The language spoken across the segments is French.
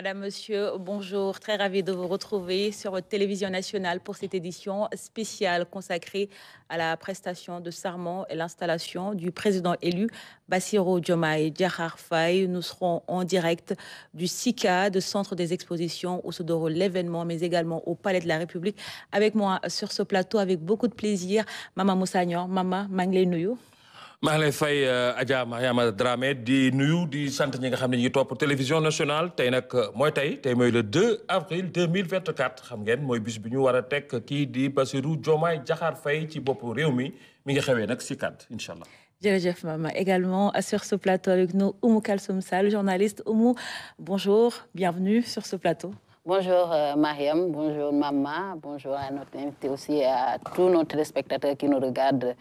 Madame, Monsieur, bonjour. Très ravie de vous retrouver sur votre télévision nationale pour cette édition spéciale consacrée à la prestation de serment et l'installation du président élu Basiro Diomaye Diakhar Faye. Nous serons en direct du SICA, du Centre des Expositions, où se déroule l'événement, mais également au Palais de la République. Avec moi sur ce plateau, avec beaucoup de plaisir, Mama Moussagnon, Mama Manglé maa ngi lay fay euh, Adja yama Dramé di nuyu di sante ñi nga xam ne top télévision nationale tay nak euh, moy tay tay moy le 2 avril 2024 xam ngeen mooy bis bi ñu war a teg di Bassirou Diomaye Diakhar Faye ci bop réew mi mi ngi xewé nak si kat. inshallah allah. jërëjëf Mama également euh, sur ce plateau avec nous Oumou Kalsoum Sall journaliste Oumou bonjour bienvenue sur ce plateau. Bonjour euh, Mariam, bonjour Mama, bonjour à notre invité aussi et à tous nos téléspectateurs qui nous regardent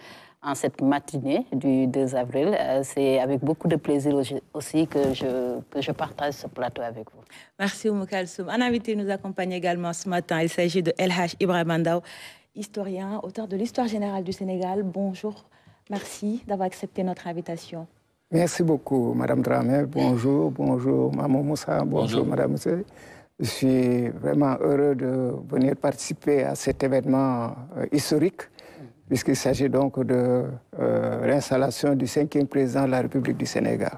en cette matinée du 2 avril. Euh, c'est avec beaucoup de plaisir aussi que je, que je partage ce plateau avec vous. Merci Oumou Kalsoum. Un invité nous accompagne également ce matin. Il s'agit de LH Ibrahim historien, auteur de l'Histoire générale du Sénégal. Bonjour, merci d'avoir accepté notre invitation. Merci beaucoup, Madame Dramé. Bonjour, bonjour, Maman Moussa. Bonjour, bonjour. Madame Moussa. Je suis vraiment heureux de venir participer à cet événement euh, historique puisqu'il s'agit donc de euh, l'installation du cinquième président de la République du Sénégal.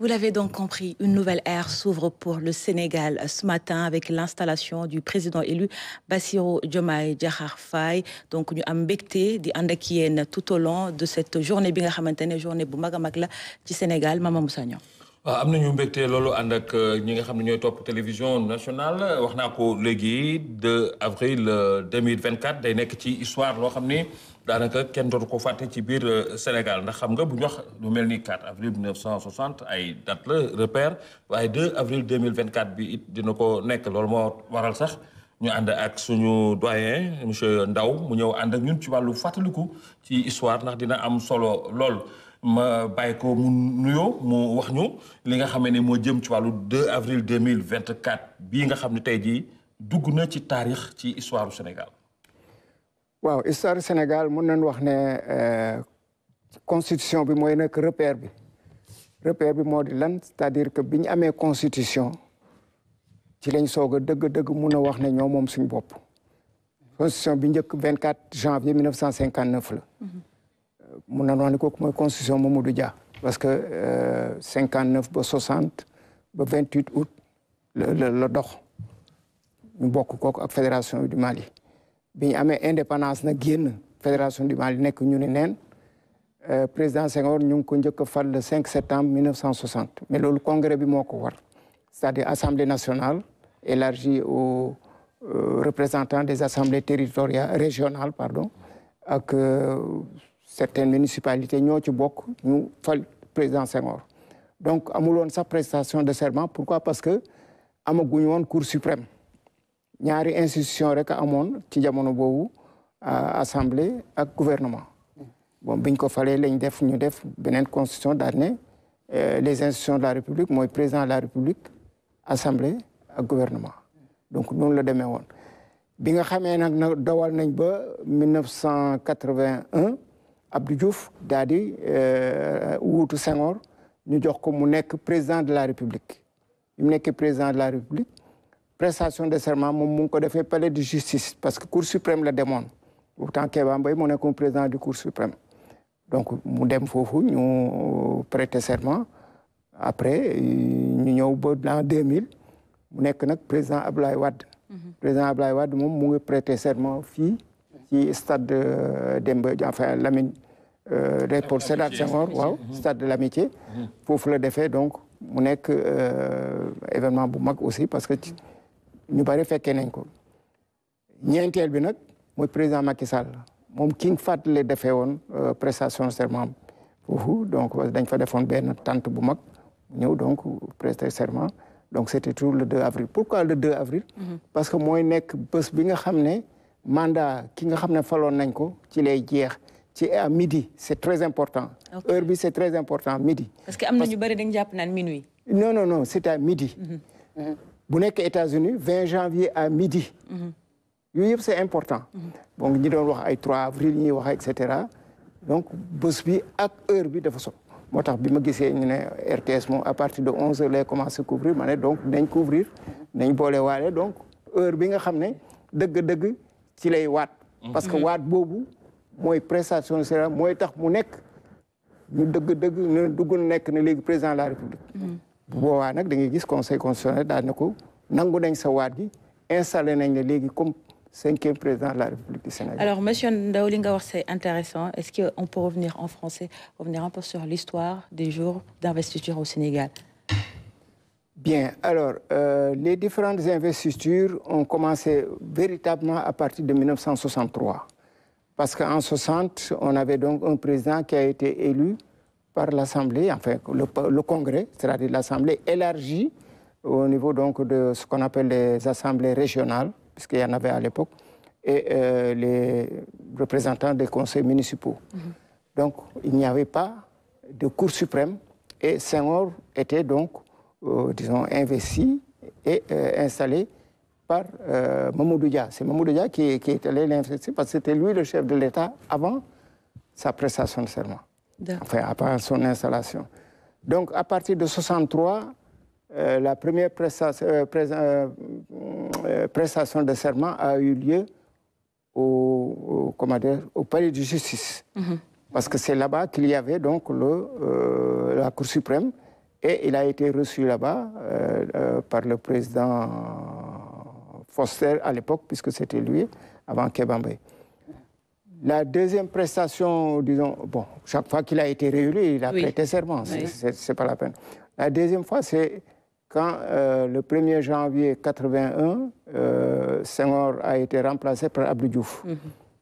Vous l'avez donc compris, une nouvelle ère s'ouvre pour le Sénégal ce matin avec l'installation du président élu Bassirou Diomaye Diakhar Faye. Donc nous di tout au long de cette journée bi journée bu du Sénégal Mama waaw ah, am nañu mbégte loolu ànd ak euh, ñi nga xam ne ñooy topp télévision nationale wax naa ko léegi 2 avril 2024 euh, day nekk ci histoire loo xam ni daanaka kenn dootu ko fàtte ci biir euh, Sénégal ndax xam nga bu ñox lu mel ni 4 avril 1960 ay date la repère waaye 2 avril mille 2024 bi it dina ko nekk loolu moo waral sax ñu ànd ak suñu doyen monsieur Ndaw mu ñëw ànd ak ñun ci wàllu fàttaliku ci histoire ndax dina am solo lool. ma bàyyi ko mu nuyoo mu wax ñu li nga xame ne moo jëm ci wàllu 2 avril 2024 bii nga xam ne tey jii dugg na ci taarix ci histoire du Sénégal. waaw histoire du Sénégal mën nañu wax ne euh, constitution bi mooy nekk repère bi repère bi moo di lan c'est-à-dire que bi ñu amee constitution ci lañ soog a dëgg-dëgg mun na wax ne ñoom moom suñu bopp. constitution bi njëkk 24 janvier 1959 la. Mhm. Mon na noo ni constitution Mamadou Dia parce que 59 euh, 59 ba 60 ba août le le dox nous bokk kooku fédération du Mali bi amé indépendance na génn fédération du Mali que nous ni Le euh, président Senghor nous ngi ko le 5 septembre 1960 mais le congrès bi moo c'est-à-dire assemblée nationale élargie aux euh, représentants des assemblées territoriales régionales pardon ak certaines municipalités ñoo ci bokk ñu fal président Senghor donc avons sa prestation de serment pourquoi parce que amaguñ won cour suprême ñaari institution rek amone qui ci jamono boobu assemblée ak gouvernement bon biñ ko falé lañ def ñu def constitution d'année. Euh, les institutions de la république moy président de la république assemblée ak gouvernement donc nous la démé won bi nga xamee nag dawal nañ ba 1981 Abdou Diouf daa saint euh, wuutu Senghor ñu jox ko mu nekk président de la République Nous sommes le président de la République prestation de serment nous mu fait ko de justice parce que cour suprême la demande. Autant que Mbaye sommes président président du cour suprême donc nous dem prêté prêter serment après nous sommes ba l'an 2000 mu nekk le président Abdoulaye Wade mhm. président Abdoulaye Wade moom mu ngi prêter serment fille ci stade euh, Demba enfin Lamine Léopold euh, Sédar Senghor waaw mhm. stade de l'amitié mhm. foofu la défé donc mu euh événement bu mag aussi parce que ñu bari féké nañ ko ñentel bi nak moy président Macky Sall mom King le défé won woon euh, prestation serment foofu donc dañ fa defoon ben tante bu mag ñeu donc prestation serment donc c'était le 2 avril pourquoi le 2 avril mhm. parce que moy nek bëss bi nga xamné mandat qui nga xamné falon nañ ko ci lay à midi c'est très important. heure bi c'est très important midi. parce que amna ñu bari dañ japp minuit. non non non c'est à midi. Mhm. bu aux États-Unis 20 janvier à midi. Mhm. c'est important. Mhm. bon ñi doon wax ay 3 avril etc. wax donc bés bi ak heure bi dafa so motax bi ma ñu RTS à partir de 11 h a commencé à couvrir donc dañ couvrir fait bolé walé donc heure bi nga xamné deug ci lay waat. Mhm. parce que waat boobu mooy prestation serment mooy tax mu nekk ñu dëgg-dëgg ñu dugg nekk ne léegi président de la république. Mhm. bu boobaa nag da ngay gis conseil constitutionnel daal na ko nangu nañ sa waat gi installé nañ ne léegi comme. cinquième président de la République du Sénégal. Alors, monsieur Ndao, li nga wax c'est intéressant. Est-ce qu'on peut revenir en français, revenir un peu sur l'histoire des jours d'investiture au Sénégal Bien, alors, euh, les différentes investitures ont commencé véritablement à partir de 1963. Parce qu'en 60, on avait donc un président qui a été élu par l'Assemblée, enfin le, le Congrès, c'est-à-dire l'Assemblée élargie au niveau donc de ce qu'on appelle les assemblées régionales, puisqu'il y en avait à l'époque, et euh, les représentants des conseils municipaux. Mhm. Donc, il n'y avait pas de Cour suprême, et Senghor était donc euh, disons, investi et euh, installé par euh, Mamoudou C'est Mamoudou qui, est allé l'investir parce que c'était lui le chef de l'État avant sa prestation de serment. Enfin, après son installation. Donc, à partir de 1963, la première prestation, de serment a eu lieu au, au, au palais de justice. Mm-hmm. Parce que c'est là-bas qu'il y avait donc le, la Cour suprême et il a été reçu là-bas euh, euh, par le président Foster à l'époque, puisque c'était lui, avant Kebambe. La deuxième prestation, disons, bon, chaque fois qu'il a été réélu, il a prêté serment, ce c'est pas la peine. La deuxième fois, c'est quand euh, le 1er janvier 81, euh, Senghor a été remplacé par Abdou mhm.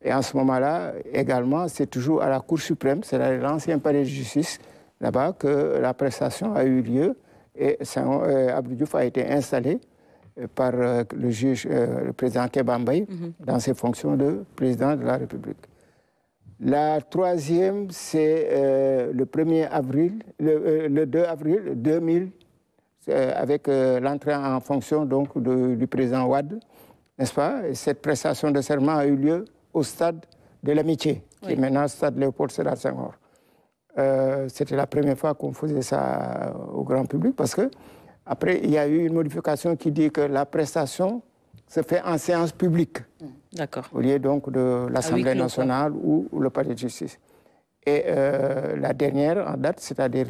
Et en ce moment-là, également, c'est toujours à la Cour suprême, c'est l'ancien palais de justice, là-bas que la prestation a eu lieu et euh, Abdou Diouf a été installé euh, par euh, le juge, le président Kebambay, mhm. dans ses fonctions de président de la République. La troisième, c'est le 1er avril, le, 2 avril 2000, avec l'entrée en fonction donc, du président Ouad, n'est-ce pas Cette prestation de serment a eu lieu au stade de l'amitié, qui est maintenant le stade Léopold Sédar Senghor. Euh, c'était la première fois qu'on faisait ça euh, au grand public parce que après il y a eu une modification qui dit que la prestation se fait en séance publique. Mmh. D'accord. Au lieu donc de l'Assemblée nationale ou, le palais de justice. Et euh, la dernière en date, c'est-à-dire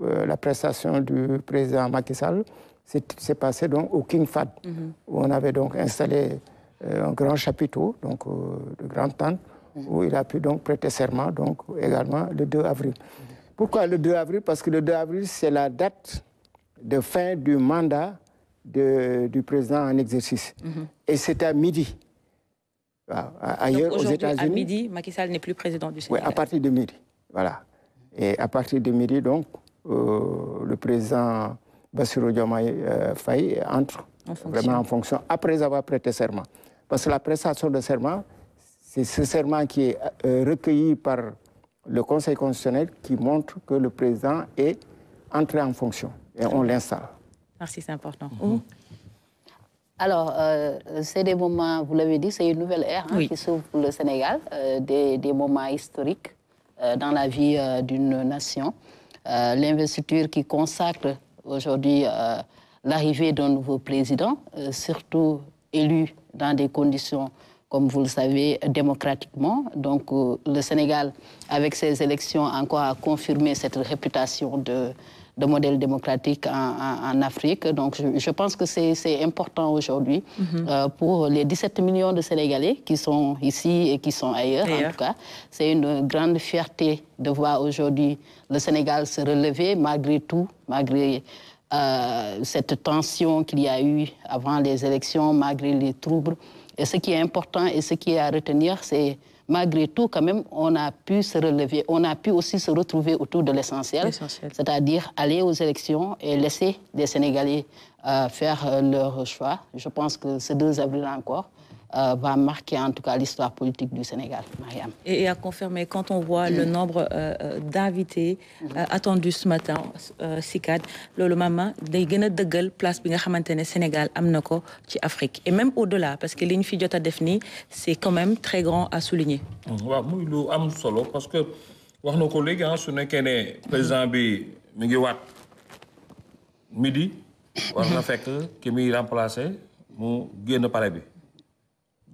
la prestation du président Macky Sall, s'est passé donc au King Fad, mmh. où on avait donc installé un grand chapiteau, donc de grande tente, où il a pu donc prêter serment, donc également le 2 avril. Pourquoi le 2 avril Parce que le 2 avril, c'est la date de fin du mandat du président en exercice. Mm-hmm. Et c'est à midi. Ailleurs, aux États-Unis. À midi, Macky Sall n'est plus président du Sénégal. Oui, à partir de midi. Voilà. Et à partir de midi, donc, euh, le président Bassirou Diomaye euh, entre vraiment en fonction après avoir prêté serment. Parce que la prestation de serment, c'est ce serment qui est euh, recueilli par le Conseil constitutionnel qui montre que le président est entré en fonction et on l'installe. Merci, c'est important. Mhm. Alors, euh, c'est des moments, vous l'avez dit, c'est une nouvelle ère hein, qui s'ouvre pour le Sénégal, euh, des, moments historiques dans la vie d'une nation. L'investiture qui consacre aujourd'hui l'arrivée d'un nouveau président, surtout élu dans des conditions comme vous le savez, démocratiquement. Donc euh, le Sénégal, avec ses élections, encore confirmé cette réputation de, modèle démocratique en, Afrique. Donc je, pense que c'est important aujourd'hui mhm. euh, pour les 17 millions de Sénégalais qui sont ici et qui sont ailleurs, en tout cas. C'est une grande fierté de voir aujourd'hui le Sénégal se relever malgré tout, malgré... Euh, cette tension qu'il y a eu avant les élections, malgré les troubles, et ce qui est important et ce qui est à retenir, c'est malgré tout, quand même, on a pu se relever, on a pu aussi se retrouver autour de l'essentiel, c'est-à-dire aller aux élections et laisser les Sénégalais euh, faire euh, leur choix. Je pense que ce 2 avril encore, euh, va marquer en tout cas l'histoire politique du Sénégal, Mariam. Et, et à confirmer, quand on voit le nombre euh, euh, d'invités mhm. attendus ce matin, CICAD, le Mama, day gëna dëggal place bi nga Sénégal Amnoko, l'Afrique. Afrique et même au-delà parce que liñ fi jotta c'est quand même très grand à souligner. Oui, mhm. muy lu am solo parce que nos collègues, ko légui ah, su nekké président bi mi ngi wat midi war na fekk ki muy remplacer mu génn palais bi.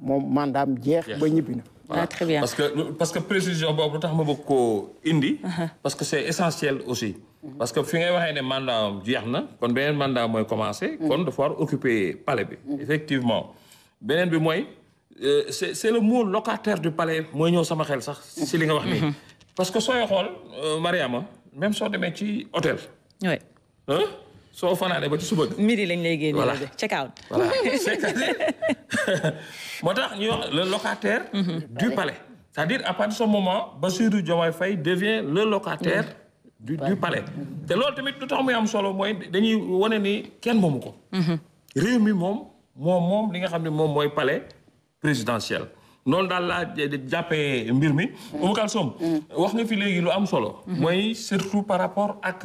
mon mandat jeex ba Voilà. Ah, très bien. Parce que, parce que précision, indi, uh-huh. parce que c'est essentiel aussi. Uh-huh. Parce que fin un mandat diarna, quand bien mandat moi commencé, quand de fois occuper palais. Uh-huh. Effectivement, bien du moi, c'est le mot locataire du palais. Moi nous sommes à ça, c'est l'ingénieur. Parce que soit rôle, euh, Mariama, même sur des métiers hôtel. Oui. Hein? soo fanaane ba ci suba. midi lañ lay génne. voilà check out. moo tax ñu wax le mhm. du palais c'est-à-dire à partir ba ce moment Bassirou Diomaye Faye devient le locataire. du du palais. Mhm. te loolu tamit lu tax muy am solo mooy dañuy wane ni kenn moomu ko. Mhm. réew mi moom moom moom li nga xam ne moom mooy palais présidentiel. noonu daal laa jàppee mbir mi. Oumou Kalsoum. wax nga fi léegi lu am solo. mooy surtout par rapport ak.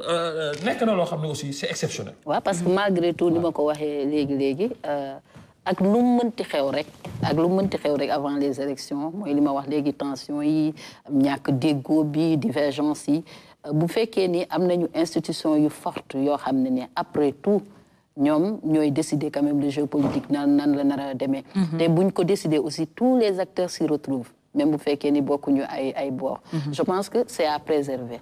Euh, nekk na aussi c'est exceptionnel. parce que malgré tout ni avant les élections wax tension yi bi divergence yi euh, institution forte après tout nous avons décider quand même le politique nan la mhm. aussi tous les acteurs s'y retrouvent même ay ay boire. Mhm. je pense que c'est à préserver.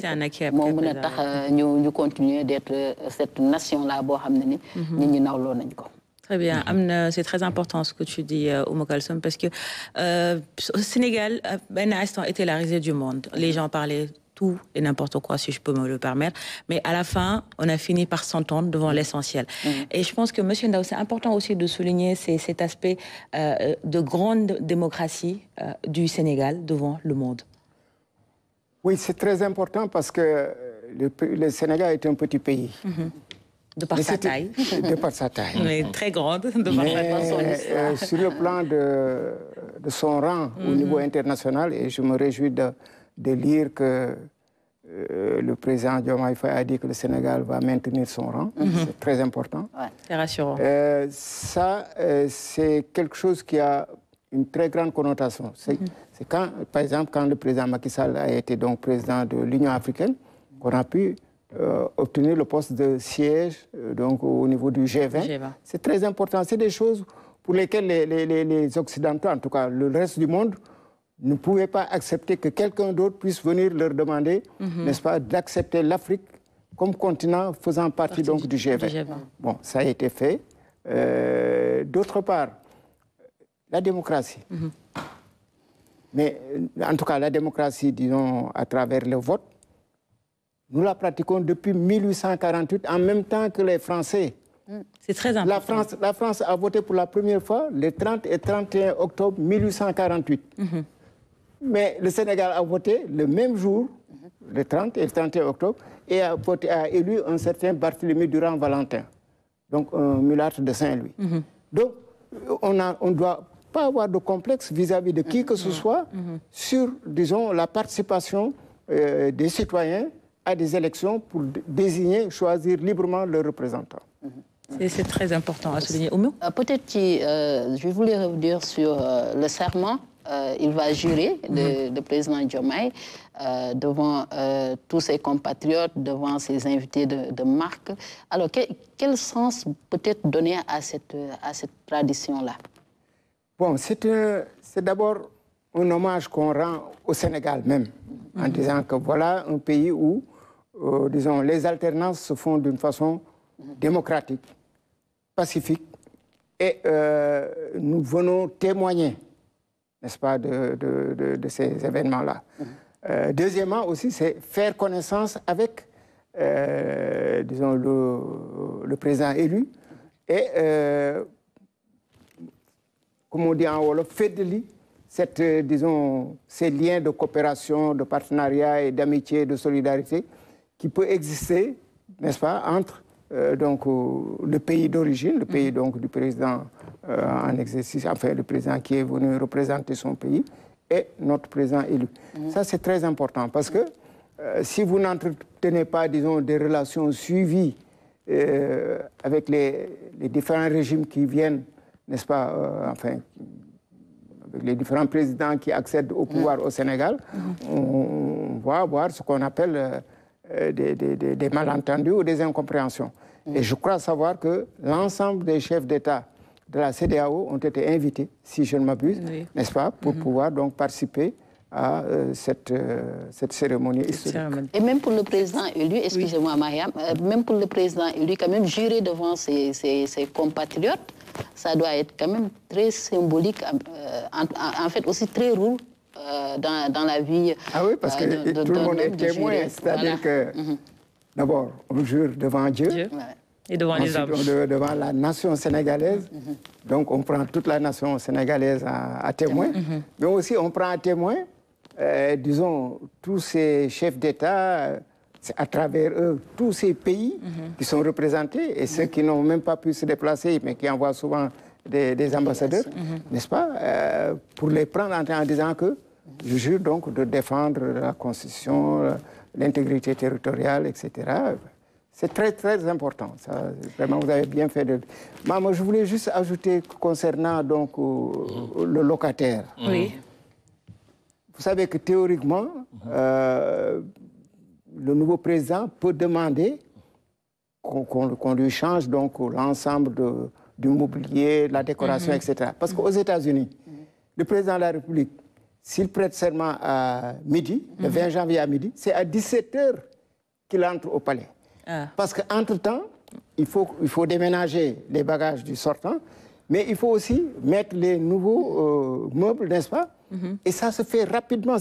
C'est un acquis. Nous euh, continuons d'être euh, cette nation là nous. ni. Mhm. Très bien. Mhm. c'est très important ce que tu dis, euh, Oumou parce que au Sénégal, Ben Aston était la risée du monde. Les gens parlaient tout et n'importe quoi, si je peux me le permettre. Mais à la fin, on a fini par s'entendre devant l'essentiel. Mmh. Et je pense que, Monsieur Ndao, c'est important aussi de souligner cet aspect euh, de grande démocratie euh, du Sénégal devant le monde. Oui, c'est très important parce que euh, le, Sénégal est un petit pays. Mmh. De par sa taille. De par sa taille. Mais très grande, de par Sur le plan de, son rang au mmh. niveau international, et je me réjouis de, de lire que euh, le président Diomaye Faye a dit que le Sénégal va maintenir son rang. Mhm. C'est très important. Ouais, c'est rassurant. Euh, ça, euh, c'est quelque chose qui a une très grande connotation. Mhm. C'est quand, par exemple, quand le président Macky Sall a été donc président de l'Union africaine, qu'on a pu obtenir le poste de siège donc au niveau du G20. G20. C'est très important. C'est des choses pour lesquelles les, les, Occidentaux, en tout cas le reste du monde, ne pouvaient pas accepter que quelqu'un d'autre puisse venir leur demander, mhm. n'est-ce pas, d'accepter l'Afrique comme continent faisant partie, donc du, G20. Bon, ça a été fait. Euh, d'autre part, la démocratie. Mhm. Mais en tout cas, la démocratie, disons, à travers le vote, nous la pratiquons depuis 1848, en même temps que les Français. Mm. C'est très important. La France, a voté pour la première fois le 30 et 31 octobre 1848. Mais le Sénégal a voté le même jour, le 30 et le 31 octobre, et a, a élu un certain Barthélemy Durand-Valentin, donc un mulâtre de Saint-Louis. Mhm. Donc, on ne doit pas avoir de complexe vis-à-vis de qui que ce mhm. soit mhm. sur, disons, la participation euh, des citoyens à des élections pour désigner, choisir librement leurs représentants. C'est très important à souligner. Euh, peut-être que euh, je voulais revenir sur le serment euh, il va jurer, le, mhm. président Diomaye, euh, devant euh, tous ses compatriotes, devant ses invités de, marque. Alors, quel sens peut-être donner à cette, à cette tradition-là Bon, c'est d'abord un hommage qu'on rend au Sénégal même, en mhm. disant que voilà un pays où, disons, les alternances se font d'une façon mhm. démocratique, pacifique, et nous venons témoigner n'est-ce pas, de, de, de, ces événements-là. Mhm. Euh, deuxièmement aussi, c'est faire connaissance avec, euh, disons, le, le, président élu mhm. et, euh, comme on dit en Wolof, fédérer cette, disons, ces liens de coopération, de partenariat et d'amitié, de solidarité qui peut exister, n'est-ce pas, entre euh, donc, le pays d'origine, le pays mhm. donc, du président euh, en exercice, enfin le président qui est venu représenter son pays, et notre président élu. Mhm. Ça, c'est très important parce que euh, si vous n'entretenez pas, disons, des relations suivies avec les, les, différents régimes qui viennent, n'est-ce pas, enfin, avec les différents présidents qui accèdent au pouvoir mhm. au Sénégal, on, va avoir ce qu'on appelle euh, des, malentendus ou des incompréhensions. Mm. Et je crois savoir que l'ensemble des chefs d'État de la CDAO ont été invités, si je ne m'abuse, n'est-ce pas, pour mm-hmm. pouvoir donc participer à euh, cette, euh, cette cérémonie historique. Et même pour le président élu, excusez-moi oui. Mariam, même pour le président élu, quand même jurer devant ses, ses, compatriotes, ça doit être quand même très symbolique, en, fait aussi très rude euh, dans, la vie. Ah oui, parce euh, que tout le monde est témoin. C'est-à-dire que, mhm. d'abord, on jure devant Dieu. Et devant les hommes. devant la nation sénégalaise. Mhm. Mhm. Donc, on prend toute la nation sénégalaise à, témoin. Mais aussi, on prend à témoin, euh, disons, tous ces chefs d'État, à travers eux, tous ces pays qui sont représentés et ceux qui n'ont même pas pu se déplacer, mais qui envoient souvent des, ambassadeurs, n'est-ce pas, pour les prendre en disant que je jure donc de défendre la Constitution, l'intégrité territoriale, etc. C'est très, très important. Ça, vraiment, vous avez bien fait de... Maman, je voulais juste ajouter concernant donc le locataire. Oui. Vous savez que théoriquement, mhm. euh, le nouveau président peut demander qu'on lui change donc l'ensemble du mobilier, la décoration, mhm. etc. Parce qu'aux États-Unis, mhm. le président de la République s'il prête serment à midi, le 20 mhm. janvier à midi, c'est à 17h qu'il entre au palais. Ah. parce Parce qu'entre-temps, il faut, il faut déménager les bagages du sortant, mais il faut aussi mettre les nouveaux euh, meubles, n'est-ce pas mhm. Et ça se fait rapidement.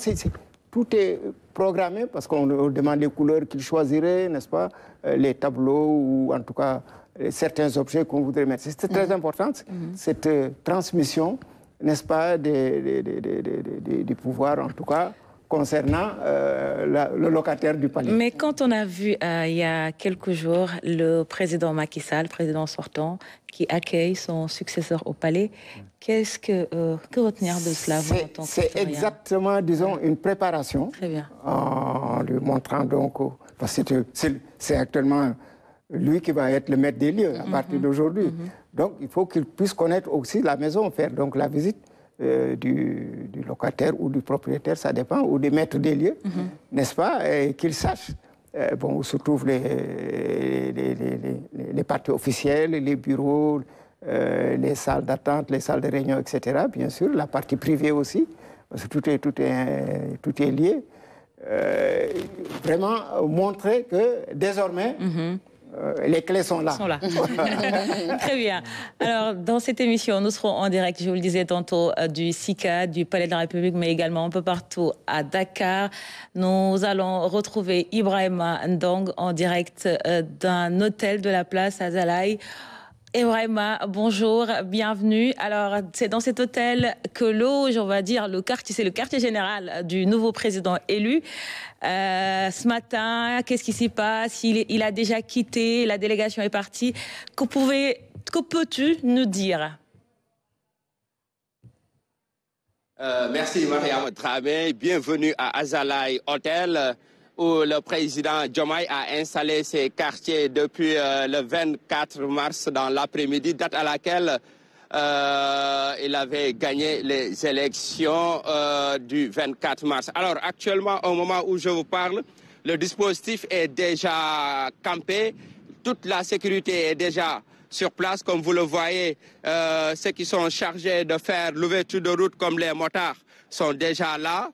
tout est programmé parce qu'on demande les couleurs qu'il choisirait, n'est-ce pas euh, Les tableaux ou en tout cas euh, certains objets qu'on voudrait mettre. C'est très mhm. important, cette transmission n'est-ce pas, des, des, du pouvoir, en tout cas, concernant euh, le locataire du palais. Mais quand on a vu euh, il y a quelques jours le président Macky Sall, président sortant, qui accueille son successeur au palais, qu'est-ce que, euh, que retenir de cela C'est exactement, disons, une préparation. Très bien. En lui montrant donc, c'est actuellement lui qui va être le maître des lieux à mm-hmm. partir d'aujourd'hui. Mm-hmm. Donc il faut qu'ils puissent connaître aussi la maison, faire donc la visite. Euh, du, locataire ou du propriétaire, ça dépend, ou des maîtres des lieux, mhm. n'est-ce pas, et qu'ils sachent euh, bon, où se trouvent les, les, parties officielles, les bureaux, euh, les salles d'attente, les salles de réunion, etc. Bien sûr, la partie privée aussi, parce que tout est, tout est, tout est lié. vraiment montrer que désormais, mhm. Euh, les clés sont là. Très bien. Alors, dans cette émission, nous serons en direct, je vous le disais tantôt, euh, du SICA, du Palais de la République, mais également un peu partout à Dakar. Nous allons retrouver Ibrahim Ndong en direct euh, d'un hôtel de la place à Ebrahima, bonjour, bienvenue. Alors, c'est dans cet hôtel que loge, on va dire, le quartier, c'est le quartier général du nouveau président élu. Euh, ce matin, qu'est-ce qui s'y passe il, a déjà quitté, la délégation est partie. Que, pouvez, que peux-tu nous dire euh, Merci, Mariam Tramé. Bienvenue à Azalai Hotel où le président Jomai a installé ses quartiers depuis euh, le 24 mars dans l'après-midi, date à laquelle euh, il avait gagné les élections euh, du 24 mars. Alors actuellement, au moment où je vous parle, le dispositif est déjà campé, toute la sécurité est déjà sur place, comme vous le voyez, ceux qui sont chargés de faire l'ouverture de route comme les motards sont déjà là.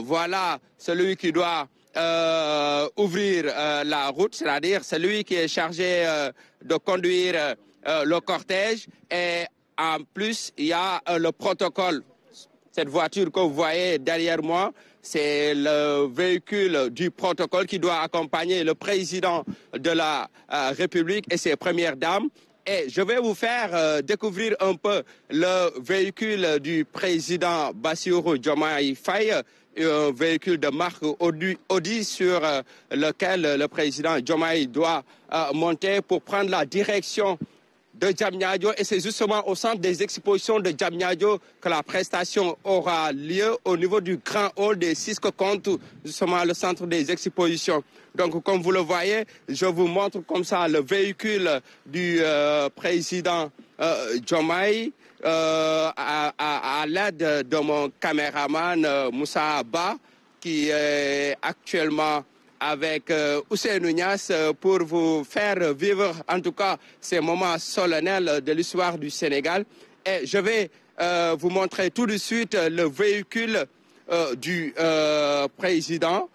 voilà celui qui doit euh, ouvrir euh, la route, c'est-à-dire celui qui est chargé euh, de conduire le cortège. Et en plus, il y a le protocole. Cette voiture que vous voyez derrière moi, c'est le véhicule du protocole qui doit accompagner le président de la République et ses premières dames. Et je vais vous faire découvrir un peu le véhicule du président Bassirou Diomaye Faye un euh, véhicule de marque Audi, sur euh, lequel le président Jomai doit euh, monter pour prendre la direction de Djamnyadjo et c'est justement au centre des expositions de Djamnyadjo que la prestation aura lieu au niveau du grand hall des Cisco Comptes, justement le centre des expositions. Donc comme vous le voyez, je vous montre comme ça le véhicule du président euh, euh, à, l'aide de mon caméraman euh, Moussa Abba, qui est actuellement avec euh, Nounias euh, pour vous faire vivre en tout cas ces moments solennels de l'histoire du Sénégal. Et je vais vous montrer tout de suite le véhicule du président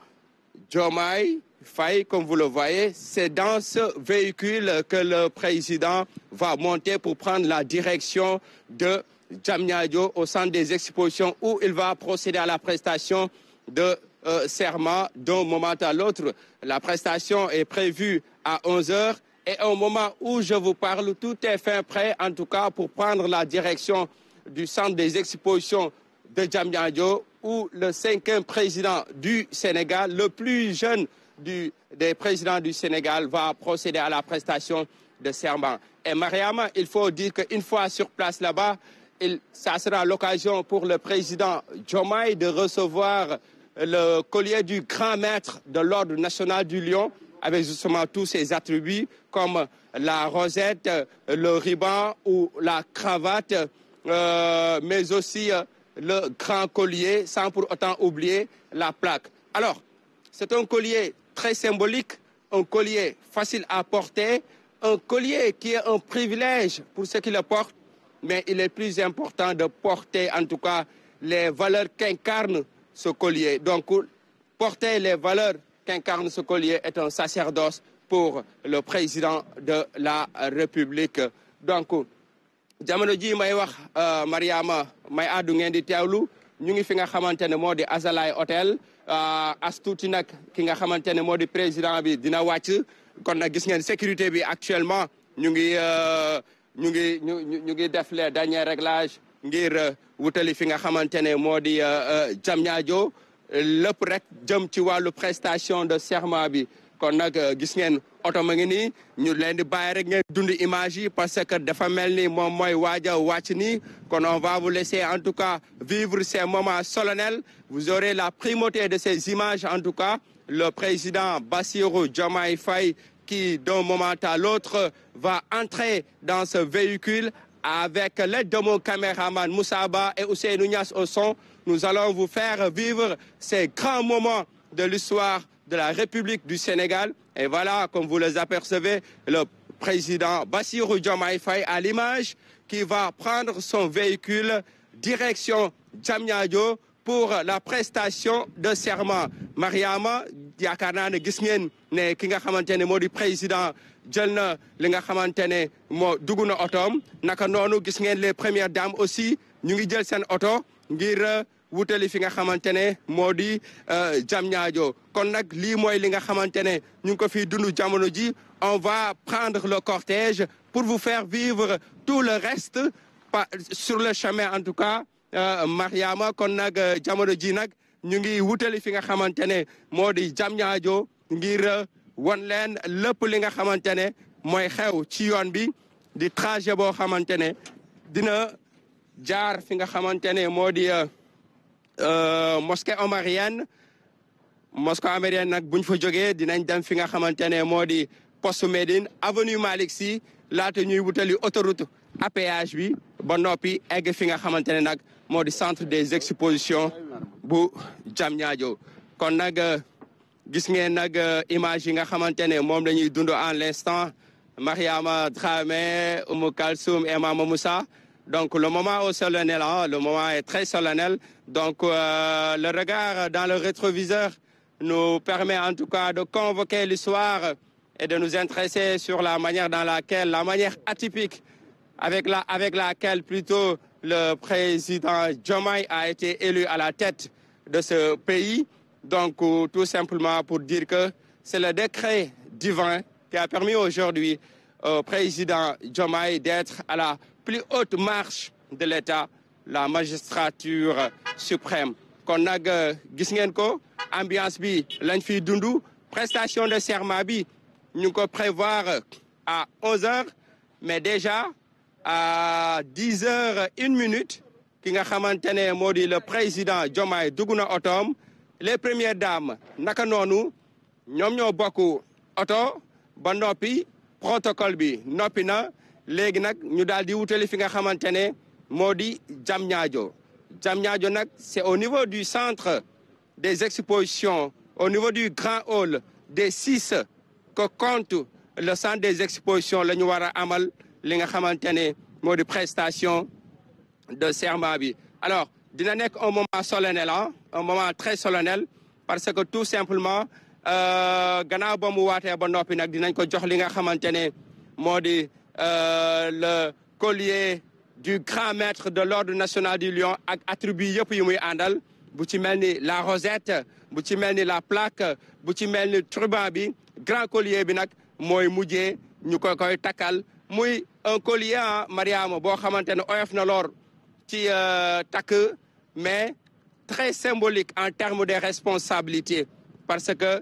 Jomai Faye, comme vous le voyez, c'est dans ce véhicule que le président va monter pour prendre la direction de Djamniadio au centre des expositions où il va procéder à la prestation de euh, serment d'un moment à l'autre. La prestation est prévue à 11 h et au moment où je vous parle, tout est fin prêt, en tout cas pour prendre la direction du centre des expositions de Djamniadio où le cinquième président du Sénégal, le plus jeune du, des présidents du Sénégal va procéder à la prestation de serment. Et Mariama, il faut dire qu'une fois sur place là-bas, ça sera l'occasion pour le président Jomai de recevoir le collier du grand maître de l'Ordre national du Lion, avec justement tous ses attributs comme la rosette, le ruban ou la cravate, euh, mais aussi euh, le grand collier, sans pour autant oublier la plaque. Alors, c'est un collier très symbolique, un collier facile à porter, un collier qui est un privilège pour ceux qui le portent, mais il est plus important de porter en tout cas les valeurs qu'incarne ce collier. Donc porter les valeurs qu'incarne ce collier est un sacerdoce pour le président de la République. Donc j'aimerais ji euh, Mariama may di ñu ngi euh, as tuuti nag ki nga xamantene ne di président bi dina wacc kon nag gis ngeen sécurité bi actuellement ñu ngi euh, ñu ngi ñu ngi def les derniers réglages ngir euh, wutali fi nga xamantene ne moo di rek jëm ci walu prestation de serment bi kon parce que on va vous laisser en tout cas vivre ces moments solennels vous aurez la primauté de ces images en tout cas le président Bassirou Diomaye Faye qui d'un moment à l'autre va entrer dans ce véhicule avec l'aide de mon caméraman Moussaba et Ousseinou Nias au Nous allons vous faire vivre ces grands moments de l'histoire de la République du Sénégal. Et voilà, comme vous les apercevez, le président Bassirou Diomaye Faye à l'image qui va prendre son véhicule direction Diamniadio pour la prestation de serment Mariama Diakana naa ne qui ne ki nga ne président djelna li nga xamante ne qui dugg naka noonu gis les premières dames aussi ñu ngi jël sen ngir wutali fi nga xamantene modi moo di euh, kon nak li moy li nga xamantene ñu ko fi dund jamono ji on va prendre le cortège pour vous faire vivre tout le reste sur le chemin en tout cas euh, Mariama kon nak euh, jamono ji nag ñu ngi wutali fi nga xamantene modi moo di ngir won len lepp li nga xamantene moy xew ci yoon bi di trajet bo xamantene dina jaar fi nga xamantene modi moo euh, mosquée omarienne mosquée omarienne nag buñ fa jógee dinañ dem fi nga xamante modi di poste medine avenue Malick Sy laata ñuy wutali autoroute à péage bi ba nopi egg fi nga xamante nak nag di centre des expositions bu Diamniadio kon nag euh, gis ngeen nag euh, image yi nga xamante mom lañuy la en l'instant Mariama Dramé Oumou kalsum, et Mama Moussa donc le moment est solennel, hein. le moment est très solennel. Donc euh, le regard dans le rétroviseur nous permet en tout cas de convoquer l'histoire et de nous intéresser sur la manière dans laquelle, la manière atypique avec, la, avec laquelle plutôt le président Jomai a été élu à la tête de ce pays. Donc tout simplement pour dire que c'est le décret divin qui a permis aujourd'hui au président Jomai d'être à la plus haute marche de l'État, la magistrature suprême. Qu'on a euh, gis ko ambiance bi lañ fiy prestation de serment bi ñu prévoir à 11 h mais déjà à 10 h une minute ki nga le président Jomai Duguna Otom, les premières dames naka noonu ñoom ñoo protocole bi nopi na léegi nak ñu daldi di wutali fi nga xamantene modi moo jamniajo nak c'est au niveau du centre des expositions au niveau du grand hall des six que compte le centre des expositions la wara amal li nga xamantene modi prestation de serment bi alors dina nek un moment solennel hein, un moment très solennel parce que tout simplement euh, gannaaw ba mu waatee ba noppi nag dinañ ko jox li nga xamante ne moo di euh, le collier du grand maître de l'ordre national du lion ak attribut yëpp yi muy àndal bu ci mel ni la rosette bu ci mel ni la plaque bu ci mel ni bi grand collier bi nag mooy mujjee ñu ko koy takkal muy un collier ah Mariama boo xamante ne oyof na loor ci euh, takk mais très symbolique en termes de responsabilité parce que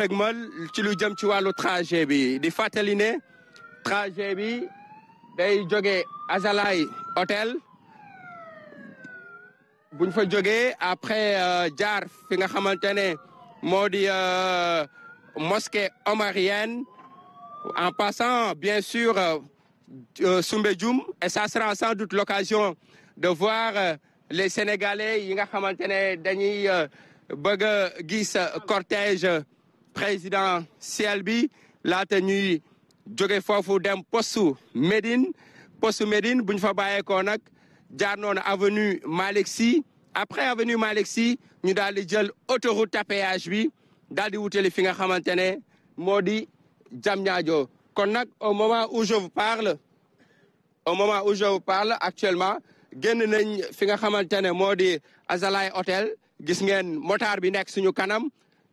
tëgmal ci lu jëm ci walu trajet bi trajet après euh, jaar fi nga euh, mosquée omarienne en passant bien sûr euh, et ça sera sans doute l'occasion de voir les Sénégalais yi nga dañuy cortège président CLB la tenue jóge fofu dem postu Medine, postu Medine, buñ Konak. fa jaar avenue Malick après avenue Malick Sy ñu daal di jël autoroute à péage bi daal di wutali fi nga xamantene modi kon nak au moment où je vous parle au moment où je vous parle actuellement genn nañ fi nga xamantene modi moo Azalai Hotel gis ngeen motard bi nek suñu kanam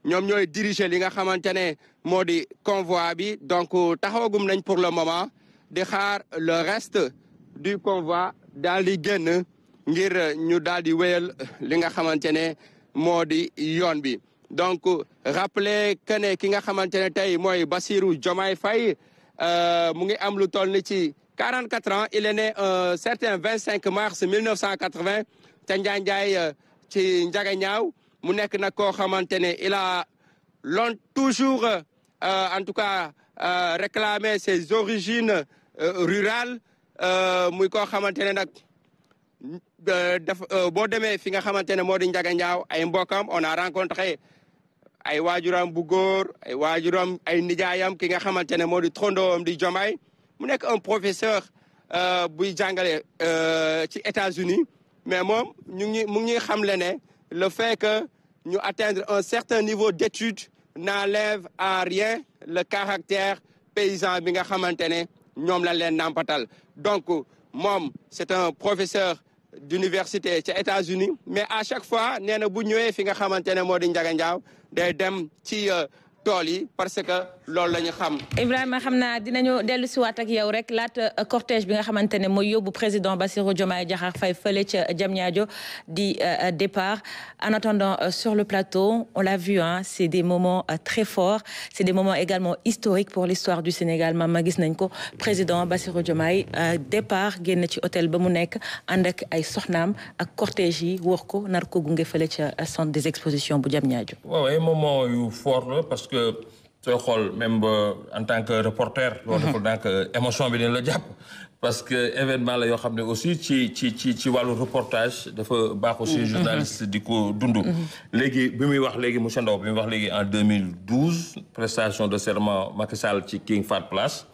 ñom ñoy diriger li nga xamantene modi convoi bi donc taxawagum nañ pour le moment di xaar le reste du convoi dal di génn ngir ñu dal di wéyal li nga xamantene modi moo yoon bi donc rappeler que ne ki nga xamantene tay moy basirou Bassirou Diomaye euh mu ngi am lu toll ni ci 44 ans il est né euh, certain 25 mars 1980 te Njaanjaay ci Njagañaaw mu nekk nag koo xamante ne il a long toujours euh, en tout cas euh, réclamé ses origines euh, rurales muy koo xamante ne nag daf boo demee fi nga xamante ne moo di Njaga Njaaw ay mbokam on a rencontré ay waajuram bu góor ay waajuram ay nijaayam ki nga xamante ne moo di trondoom di Jomaay mu nekk un professeur buy jàngale ci États-Unis mais moom ñu ngi mu ngi xamle ne le fait que nous atteindre un certain niveau d'études n'enlève à rien le caractère paysan bi nga donc mom, c'est un professeur d'université aux États-Unis mais à chaque fois nous avons bu un fi nga euh, parce que Ibrahim, je xam. Ibrahima xam dinañu dellu ak euh, cortège bi nga président Bassirou Diomaye Diakhar Faye fële euh, Diamniadio di euh, départ en attendant sur le plateau on l'a vu hein c'est des moments très forts c'est des moments également historiques pour l'histoire du Sénégal Maman ma président Bassirou Diomaye départ génn ci hôtel Bamounek, mu nekk ak ay cortège yi wër gunge centre des expositions bu Diamniadio. waaw un moment fort parce que sooy xol même en tant que reporter. Mhm. loolu dafa donc émotion bi ni la jàpp. parce que événement la yoo xam ne aussi ci ci ci ci wàllu reportage dafa baax aussi mhm. journaliste di ko dund. Mhm. léegi bi muy wax léegi monsieur Ndao bi muy wax léegi en 2012 prestation de serment Macky Sall ci King Fahd Place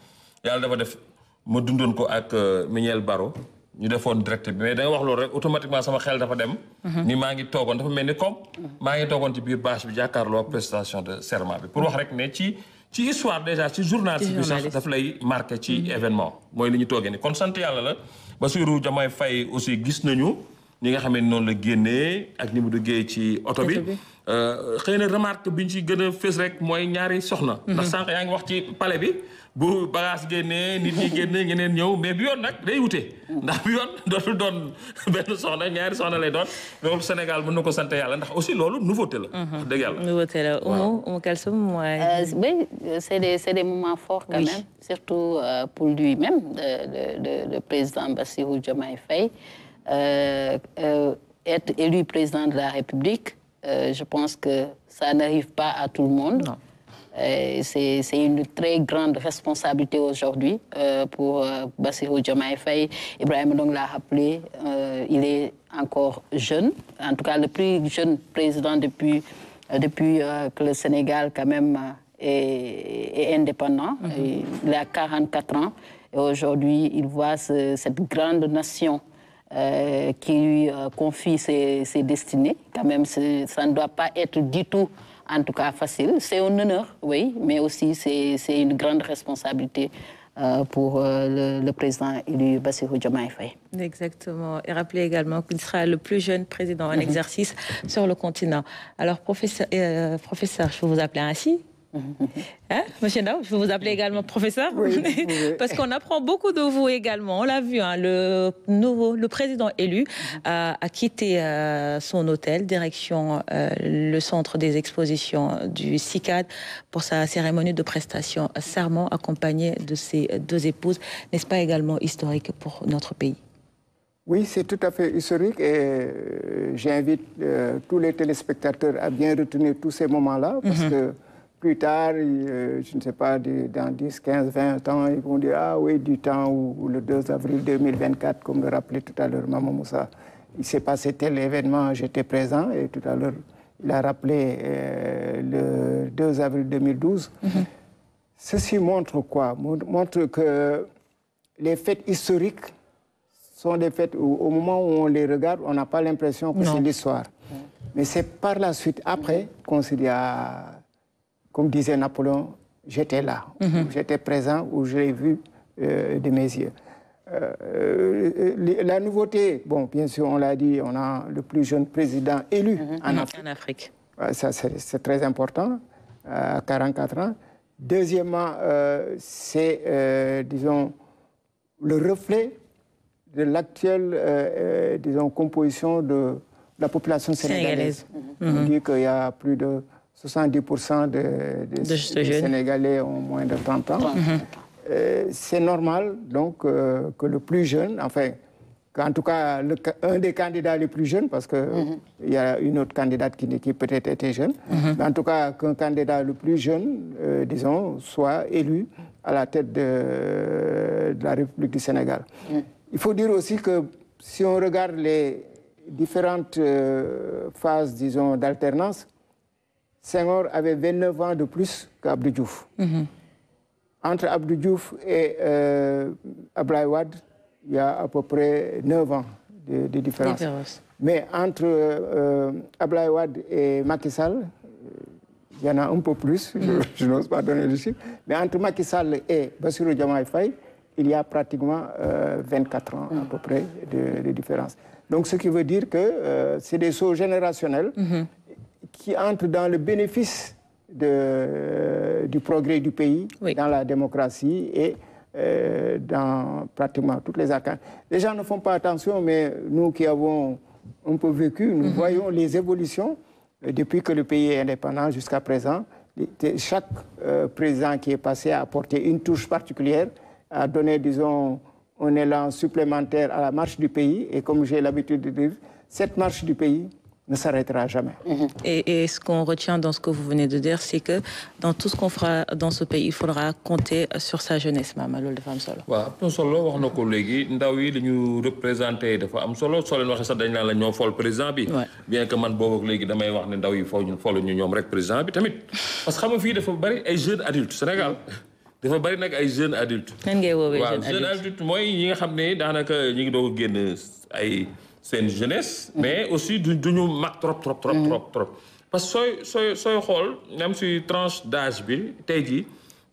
yàlla dafa def ma dundoon ko ak euh, Mignel Barro ñu defoon direct bi mais da nga wax loolu rek automatiquement sama xel dafa dem. Mhm. ni maa ngi toogoon dafa mel ni comme. Mhm. maa ngi toogoon ci biir bâche bi jàkkaarloo ak prestation de serment bi pour wax rek ne ci ci histoire déjà ci journaliste bi sax daf lay marqué ci mhm. événement. mooy li ñu toogee ni kon sant yàlla la Bassirou Diomaye fay aussi gis nañu ñi nga xam noonu la génnee ak ni mu duggee ci oto bi. Euh, xëy na remarque bi ñu ci gën a rek mooy ñaari soxna. ndax sànq yaa ngi wax ci palais bi. bu bagage génnee nit ñi génne ngeneen ñëw mais bi yoon nag day wute ndax bi yoon dootul doon benn soxna ñaari soxna lay doon loolu Sénégal mën na ko sant yàlla ndax aussi loolu nouveauté la mhm. wax dëgg yàlla nouveauté la Oumou Oumou Kalsoum mooy euh, oui c'est des c'est des moments forts quand même surtout euh, pour lui-même de de le président Bassirou Diomaye Faye euh, être élu président de la République je pense que ça n'arrive pas à tout le monde euh, c'est une très grande responsabilité aujourd'hui euh, pour euh, Bassirou Diomaye Faye. Ibrahim Long l'a rappelé, il est encore jeune, en tout cas le plus jeune président depuis, que le Sénégal quand même est, indépendant. Mhm. Il a 44 ans et aujourd'hui il voit cette grande nation qui lui confie ses, ses, destinées. Quand même, ça ne doit pas être du tout en tout cas facile. C'est un honneur, oui, mais aussi c'est une grande responsabilité euh, pour euh, le, président élu Bassirou Diomaye Exactement. Et rappelez également qu'il sera le plus jeune président en mhm. exercice sur le continent. Alors, professeur, euh, professeur je peux vous appeler ainsi, Hein, monsieur Ndao, je vais vous appeler également professeur, parce qu'on apprend beaucoup de vous également. On l'a vu, hein, le nouveau, le président élu a, quitté euh, son hôtel, direction euh, le centre des expositions du CICAD, pour sa cérémonie de prestation serment, accompagné de ses deux épouses. N'est-ce pas également historique pour notre pays oui, c'est tout à fait historique et euh, j'invite tous les téléspectateurs à bien retenir tous ces moments-là parce mhm. que plus tard, euh, je ne sais pas, dans 10, 15, 20 ans, ils vont dire Ah oui, du temps où, le 2 avril 2024, comme le rappelait tout à l'heure Maman Moussa, il s'est passé tel événement, j'étais présent, et tout à l'heure, il a rappelé euh, le 2 avril 2012. Mm-hmm. Ceci montre quoi Montre que les fêtes historiques sont des fêtes où, au moment où on les regarde, on n'a pas l'impression que c'est l'histoire. Mais c'est par la suite, après, qu'on se dit ah, comme disait Napoléon, j'étais là, mhm. j'étais présent, ou je l'ai vu euh, de mes yeux. Euh, euh, la nouveauté, bon, bien sûr, on l'a dit, on a le plus jeune président élu mhm. Mhm. en, Afrique. Ah, ça, c'est très important, à 44 ans. Deuxièmement, c'est, disons, le reflet de l'actuelle, disons, composition de la population sénégalaise. On dit qu'il y a plus de 70% des Sénégalais ont moins de 30 ans. Euh, c'est normal donc euh, que le plus jeune, enfin, qu'en tout cas le, un des candidats les plus jeunes, parce qu'il mhm. il y a une autre candidate qui, peut-être était jeune, mhm. en tout cas qu'un candidat le plus jeune, euh, disons, soit élu à la tête de, la République du Sénégal. Il faut dire aussi que si on regarde les différentes phases, disons, d'alternance, Senghor avait 29 ans de plus qu'Abdou Diouf. Mhm. Entre Abdou Diouf et euh, Ablaïwad, il y a à peu près 9 ans de, différence. Mais entre euh, Ablaïwad et Macky Sall, euh, il y en a un peu plus, je, mhm. n'ose pas donner le chiffre, mais entre Macky et Bassirou il y a pratiquement 24 euh, ans à mhm. peu près de, différence. Donc ce qui veut dire que euh, c'est des sauts générationnels qui entrent dans le bénéfice de, euh, du progrès du pays, dans la démocratie et euh, dans pratiquement toutes les accords. Les gens ne font pas attention, mais nous qui avons un peu vécu, nous mhm. voyons les évolutions euh, depuis que le pays est indépendant jusqu'à présent. Chaque président qui est passé a apporté une touche particulière, a donné, disons, un élan supplémentaire à la marche du pays. Et comme j'ai l'habitude de dire, cette marche du pays, ne s'arrêtera jamais. Mm-hmm. Et, ce qu'on retient dans ce que vous venez de dire, c'est que dans tout ce qu'on fera dans ce pays, il faudra compter sur sa jeunesse, maam loolu de femme solo. Wa, am solo wax na ko léegi ndaw yi li ñu représenté dafa am solo soo leen waxee dañ naan la ñoo fol président bi. bien que man boobu ak damay wax ne ndaw yi fo ñu folu ñu ñoom rek président bi tamit parce que xam nga fii dafa bari ay jeunes adultes Sénégal. dafa bari beaucoup ay jeunes adultes. nan ngay woowee jeune adulte waaw jeunes adultes. mooy ñi nga que ne daanaka ñi ngi doog a ay. seen jeunesse. Mhm. mais aussi du du ñu mag trop trop trop mhm. trop trop. parce que sooy sooy sooy xool même si tranche dage bi tey jii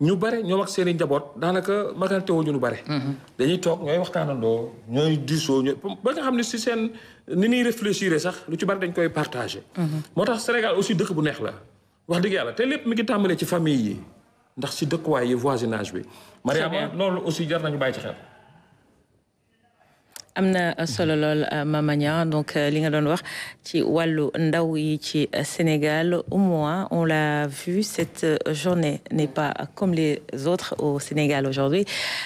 ñu bare ñoo ak seen i njaboot daanaka magante wu ñu lu bare. Mhm. dañuy toog ñooy waxtaanandoo ñooy diisoo ñooy ba nga xam ne si seen ni ñuy réfléchir sax lu ci bari dañ koy partage moo tax Sénégal aussi dëkk bu neex la wax dëgg yàlla te lépp mi ngi tàmbalee ci famille yi ndax si dëkkuwaay yi voisinage bi. Mariama loolu aussi jar nañu bàyyi ci Amna Sololol euh, Mamania donc euh, li nga qui wax ci walu euh, Sénégal au moins on l'a vu cette journée n'est pas comme les autres au Sénégal aujourd'hui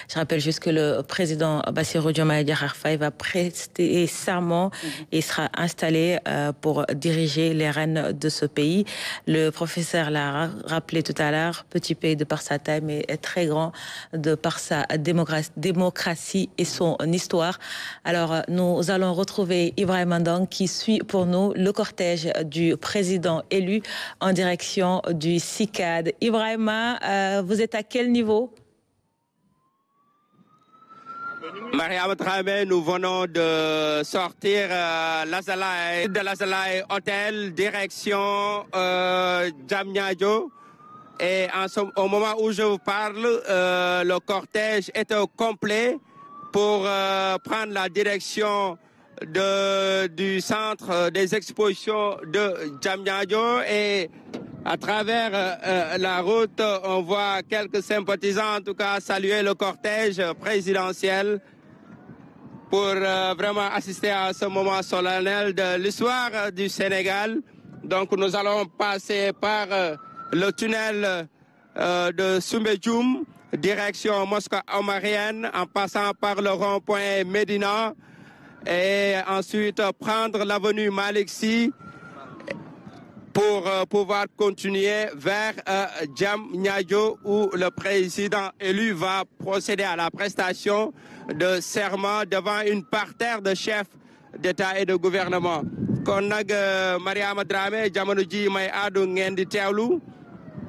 je rappelle juste que le président Bassirou Diomaye Diakhar va prêter serment mhm. et sera installé pour diriger les rênes de ce pays le professeur l'a rappelé tout à l'heure petit pays de par sa taille mais très grand de par sa démocratie et son histoire alors, nous allons retrouver Ibrahim donc qui suit pour nous le cortège du président élu en direction du CICAD. Ibrahima, euh, vous êtes à quel niveau Maria nous venons de sortir euh, de l'Azalaï Hôtel, direction euh, Et au moment où je vous parle, euh, le cortège est au complet pour euh, prendre la direction du centre euh, des expositions de Djamdjadjo et à travers euh, la route, on voit quelques sympathisants en tout cas saluer le cortège présidentiel pour vraiment assister à ce moment solennel de l'histoire du Sénégal. Donc nous allons passer par le tunnel de Soumbedjoum direction Moscou omarienne en passant par le rond-point Médina et ensuite prendre l'avenue Malixi pour euh, pouvoir continuer vers euh, Djam où le président élu va procéder à la prestation de serment devant une parterre de chefs d'État et de gouvernement.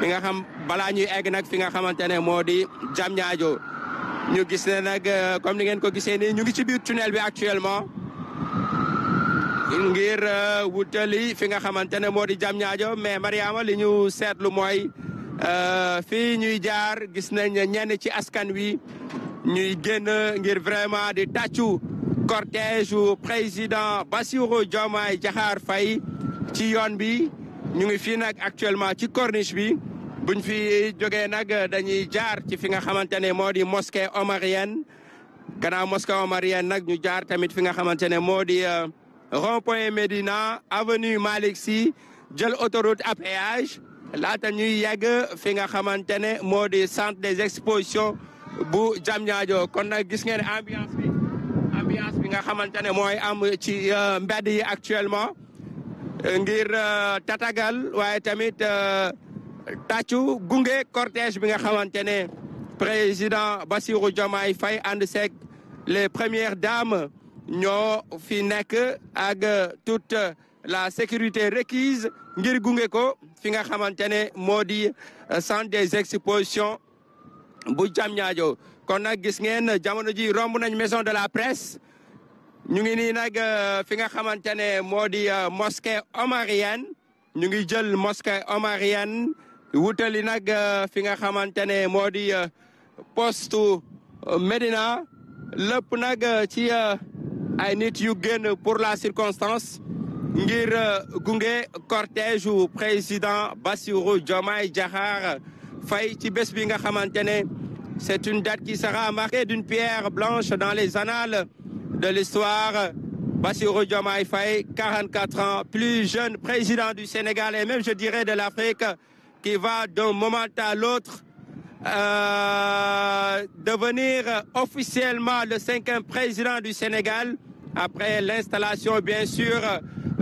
bi nga xam balaa ñuy egg nag fi nga xamante ne moo di jam ñaajo ñu gis ne nag euh, comme ni ngeen ko gisee nii ñu ngi ci biir tunnel bi actuellement ngir euh, wutali fi nga xamante ne moo di jam ñaajo mais Mariama li ñu seetlu mooy euh, fi ñuy jaar gis na ñenn ci askan wi ñuy génn ngir vraiment di tàccu cortège u président Bassirou Diomaye jaxaar fay ci yoon bi ñu ngi fii nag actuellement ci corniche bi buñ fi jógee nag dañuy jaar ci fi nga xamante ne moo di mosquée omarienne gannaaw mosquée omarienne nag ñu jaar tamit fi nga xamante ne moo di euh, rond point medina avenue Malick Sy jël autoroute à péage laata ñuy yegg fi nga xamante ne moo di centre des expositions bu Diamniadio kon nag gis ngeen ambiance bi ambiance bi nga xamante ne mooy am ci euh, mbedd yi actuellement ngir uh, tatagal waaye tamit uh, tàccu gunge cortège bi nga xamante président basiru Diomaye Faye ànd seeg les premières dames ñoo fi nekk ak uh, toute la sécurité requise ngir gunge ko fi nga xamante ne moo des expositions bu Diamniadio kon nag gis ngeen jamono ji romb nañ maison de la presse ñu ngi nii nag euh, fi nga xamantene modi euh, mosquée omarienne ñu ngi jël mosquée omarienne wutali nak euh, fi nga xamantene modi poste medina lepp nak ci ay nit yu génn pour la circonstance ngir gungé cortège au président Bassirou Diomaye Diakhar fay ci bés bi nga xamantene c'est une date qui sera marquée d'une pierre blanche dans les annales de l'histoire. Bassirou Diomaye Faye, 44 ans, plus jeune président du Sénégal et même je dirais de l'Afrique, qui va d'un moment à l'autre euh, devenir officiellement le cinquième président du Sénégal après l'installation bien sûr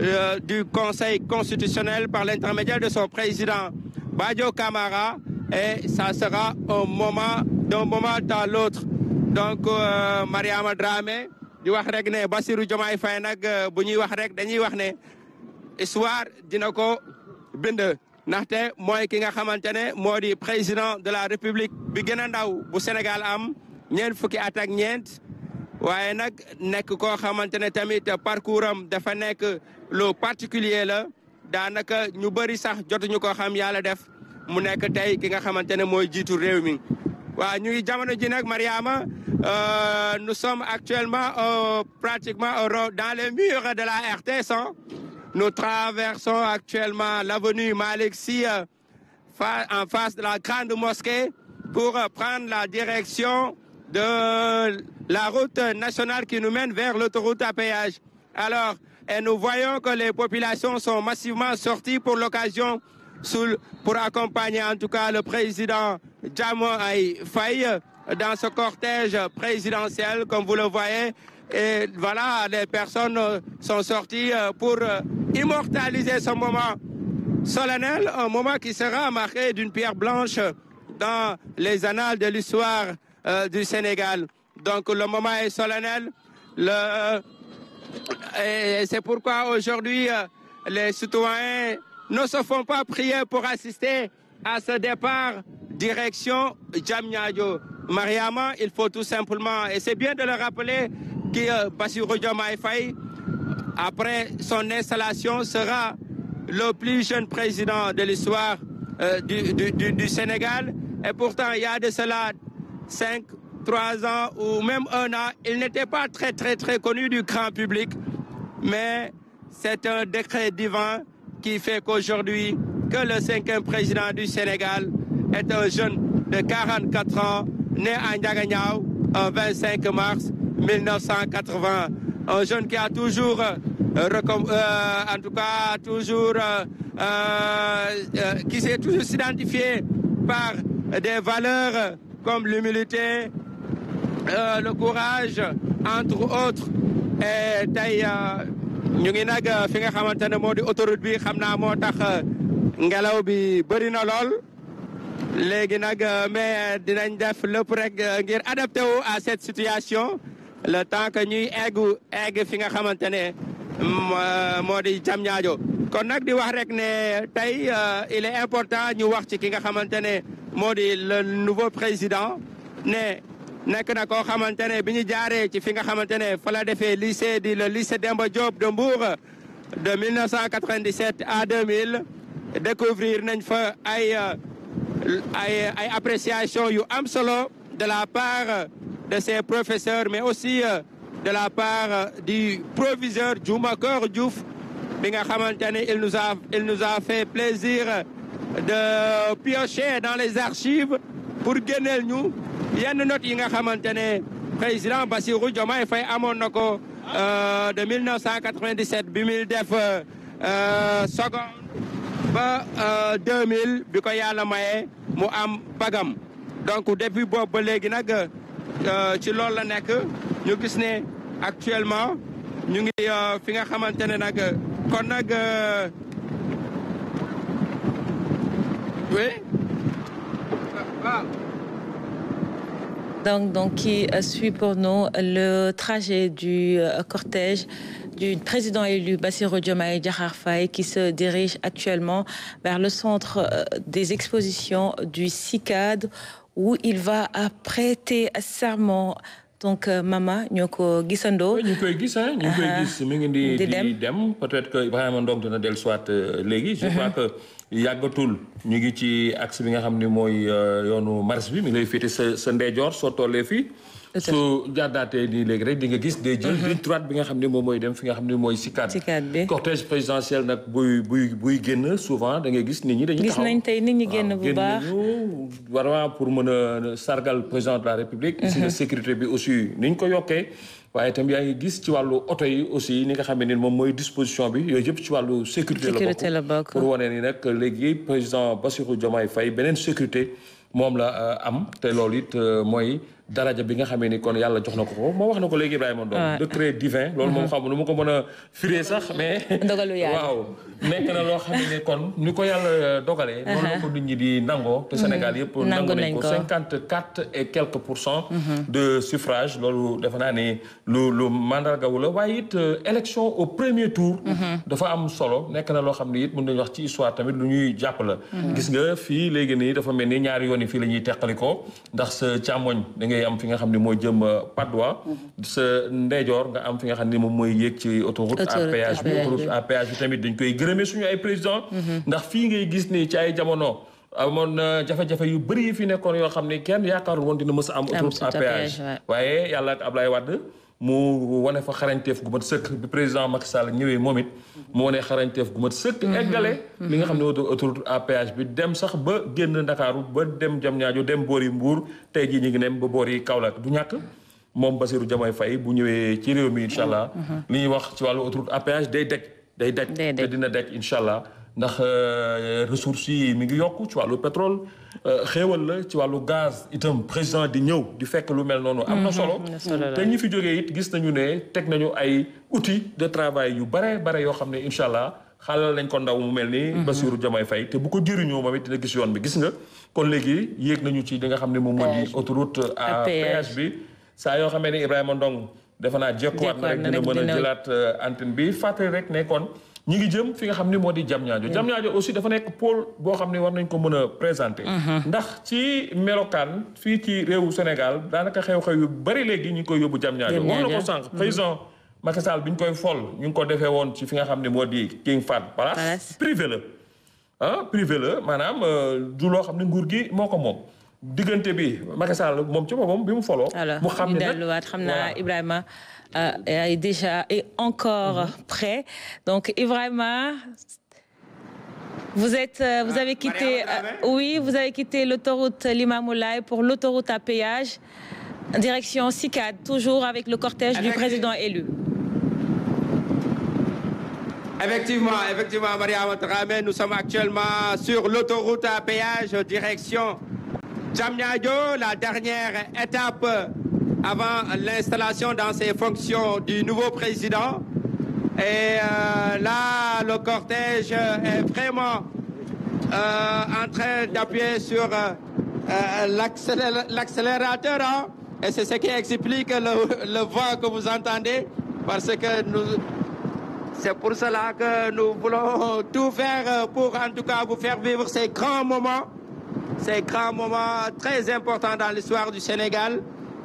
euh, du Conseil constitutionnel par l'intermédiaire de son président Badio Camara et ça sera au moment d'un moment à l'autre. Donc euh, Mariama di wax rek ne Bassirou Diomaye Faye nag euh, bu ñuy wax rek dañuy wax ne histoire dina ko bind ndaxte mooy ki nga xamante ne moo di président de la république bi gën a ndaw bu Sénégal am ñeent fukki at ñeent waaye nag nekk koo xamante ne tamit parcours am dafa nekk lu particulier la daanaka ñu bëri sax jotuñu ko xam yàlla def mu nekk tey ki nga xamante ne mooy jiitu réew mi Euh, nous sommes actuellement euh, pratiquement euh, dans les murs de la RTS hein. nous traversons actuellement l'avenue Malexia en face de la grande mosquée pour prendre la direction de la route nationale qui nous mène vers l'autoroute à péage. Alors, nous voyons que les populations sont massivement sorties pour l'occasion pour accompagner en tout cas le président Djamo Aïe Faye dans ce cortège présidentiel, comme vous le voyez. Et voilà, les personnes euh, sont sorties euh, pour euh, immortaliser ce moment solennel, un moment qui sera marqué d'une pierre blanche dans les annales de l'histoire du Sénégal. Donc le moment est solennel. et c'est pourquoi aujourd'hui, les citoyens ne se font pas prier pour assister à ce départ direction Djamnyadjo. Mariama, il faut tout simplement, et c'est bien de le rappeler, que euh, Bassirou Faye, après son installation, sera le plus jeune président de l'histoire euh, du, du, Sénégal. Et pourtant, il y a de cela 5, 3 ans ou même un an, il n'était pas très, très, très connu du grand public. Mais c'est un décret divin qui fait qu'aujourd'hui, que le cinquième président du Sénégal est un jeune de 44 ans, né à Ndaganyao le 25 mars 1980. Un jeune qui a toujours, euh, euh, en tout cas, toujours, euh, qui s'est toujours identifié par des valeurs comme l'humilité, le courage, entre autres. Et léegi nag euh, mais euh, dinañ def lépp rek euh, ngir adapté wu à cette situation le temps que ñuy eggu egg fi nga xamante ne moo di Diamniadio kon nag di wax rek ne tey il est important ñu wax ci ki nga xamante ne moo di le nouveau président ne nekk na koo xamante ne bi ñu jaaree ci fi nga xamante ne fa la defee lycée di le lycée Demba Diop de Mbour de 1997 à 2000 découvrir nañ fa ay et appréciation de la part de ses professeurs mais aussi euh, de la part euh, du proviseur Djoumakor Djouf, il nous a il nous a fait plaisir de piocher dans les archives pour nous. ñu yenn a yi nga xamante président Bassirou Diomaye Fay euh, de 1997 bi ba 2000 euh, bi ko yàlla mayee mu am bagam donc depuis boobu ba léegi nag euh, ci loolu la nekk ñu gis ne actuellement ñu ngi euh, fi nga xamante ne nag kon nag oui donc, qui euh, suit pour nous le trajet du euh, cortège du président élu Bassirou Diomaye qui se dirige actuellement vers le centre euh, des expositions du CICAD où il va prêter serment donc euh, mama ñoo ko gisandoo. ñu koy gis ah mi ngi di di dem peut-être que Ibrahima Ndong dina dellu soit euh, léegi. je crois mhm. que yàggatul. ñu ngi ci axe bi nga xam ni mooy euh, yoonu mars bi mi ngi lay féete sa sa ndeyjoor soo tollee fii. su jàddaatee nii léegi rek di nga gis day jël ligne mm-hmm. bi nga xam ne moom mooy dem fi nga xam ne mooy CICAD bi cortège présidentiel nag buy buy buy génn souvent da ngay gis nit ñi dañu taxaw gis nañ tey nit ñi génn bu baax ñu vraiment pour mën a sargal président la république mm-hmm. sécurité bi aussi ni ñu ko yokkee waaye itam yaa ngi gis ci wàllu oto aussi ni nga xam ne moom mooy disposition bi yooyu yëpp ci wàllu sécurité la bokk pour wane ni nag léegi président Bassirou Diomaye Faye beneen sécurité moom la euh, am te loolu it euh, mooy daraja bi nga xamee ni kon yàlla jox na ko ko moo wax na ko léegi Ibrahima doom ah. décret divin loolu moom xam nu ma ko mën a firee sax mais dogalu yàlla ko yàlla euh, dogalee noonu la uh-huh. ko nit ñi di nangoo te Sénégal yëpp nangu nañ ko cinquante quatre et quelques uh-huh. de suffrage loolu defe lu lu mandargawu la waaye it euh, élection au premier tour uh-huh. dafa am solo nekk na loo xam ne it mën nañu wax ci histoire tamit lu ñuy jàpp la gis nga fii léegi nii dafa mel ni ñaari yoon fii la ñuy teqalikoo ndax sa càmmoñ da ngay am fi nga xam ne mooy jëm euh, Padois mm-hmm. sa ndeyjoor nga am fi nga xam ne moom mooy yéeg ci autoroute à péage bi autoroute à péage bi tamit dañ koy gërëmee suñu ay président mm-hmm. ndax fii ngay gis ni ci ay jamono amoon na jafe-jafe yu bëri yi fi nekkoon yoo xam ne kenn yaakaarul woon dina mës a am autoroute à péage waaye yàlla ak Ablaye Wade mu wane fa xarañteef gu mat sëkk bi président Macky Sall ñëwee moom mu wane xarañteef gu mat sëkk mhm. eggale li nga xam ne autoroute à péage bi dem sax ba génn Ndakaaru ba dem Diamniadio dem boor yi Mbuur tey jii ñu ngi nem ba boor yi Kaolack du ñàkk moom Bassirou Diomaye Faye bu ñëwee ci réew mi incha mhm. li wax ci wàllu autoroute à day daj day daj te dina ndax euh, ressources yi mi ngi yokk ci wàllu pétrole euh, xéewal la ci wàllu gaz itam président di ñëw di fekk lu mel noonu. am na solo mm-hmm. te ñi fi jógee it gis nañu ne teg nañu ay uti de travail yu bare bare yoo xam ne incha allah xaalal lañ ko ndaw mu mel ni. Mm-hmm. Bassirou Diomaye Faye te bu ko jëriñoo moom it na gis yoon bi gis nga. kon léegi yéeg nañu ci li nga xam ne moom moo di. autoroute à péage bi. saa yoo xamee ne Ibrahima Ndong defe naa jekkuwaat na rek dina mën a jëlaat euh, bi fàttali rek nekkoon. ñi ngi jëm fi nga xam ni moo di jam Diamniadio Diamniadio aussi dafa nekk pôle boo xam ne war nañ ko mën a présenter mhm. ndax ci melokaan fii ci réewu Sénégal daanaka xew-xew yu bari léegi ñu ngi koy yóbbu Diamniadio wax na ko sang mhm. président Macky Sall bi ñu koy fol ñu ngi ko defee woon ci fi nga xam ne moo di King Fahd Palace privé la ah privé la maanaam euh, du loo xam ne nguur gi moo ko moom diggante bi Macky Sall moom ci boppam bi mu foloo mu xam ne nag xam naa Ibrahima Euh, est déjà est encore mhm. prêt. Donc Ibrahima, vous êtes, euh, vous ah, avez quitté, euh, oui, vous avez quitté l'autoroute Limamoulaye pour l'autoroute à péage, direction SICAD, toujours avec le cortège du président élu. Effectivement, effectivement, Maria Ouattara, nous sommes actuellement sur l'autoroute à péage, direction Djamnyadjo, la dernière étape avant l'installation dans ses fonctions du nouveau président. Et euh, là, le cortège est vraiment euh, en train d'appuyer sur euh, l'accélérateur. Hein. Et c'est ce qui explique le, le vent que vous entendez, parce que c'est pour cela que nous voulons tout faire pour en tout cas vous faire vivre ces grands moments, ces grands moments très importants dans l'histoire du Sénégal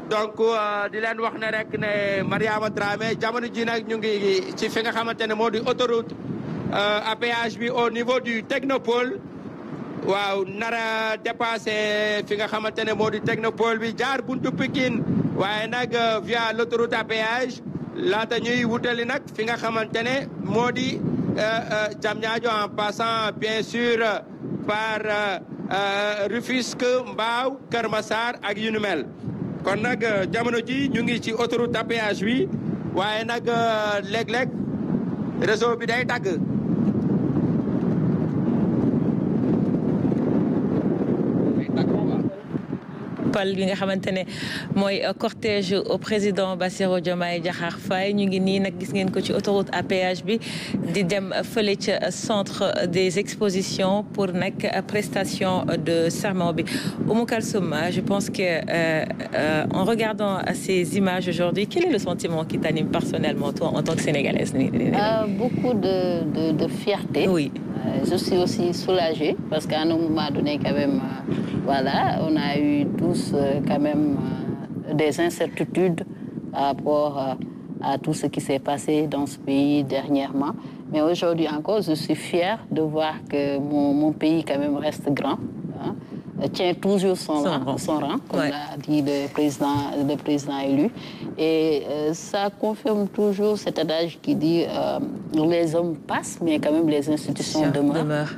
donc euh, di leen wax ne rek ne Mariama Dramé jamono ji nak ñu ngi ci fi nga xamante ne moo autoroute euh, à péage bi au niveau du technopole waaw nara dépassé fi nga xamante ne moo di technopole bi jaar buntu Pikine waaye nak euh, via l'autoroute à péage laata ñuy wutali nak fi nga xamante ne moo euh Diamniadio en passant bien sûr par Rufisque Mbao Kermassar ak yunu mel kon nag euh, jamono ji ñu ngi ci autoroute à péage waaye nag euh, léeg-léeg réseau bi day dagg. Pal bi nga xamantene moy cortège au président Bassirou Diomaye Diakhar Faye ñu ngi ni nak gis ngeen ko ci autoroute à péage bi di dem feulé ci centre des expositions pour nak prestation de serment bi Oumou Kalsoum je pense que euh, euh, en regardant ces images aujourd'hui quel est le sentiment qui t'anime personnellement toi en tant que Sénégalaise euh, beaucoup de de de fierté oui je suis aussi soulagée parce qu'à un moment donné quand même voilà on a eu tous euh, quand même euh, des incertitudes par rapport euh, à tout ce qui s'est passé dans ce pays dernièrement. Mais aujourd'hui encore, je suis fière de voir que mon, pays quand même reste grand, hein. tient toujours son, rang, son rang, comme l'a dit le président, le président élu. Et ça confirme toujours cet adage qui dit les hommes passent, mais quand même les institutions demeurent.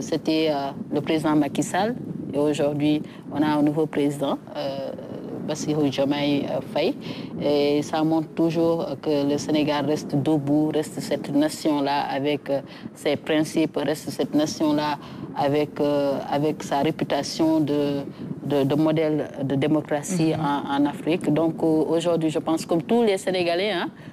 C'était le président Macky Sall et aujourd'hui, on a un nouveau président, euh, Bassirou euh, Faye. Et ça montre toujours que le Sénégal reste debout, reste cette nation-là avec euh, ses principes, reste cette nation-là avec, euh, avec sa réputation de, de, modèle de démocratie mhm. en, Afrique. Donc aujourd'hui, je pense comme tous les Sénégalais, hein,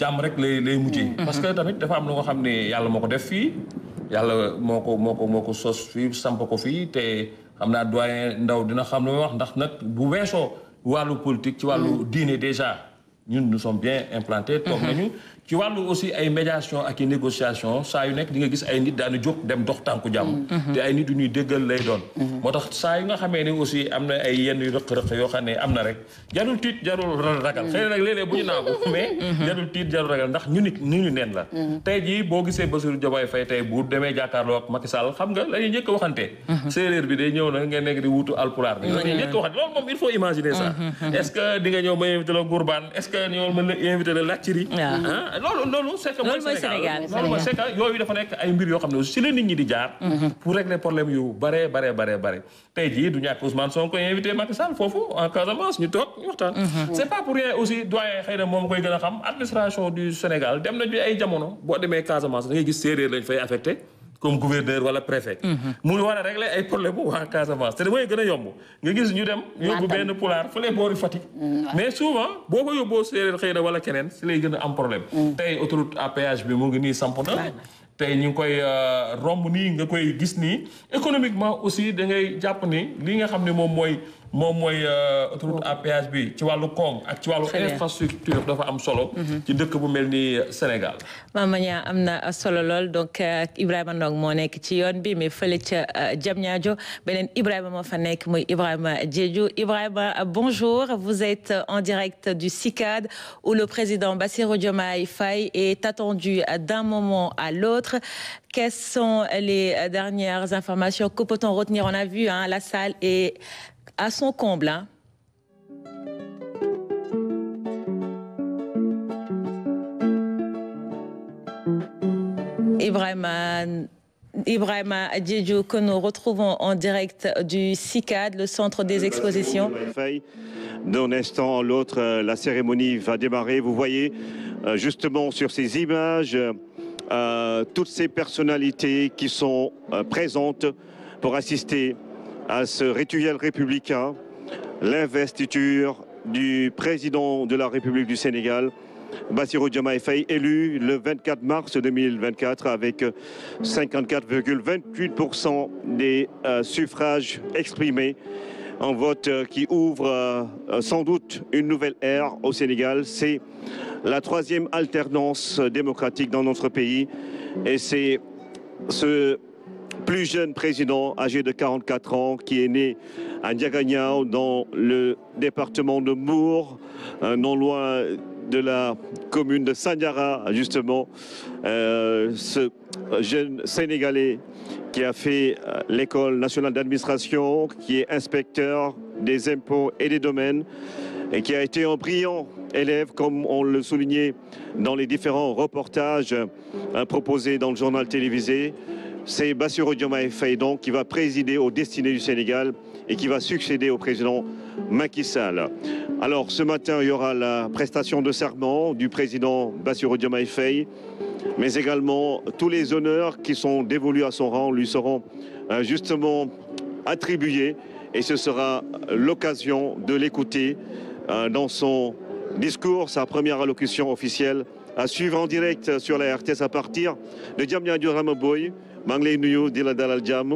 jàmm rek lay lay mujjee. Mm-hmm. parce que tamit dafa am lu nga xam ne yàlla moo ko def fii. yàlla moo ko moo ko moo ko sos fii samp ko fii te xam naa doyen ndaw dina xam lu wax ndax nag bu weesoo wàllu politique. ci wàllu mm-hmm. diine déjà ñun nous sommes bien implantés. toog mm-hmm. nañu ci wàllu aussi ay médiation ak i négociation saa yu nekk di gis ay nit daanu jóg dem dox tànku jàmm mm-hmm. Mm-hmm. te ay nit yu ñuy déggal lay doon mm-hmm. moo tax saa yu nga xamee ni aussi am na ay yenn yu rëq rek jarul tiit jarul ragal xëy na nag bu ñu naagu mais jarul tiit jarul ragal ndax ñu nit ñu neen la tey jii boo gisee Bassirou Diomaye Faye tey bu demee jàkkaarloo ak Macky Sall xam nga la ñuy a waxante séeréer bi day ñëw na nga nekk di wutu alpulaar bi la ñuy njëkk a loolu loolu c'est que mooy Sénégal loolu mooy c'est yooyu dafa nekk ay mbir yoo xam ne aussi si la nit ñi di jaar mm-hmm. pour régler problème yu bare bare bare bare tey jii du ñàkk Ousmane Sonko invité Macky Sall foofu en Casamance ñu toog ñu waxtaan mm-hmm. c'est pas pour rien aussi doyen xëy na moom koy gën a xam administration du Sénégal dem nañu ay jamono boo demee Casamance da gis séeréer lañ fay affecté comme gouverneur wala préfet. Mhm. mu war a régler ay problème waa Casamance te damay gën a yomb nga gis ñu dem. yóbbu benn pulaar fële boori Fatick. Mm, mais souvent boo ko yóbboo séeréer xëy na wala keneen si lay gën a am problème. Mm. tey autoroute à péage bi mu ngi nii samp na. tey ñu ngi koy euh, romb nii nga koy gis nii économiquement aussi da ngay jàpp ni li nga xam ne moom mooy. moom mooy euh, autoroute à péage bi ci wàllu koom ak ci wàllu infrastructure dafa am solo mhm. ci dëkk bu mel ni Sénégal Mama Niang am na solo lool donc euh, Ibrahima Ndong moo nekk ci yoon bi mais fële ca euh, Diamniadio beneen Ibrahima moo fa nekk muy Ibrahima Diédhiou Ibrahima bonjour vous êtes en direct du CICAD où le président Bassirou Diomaye Faye est attendu d'un moment à l'autre quelles sont les dernières informations que peut-on retenir on a vu hein, la salle est à son comble. Hein. Ibrahim Ibrahima que nous retrouvons en direct du CICAD, le centre des expositions. D'un instant à l'autre, la cérémonie va démarrer. Vous voyez euh, justement sur ces images euh, toutes ces personnalités qui sont euh, présentes pour assister à ce rituel républicain, l'investiture du président de la République du Sénégal, Bassirou Diomaye Faye, élu le 24 mars 2024 avec 54,28% des euh, suffrages exprimés. Un vote euh, qui ouvre euh, sans doute une nouvelle ère au Sénégal. C'est la troisième alternance démocratique dans notre pays et c'est ce plus jeune président âgé de 44 ans qui est né à Niagagnao dans le département de Mour, euh, non loin de la commune de Sanyara, justement, euh, ce jeune Sénégalais qui a fait euh, l'école nationale d'administration, qui est inspecteur des impôts et des domaines, et qui a été un brillant élève, comme on le soulignait dans les différents reportages proposés dans le journal télévisé c'est Bassirou Diomaye Faye donc qui va présider aux destinées du Sénégal et qui va succéder au président Macky Sall. Alors ce matin, il y aura la prestation de serment du président Bassirou Diomaye Faye, mais également tous les honneurs qui sont dévolus à son rang lui seront euh, justement attribués et ce sera l'occasion de l'écouter euh, dans son discours, sa première allocution officielle à suivre en direct sur la RTS à partir de Diamnia Ramaboui. maa ngi lay nuyu di la dalal jàmm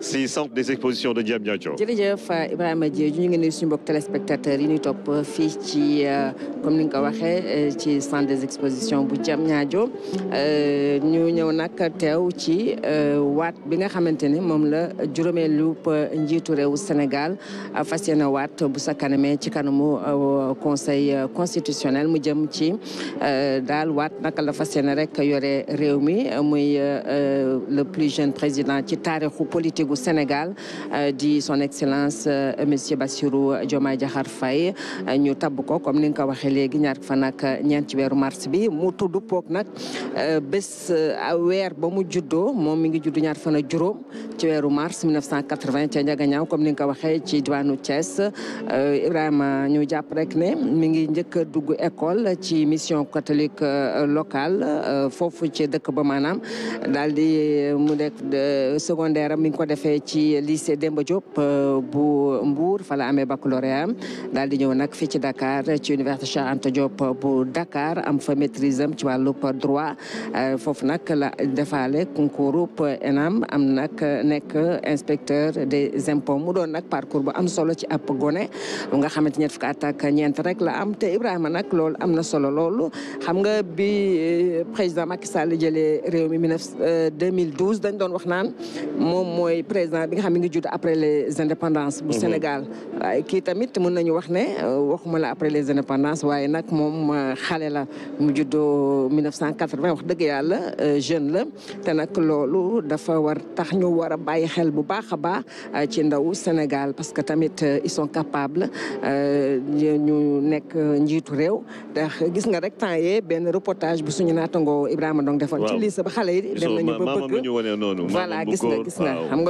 si centre des expositions de Diam Diadio. jërëjëf Ibrahima Diédhiou ñu ngi nuyu suñu mbokk téléspectateurs yi ñuy top fi ci euh, comme ni nga waxé euh, ci centre des expositions bu Diam Diadio euh, ñu ñëw nak teew ci wat bi nga xamante mom moom la juróomeelu njitu réewu Sénégal fas wat bu sa kanamee ci kanamu conseil constitutionnel mu jëm ci dal wat nak la fas rek yoré réew mi muy le plus jeune président ci taarixu politique au Sénégal euh, dit son excellence euh, monsieur Bassirou Diomaye Diakhar Faye euh, ñu tabb ko comme ni nga ko waxee léegi ñaar fan ak ñeent ci weeru mars bi mu tudd poog nag bés weer ba mu juddoo moom mi ngi judd ñaar fan ci mars 1980 ca Njagañaaw comme ni nga ko waxee ci diwaanu Thiès Ibrahima ñu jàpp rek ne mi ngi école ci mission catholique locale fofu ci dëkk ba maanaam daal secondaire mi ngi ko defee ci lycée Demba Diop euh, bu Mbour fa la amee baccalauréat am daal di ñëw nag fii ci Dakar ci université Cheikh Anta Diop bu Dakar am fa maîtrise am ci wàllub droit euh, foofu nag la defaale concours ENAM am nag nekk inspecteur de impôts mu doon nag parcours bu am solo ci ap gone bu nga xamante ñett fukki at ak ñeent rek la am te Ibrahima nag loolu am na solo loolu xam nga bi euh, président Macky Sall jëlee réew mi 2012 dañ doon wax naan moom mooy président bi nga xam nga ngi après les indépendances bu mhm. Sénégal waaye kii tamit mën nañu wax né euh, waxuma la après les indépendances waye nak mom euh, xalé la mu juddoo 1980 wax dëgg yàlla euh, jeune la té nak loolu dafa war tax ñu wara bayyi xel bu baaxa a ci ndaw Sénégal parce que tamit ils sont capables euh ñu nekk njitu rew tax gis nga rek temps yé ben reportage bu suñu natango Ibrahima Ndong defon ci lii sa ba xale yi dem nañu ba bëgg voilà gis nga gis nga xam nga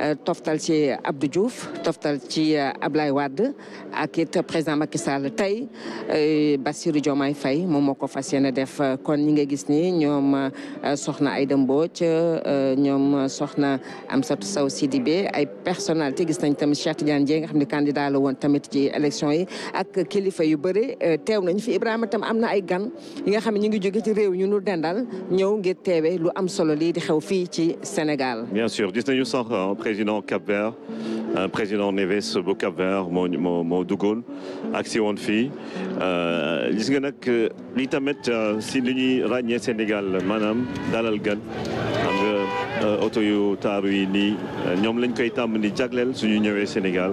Euh, toftal ci Abdou Diouf toftal ci euh, Ablaye wad ak it président Macky Sall tey euh, Bassirou Diomaye fay mom moko ko def kon ñi nga gis ni ñom soxna Aïda ci ñom soxna Amsatou saw sidib ay personnalité gis nañ tam Cheikh Tidiane Dieng nga xamni candidat la won tamit ci élection yi ak kilifa yu bëri teew nañ fi Ibrahima tam amna ay gan yi nga xamni ñi ngi joge ci rew ñu nu dendal ñew ngir tewé lu am solo li di xew fi ci Sénégal. Bien sûr gis nañu sax président Cap-Vert, un président Neves bu Cap-Vert moo moo moo duggoon si woon fii euh, gis nga li tamit euh, si li ñuy Sénégal Madame dalal gan xam euh, yu taaru yi nii lañ Sénégal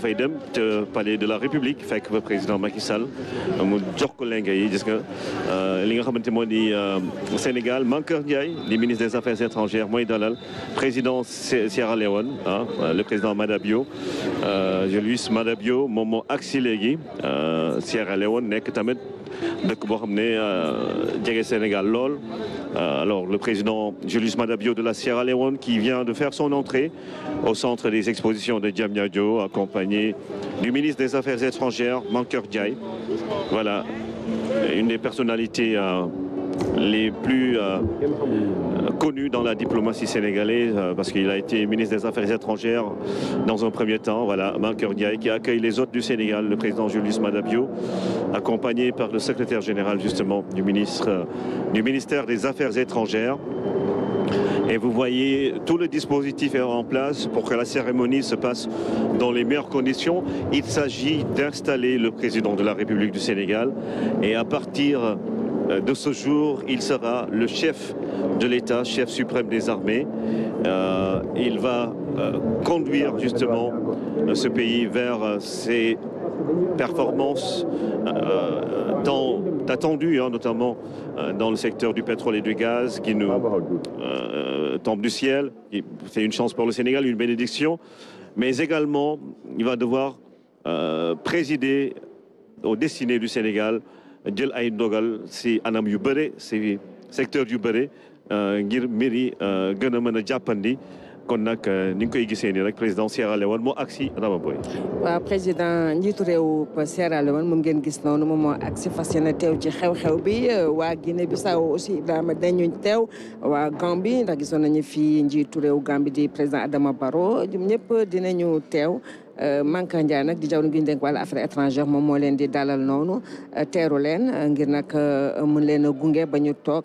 fay dem ca palais de la république fekk le président Macky Sall mu jox ko lenga yi gis nga euh, li nga xamante moo di euh, Sénégal Mankeur Ndiaye di ministre des affaires étrangères mooy dalal président Sierra Leone ah euh, le président Madabio Julius Madabio moom moo agsi léegi Sierra Leone nekk tamit de euh, Sénégal lool euh, alors le président Julius Madabio de la Sierra Leone qui vient de faire son entrée au centre des expositions de Diamniadio accompagné du ministre des Affaires étrangères Mankeur jai voilà une des personnalités euh, les plus euh, euh, connus dans la diplomatie sénégalaise euh, parce qu'il a été ministre des Affaires étrangères dans un premier temps. Voilà, Marc Diaye qui accueille les hôtes du Sénégal, le président Julius Madabio, accompagné par le secrétaire général justement du, ministre, du ministère des Affaires étrangères. Et vous voyez, tout le dispositif est en place pour que la cérémonie se passe dans les meilleures conditions. Il s'agit d'installer le président de la République du Sénégal. Et à partir euh, de ce jour, il sera le chef de l'État, chef suprême des armées. Euh, il va euh, conduire justement ce pays vers ses performances tant attendues, hein, notamment dans le secteur du pétrole et du gaz qui nous tombe du ciel. C'est une chance pour le Sénégal, une bénédiction. Mais également, il va devoir présider aux destinées du Sénégal jël ay ndogal si anam yu bëre si secteur yu bëre euh, ngir mbir yi euh, gën a mën a jàppandi kon nag euh, ni nga koy gisee nii rek président Sierra Leone moo agsi Rama Boy. waaw président njiitu réew Sierra Leone moom ngeen gis noonu moom moo agsi fas yéene teew ci xew-xew bi waa Guinée Bissau aussi Ibrahima dañu teew waa Gambie ndax gisoon nañu fii njiitu réew Gambie di président Adama Barrow ñëpp dinañu teew Euh, Manka Ndiaye nag di jawriñ gi ñu dénk wala affaires étrangères moom moo leen di dalal noonu teeru leen ngir nag euh, mën leen a gunge ba ñu toog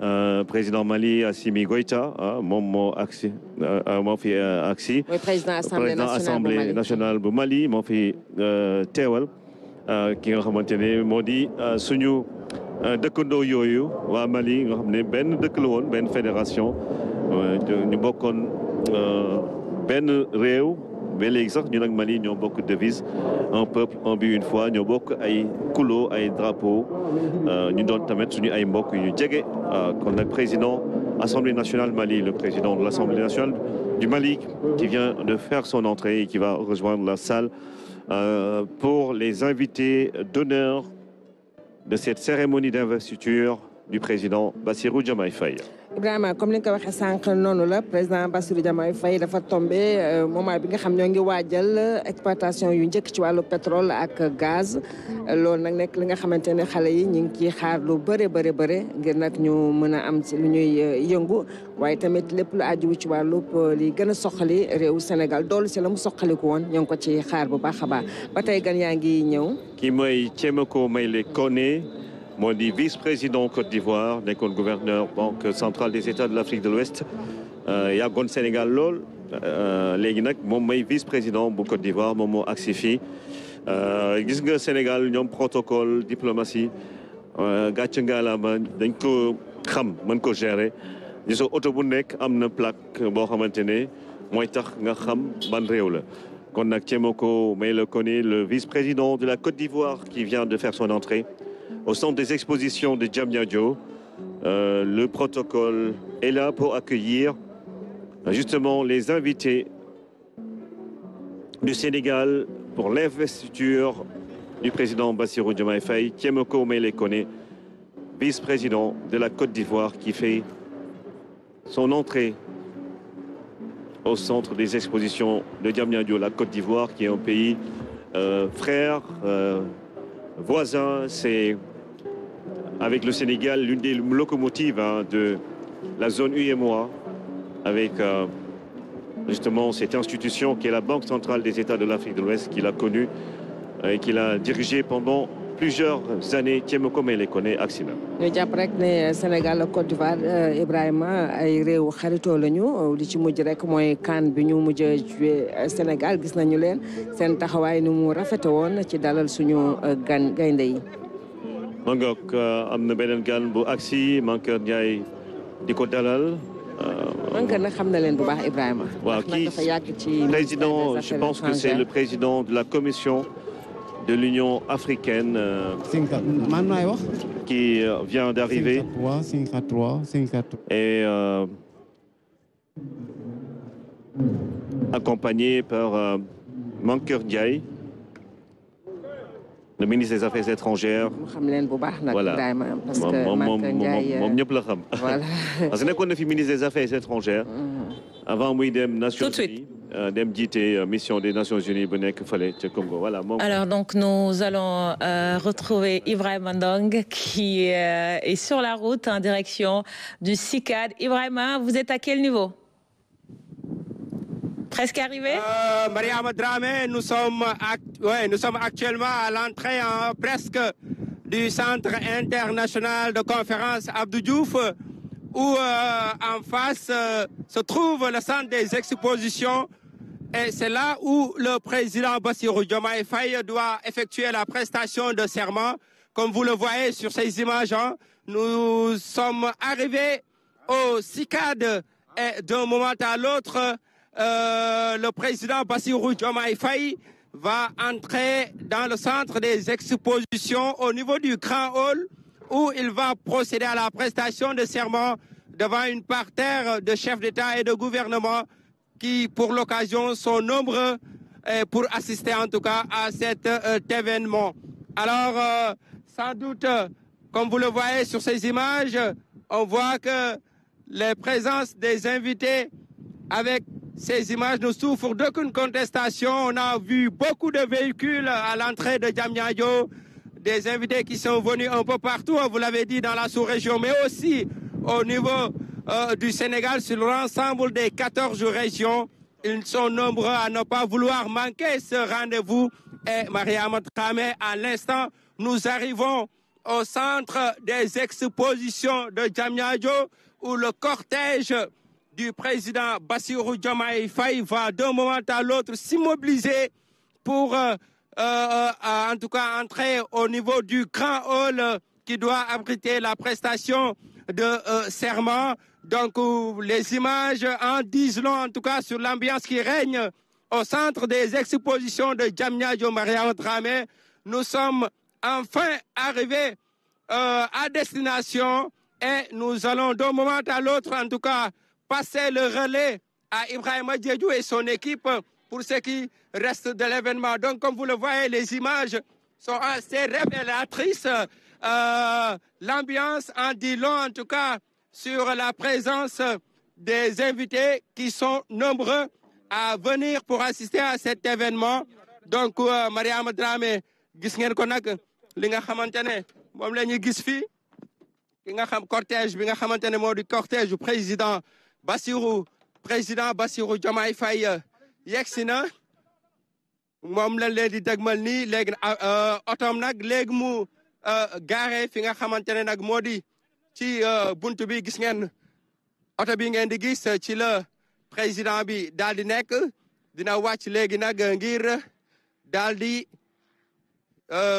Euh, président Mali Assimi Goïta mon hein, mo, agsi euh, euh, moo fi président assemblée nationale du Mali mon fi teewal ki nga xamante modi, moo di suñu Mali nga xam Ben fédération nous bokkoon Ben mais l'exemple sax ñu nous avons beaucoup de devise un peuple en but une foi avons beaucoup de couleurs de drapeaux Nous euh, avons tamit suñu ay mbokk yu ñu jege euh, kon le président Assemblée nationale Mali le président de l'Assemblée nationale du Mali qui vient de faire son entrée et qui va rejoindre la salle euh, pour les invités d'honneur de cette cérémonie d'investiture du président Bassirou Diomaye Faye Ibrahima comme li nga ko waxee sànq noonu la président Bassirou Diomaye Faye dafa tombé euh, moment bi nga xam ñoo ngi waajal exploitation yu njëkk ci wàllu pétrole ak gaz. loolu nag nekk li nga xamante ne xale yi ñu ngi ciy xaar lu bëre bëre bëre ngir nag ñu mën a am si lu ñuy euh, yëngu waaye tamit lépp lu aju ci wàllu euh, li gën a soxali réew Sénégal doolu si la mu soxaliku woon ñoo ngi ko ci xaar bu baax a baax ba tey gan yaa ngi ñëw. kii mooy ceem Thiemako Mayle Koné. Moni, vice-président Côte d'Ivoire, nekkoon gouverneur banque centrale des États de l'Afrique de l'Ouest euh, yàggoon Sénégal l'ol, euh, léegi nag moom vice-président bu Côte d'Ivoire Momo Axifi. agsi fii euh, gis Sénégal ñoom protocole diplomatie gàcce ngaalaama dañ ko xam mën ko gérer gis nga bu am plaque nga ban la kon le vice-président de la Côte d'Ivoire qui vient de faire son entrée au centre des expositions de Djamnyadjo. Euh, le protocole est là pour accueillir euh, justement les invités du Sénégal pour l'investiture du président Bassirou Diomaye Faye, Kiemoko Melekone, vice-président de la Côte d'Ivoire qui fait son entrée au centre des expositions de Diamniadio, la Côte d'Ivoire qui est un pays euh, frère, euh, voisin, c'est avec le Sénégal, l'une des locomotives hein, de la zone UMOA, avec euh, justement cette institution qui est la Banque centrale des États de l'Afrique de l'Ouest, qu'il a connue euh, et qu'il a dirigée pendant plusieurs années Thiemo Kome les connaît ak Sina. ñu rek Sénégal le Côte d'Ivoire euh, Ibrahima ay au Kharito lañu li ci mujj rek mooy kan bi ñu mujj a Sénégal gis nañu leen seen taxawaay ni mu rafete woon ci dalal suñu gan gaynde yi. Mangok, ngoog uh, am na gan bu agsi Mankeur Ndiaye diko dalal. Uh, président je pense que c'est le président de la commission de l'Union africaine. Euh, qui euh, vient d'arriver. et euh, accompagné par euh, Mankeur le ministre des Affaires étrangères. voilà moom moom euh, moom ñëpp la xam. parce que nekkoon na fi ministre des Affaires étrangères. Mm. avant muy dem Nations Unies. Euh, dem jiite euh, mission des Nations Unies bu nekk Congo voilà. alors donc nous allons retrouver Ibrahima Ndong qui euh, est sur la route en direction du SICAD. Ibrahima vous êtes à quel niveau presque arrivé euh, Mariam Dramé, nous sommes, actuellement à l'entrée presque du Centre international de conférence Abdou Diouf, où euh, en face euh, se trouve le centre des expositions. Et c'est là où le président Bassirou Diomaye Faye doit effectuer la prestation de serment. Comme vous le voyez sur ces images, hein, nous sommes arrivés au CICAD et d'un moment à l'autre, euh, le président Bassirou Diomaye Faye va entrer dans le centre des expositions au niveau du Grand Hall où il va procéder à la prestation de serment devant une parterre de chefs d'État et de gouvernement qui, pour l'occasion, sont nombreux pour assister en tout cas à cet euh, événement. Alors, euh, sans doute, comme vous le voyez sur ces images, on voit que les présences des invités avec ces images ne souffrent d'aucune contestation. On a vu beaucoup de véhicules à l'entrée de Djamnyadjo, des invités qui sont venus un peu partout, hein, vous l'avez dit, dans la sous-région, mais aussi au niveau euh, du Sénégal, sur l'ensemble des 14 régions. Ils sont nombreux à ne pas vouloir manquer ce rendez-vous. Et Maria Tramé, à l'instant, nous arrivons au centre des expositions de Djamnyadjo, où le cortège du président Bassirou Diomaye Faye va d'un moment à l'autre s'immobiliser pour, euh, euh, euh, en tout cas, entrer au niveau du grand hall qui doit abriter la prestation de serment. Donc, les images en disent long, en tout cas, sur l'ambiance qui règne au centre des expositions de Djamnia Diomaria Dramé. Nous sommes enfin arrivés à destination et nous allons d'un moment à l'autre, en tout cas, passer le relais à Ibrahim Adjedou et son équipe pour ce qui reste de l'événement. Donc, comme vous le voyez, les images sont assez révélatrices. Euh, L'ambiance en dit long, en tout cas, sur la présence des invités qui sont nombreux à venir pour assister à cet événement. Donc, euh, Mariama Dramé, gis Konak, ko nag li nga xamante ne moom la ñu ki nga xam cortège bi nga cortège président Bassirou président Bassirou Diomaye Faye yegsi na moom la leen di dégmal nii léegi ah, euh, otoom nag léegi mu euh, gaare fi nga xamante ne nag moo di ci euh, bunt bi gis ngeen oto bi ngeen di gis ci la président bi daal di nekk dina wàcc léegi nag ngir daal di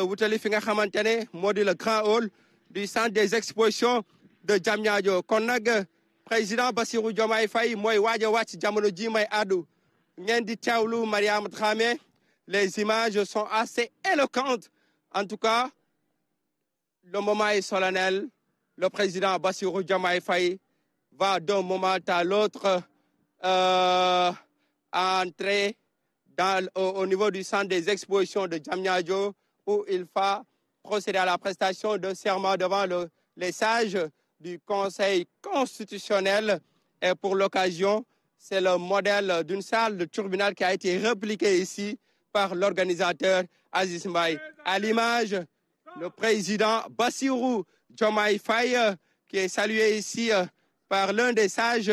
wutali fi nga xamante ne moo di le grand hall du centre des expositions de Diamniadio kon nag président Bassirou Diomaye Faye moi je wacc wàcc jamono ji may àddu ngeen di teewlu Mariama les images sont assez éloquentes en tout cas le moment est solennel le président Bassirou Diomaye Faye va d'un moment à l'autre euh, entrer au, niveau du centre des expositions de Diamniadio où il va procéder à la prestation de serment devant les sages du Conseil constitutionnel. Et pour l'occasion, c'est le modèle d'une salle de tribunal qui a été répliquée ici par l'organisateur Aziz Mbaye. À l'image, le président Bassirou Jomai Faye, qui est salué ici euh, par l'un des sages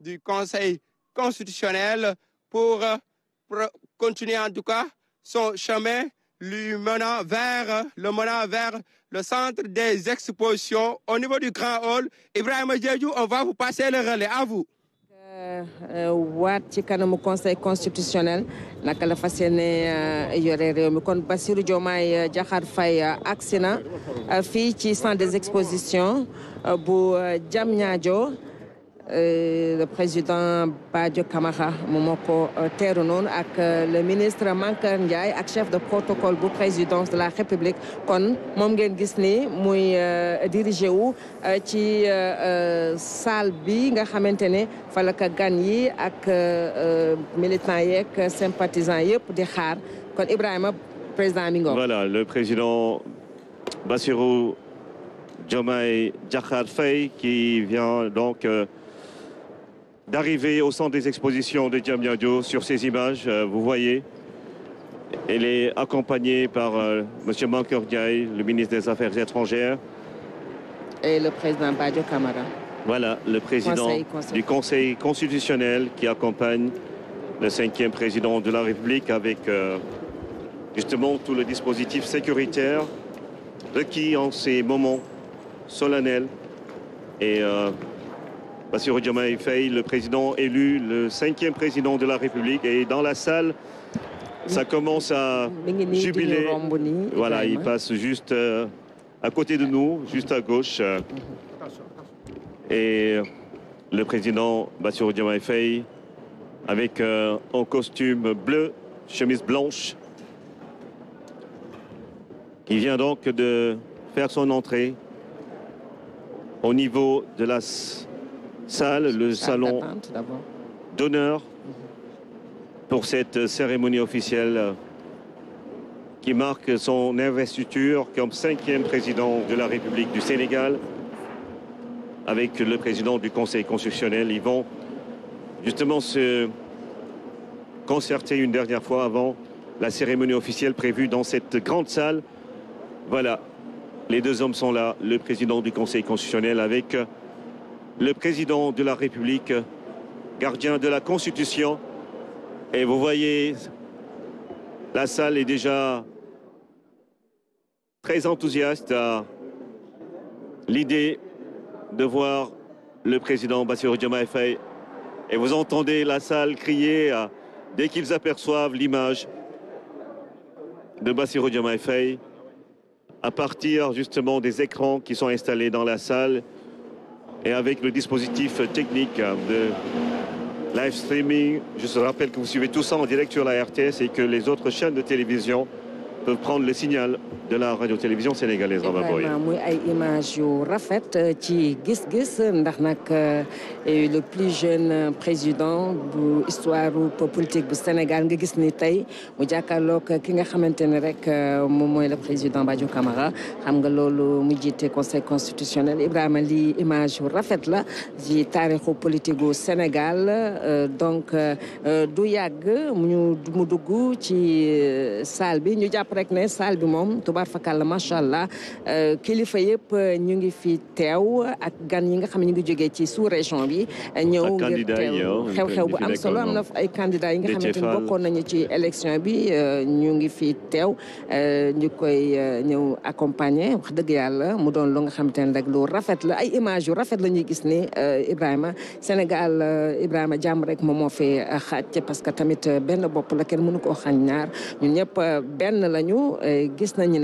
du Conseil constitutionnel pour euh, continuer en tout cas son chemin lui menant vers le menant vers le centre des expositions au niveau du Grand Hall. Ibrahim Djedjou, on va vous passer le relais. À vous. Euh, euh, waat ci kanamu conseil constitutionnel naka la fas yéene euh, yore réew mi kon Bassirou Diomaye Diakhar Faye agsi na fii ci centre des expositions bu Diamniadio euh, le président Badio Kamara Momoko et euh, euh, le ministre Mankar Ndiaye chef de protocole pour présidence de la République kon moom ngeen gis dirigé wu ci salle bi nga xamantene falaka gan yi ak militants yeeg sympathisants pour di xaar kon président mi voilà le président Bassirou Diomaye Diakhar Faye qui vient donc d'arriver au centre des expositions de Diambiadio sur ces images, euh, vous voyez. Elle est accompagnée par euh, Monsieur M. Diallo, le ministre des Affaires étrangères. Et le président Badio Kamara. Voilà, le président du Conseil constitutionnel qui accompagne le cinquième président de la République avec euh, justement tout le dispositif sécuritaire requis en ces moments solennels. Et Bassirou Diomaye Faye, le président élu, le cinquième président de la République. Et dans la salle, ça commence à jubiler. Voilà, il passe juste euh, à côté de nous, juste à gauche. Et le président Bassirou Diomaye Faye, avec euh, un costume bleu, chemise blanche, il vient donc de faire son entrée au niveau de la salle, le salon d'honneur pour cette cérémonie officielle qui marque son investiture comme cinquième président de la République du Sénégal avec le président du Conseil constitutionnel. Ils vont justement se concerter une dernière fois avant la cérémonie officielle prévue dans cette grande salle. Voilà, les deux hommes sont là, le président du Conseil constitutionnel avec le président de la République, gardien de la Constitution. Et vous voyez, la salle est déjà très enthousiaste à l'idée de voir le président Bassirou Diomaye Faye. Et vous entendez la salle crier dès qu'ils aperçoivent l'image de Bassirou Diomaye Faye à partir justement des écrans qui sont installés dans la salle et avec le dispositif technique de live streaming. Je vous rappelle que vous suivez tout ça en direct sur la RTS et que les autres chaînes de télévision peuvent prendre le signal de la radio-télévision sénégalaise Rama Boye ay image yu rafet euh, ci gis-gis ndax nag euh, le plus jeune euh, président bu histoire politique du Sénégal nga gis ni tey mu jàkkaarloog ki nga xamante ne rek moom mooy le président Badio Camara xam nga loolu mu jiite conseil constitutionnel Ibrahima lii image yu rafet la ci taarixu politique gu Sénégal donc du yàgg mu dugg ci salle bi ñu jàpp rek ne salle bi moom tubaar fakàlla macha allah euh, kilifa yëpp euh, ñu ngi fi tew ak gan yi nga xam ne ñu ngi ci sous région bi. ñëw ngir teew xew-xew bu am solo am na ay candidat yi nga xamante ni bokkoon nañu ci élection bi euh, ñu ngi fi tew ñu koy ñëw accompagner wax deug yalla mu doon lu nga xamante rek lu rafet la ay image yu rafet la ñuy gis ni Ibrahima Sénégal Ibrahima Diam rek mo mo fi xaaj parce que tamit benn bop la kenn mënu ko xañ ñaar ñun ñep benn lañu gis nañu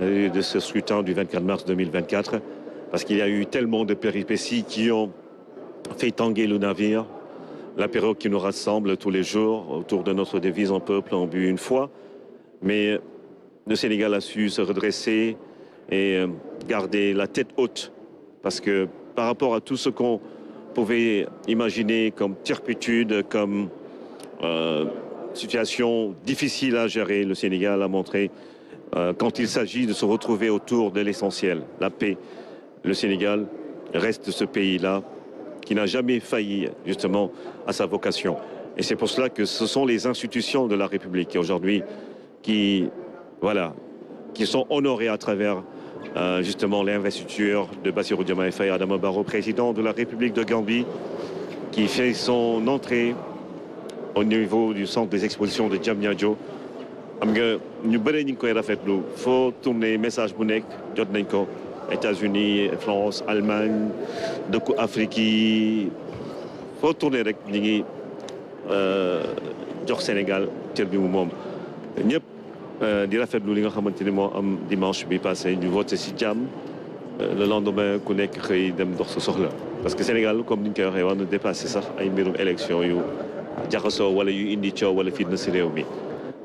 de ce scrutin du 24 mars 2024, parce qu'il y a eu tellement de péripéties qui ont fait tanguer le navire, la perroque qui nous rassemble tous les jours autour de notre devise en peuple en but une fois. Mais le Sénégal a su se redresser et euh, garder la tête haute, parce que par rapport à tout ce qu'on pouvait imaginer comme turpitude, comme euh, situation difficile à gérer, le Sénégal a montré euh, quand il s'agit de se retrouver autour de l'essentiel, la paix. Le Sénégal reste ce pays-là qui n'a jamais failli justement à sa vocation. Et c'est pour cela que ce sont les institutions de la République aujourd'hui qui, voilà, qui sont honorées à travers euh, justement l'investiture de Bassirou Diomaye Faye Adam Barrow, président de la République de Gambie, qui fait son entrée au niveau du centre des expositions de Djamnyadjo xam nga ñu bëree ñu ngi koy rafetlu foo tourner message bu nekk jot nañ ko États-Unis France Allemagne dëkku Afrique yi foo tourner rek ñu ngi euh, jox Sénégal cër bi mu moom ñëpp euh, di rafetlu li nga xamante ni moo am dimanche bi passé ñu voté ci jàmm euh, le lendemain ku nekk xëy dem dox sa soxla parce que Sénégal comme ni ñu koy waxee war na dépassé sax ay mbirum élection yu jaxasoo wala yu indi coow wala fitna ci réew mi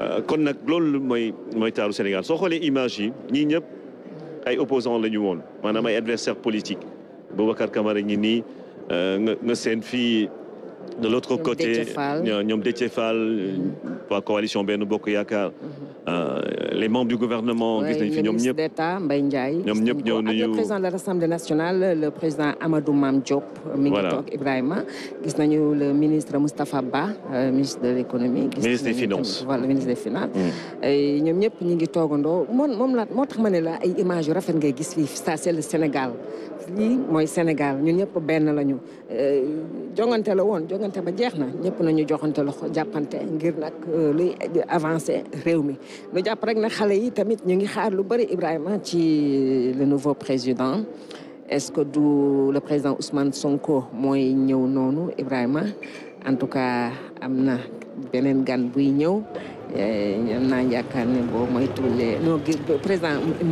Euh, kon nag loolu mooy mooy taaru Sénégal soo xoolee image yi ñii ñëpp ay opposants la ñu woon maanaam ay adversaires politiques Boubacar Camara ñi nii euh, nga seen fii de l'autre côté, Nyom Détiéfal, pour la coalition Benno Bokk Yaakaar mhm. euh, les membres du gouvernement gis nañ fi ñoom ñëpp d'État Mbaye Ndiaye ñoom ñëpp ñëw le président de la l'Assemblée nationale le président Amadou Mame Diop mi ngi toog Ibrahima gis nañu le ministre Moustapha Ba euh, ministre de l'économie ministre des finances voilà ministre des finances mm. ñoom ñëpp ñi ngi toogandoo moom moom la moo tax ma ne la ay images yu rafet ngay gis fii ça c'est le Sénégal li moy Sénégal ñun ñëpp benn lañu euh jongante la woon jongante ba jeexna na ñëpp nañu joxante loxo jàppante ngir nag euh, luy avancer rew mi lu japp rek na xalé yi tamit ñu ngi xaar lu bari Ibrahima ci euh, le nouveau président est-ce que du le président Ousmane Sonko moy ñëw noonu Ibrahima en tout cas amna benen gan buy ñëw eh, il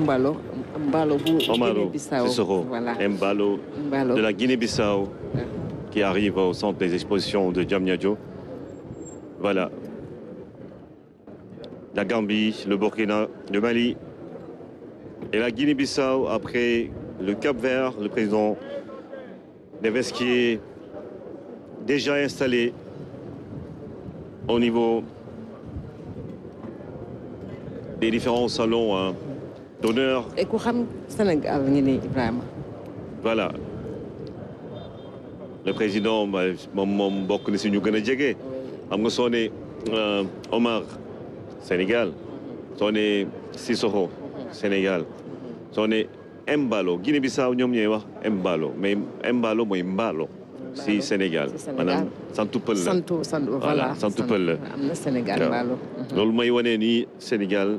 Mbalo. de la Guinée-Bissau. Ah. qui arrive au centre des expositions de Diamniadio. Voilà. La Gambie, le Burkina, le Mali et la Guinée-Bissau après le Cap Vert, le président des qui déjà installé au niveau des différents salons hein, d'honneur. Voilà. Le président, bah, mon bokk na si ñu gën a jege. nga soo Omar Sénégal soo Sissoko Sénégal soo ne Guinée-Bissau ñoom ñooy wax Embalo mais Mbalo, mooy Mbalo. si Sénégal maanaam santu pël Santou, voilà santu pël Sénégal Mbalo. loolu mooy wane ni Sénégal.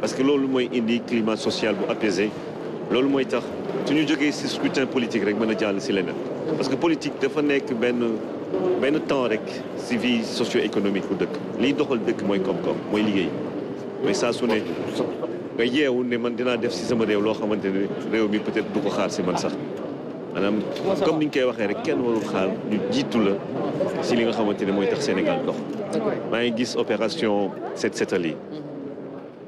parce que qui est indi climat social bu apaisé lolu moy tax scrutin politique rek ci parce que politique dafa que ben temps rek vie socio-économique bu dëkk. liy doxal dëkk mais ça, su ne man def ne peut-être du ko xaar comme ni koy rek kenn warul xaar la si li nga Sénégal dox opération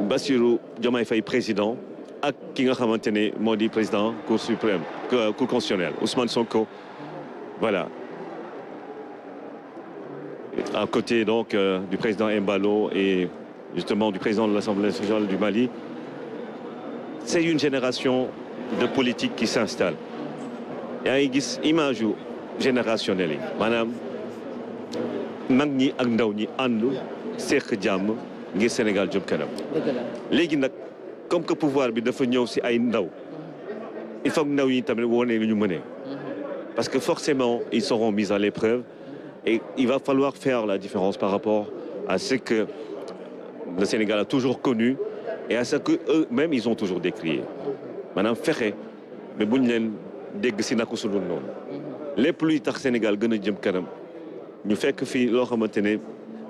Bassirou Diomaye Faye président ak ki nga président cour suprême euh, cour constitutionnelle Ousmane Sonko voilà à côté donc euh, du président Mbalo et justement du président de l'Assemblée nationale du Mali c'est une génération de politiques qui s'installe y a une image générationnelle Madame ngir Sénégal jëm kanam. légui nak comme que pouvoir bi dafa ñew ci ay ndaw. il faut que ndaw yi tamit woné ñu mëné parce que forcément ils seront mis à l'épreuve et il va falloir faire la différence par rapport à ce que le Sénégal a toujours connu et à ce que eux-mêmes ils ont toujours décrié Maintenant, ferré mais buñ leen dégg si naka su dul mhm. luy tax Sénégal ne jëm kanam ñu fekk fi lo xamante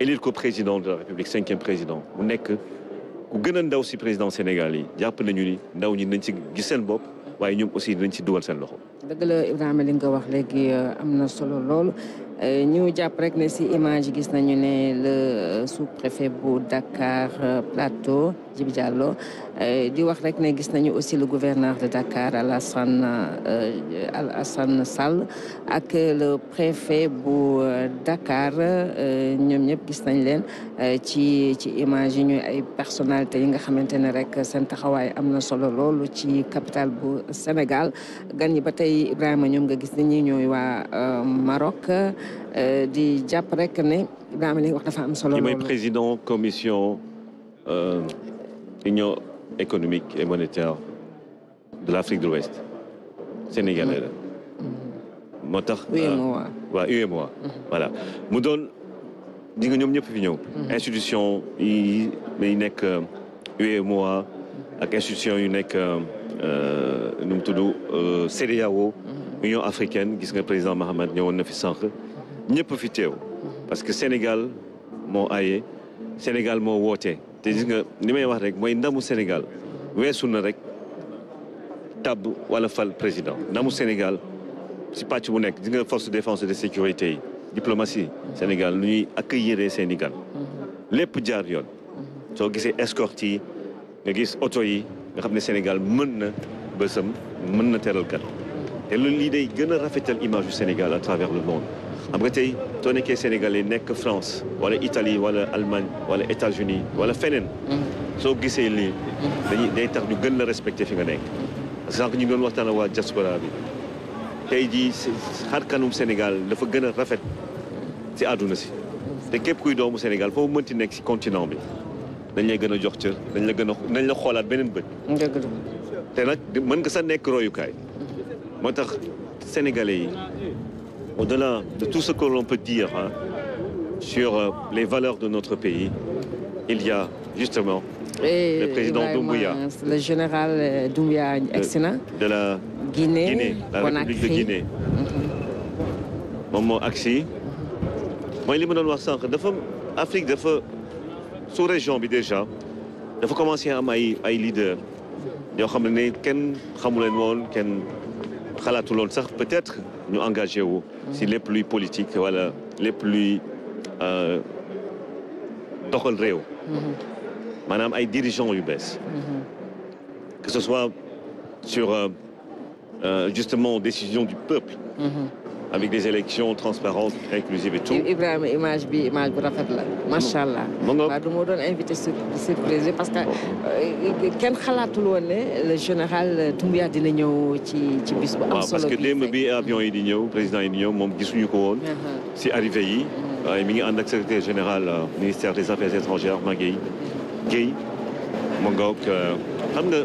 élire ko président de la république cinquième président mu nekk ku gën a ndaw si président sénégalais. yi jàpp nañu ni ndaw ñi nañ ci gis seen bopp waaye aussi dinañ ci dugal seen loxo. dëgg la Ibrahima li wax léegi euh, am solo lool. Euh, ñu avons rek si image gis nañu le euh, sous-préfet bu Dakar euh, Plateau Djib Diallo di wax rek ne gis nañu aussi le gouverneur de Dakar Alassane Alassane Sall ak le préfet bu Dakar nous ñëpp gis nañ leen ci ci image yi ñuy ay personnalité yi nga xamante rek seen taxawaay am solo loolu ci capitale bu Sénégal gan yi batay Ibrahima ñom nga gis ni ñoy wa Maroc euh, di jàpp rek ne dama li wax dafa am solo. loolu président commission euh, union économique et monétaire de l'Afrique de l'Ouest sénégalais mm-hmm. motax wa tax. UEMOA euh, mm-hmm. voilà mu doon di nga ñom ñëpp fi ñëw. Mm-hmm. institution yi nek nekk UEMOA ak institution yu nek euh nu tudu euh CEDEAO. Union africaine gis nga président Mahamat ñëwoon na fi sànq ñepp fi teew parce que Sénégal mo ayé Sénégal mo woté té gis nga li wax rek moy ndamu Sénégal wessuna rek tab wala fal président ndamu Sénégal ci pàcc bu nekk gis nga force de défense et de sécurité diplomatie Sénégal lu ñuy accueillir Sénégal lépp jaar yoon so gisee escorte yi nga gis auto yi nga xamné Sénégal mën na bëssam mën na téral kat te loolu lii day gëna rafetal image du Sénégal à travers le monde après tey to sénégalais France wala Italie wala Allemagne wala États-Unis wala fenen mm-hmm. soo gisee li mm-hmm. day tax respecté fi nga mm-hmm. ñu diaspora bi Sénégal dafa Sénégalais képp kuy doomu Sénégal continent bi dañ lay sénégalais au-delà de tout ce que l'on peut dire hein, sur euh, les valeurs de notre pays, il y a justement le président Doumbouya. Le général euh, Doumbouya excellent. De, la Guinée, la République de Guinée. Maman Axi. Mhm. Moi, il est wax sank dafa Afrique dafa sous région bi déjà faut commencer à être Il leader yoo quelqu'un ne kenn xamu leen woon kenn être sax peut-être nous engager, si les plus politiques voilà les plus... Euh, doxal madame maanaam ay dirigeants que ce soit sur euh, euh, justement décision du peuple avec des élections transparentes, inclusives et tout. Ibrahim, image bi image bu rafet la Machallah. allah. waaw du ma doon invité plaisir parce que euh, kenn xalaatul le général Tumbia euh, dina qui ci ci bis bu am solo parce que le bi avion yi di ñew, président yi ñew, mom gisunu ko won. si uh-huh. arrivé yi. Uh-huh. mi ngi and ak secrétaire général euh, ministère des affaires étrangères Maguette Guèye mu ngoog xam nga.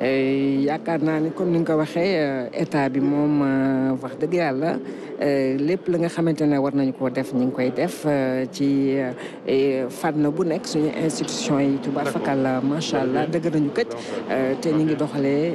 Eh, yaakaar naa ni comme ni nga ko waxee eh, état bi moom eh, wax dëgg yàlla lépp la nga xamante ne war nañu koo def ñu ngi koy def ci fànn bu nekk suñu institution yi tubaab fakal macha allah dëgg nañu këj te ñu ngi doxalee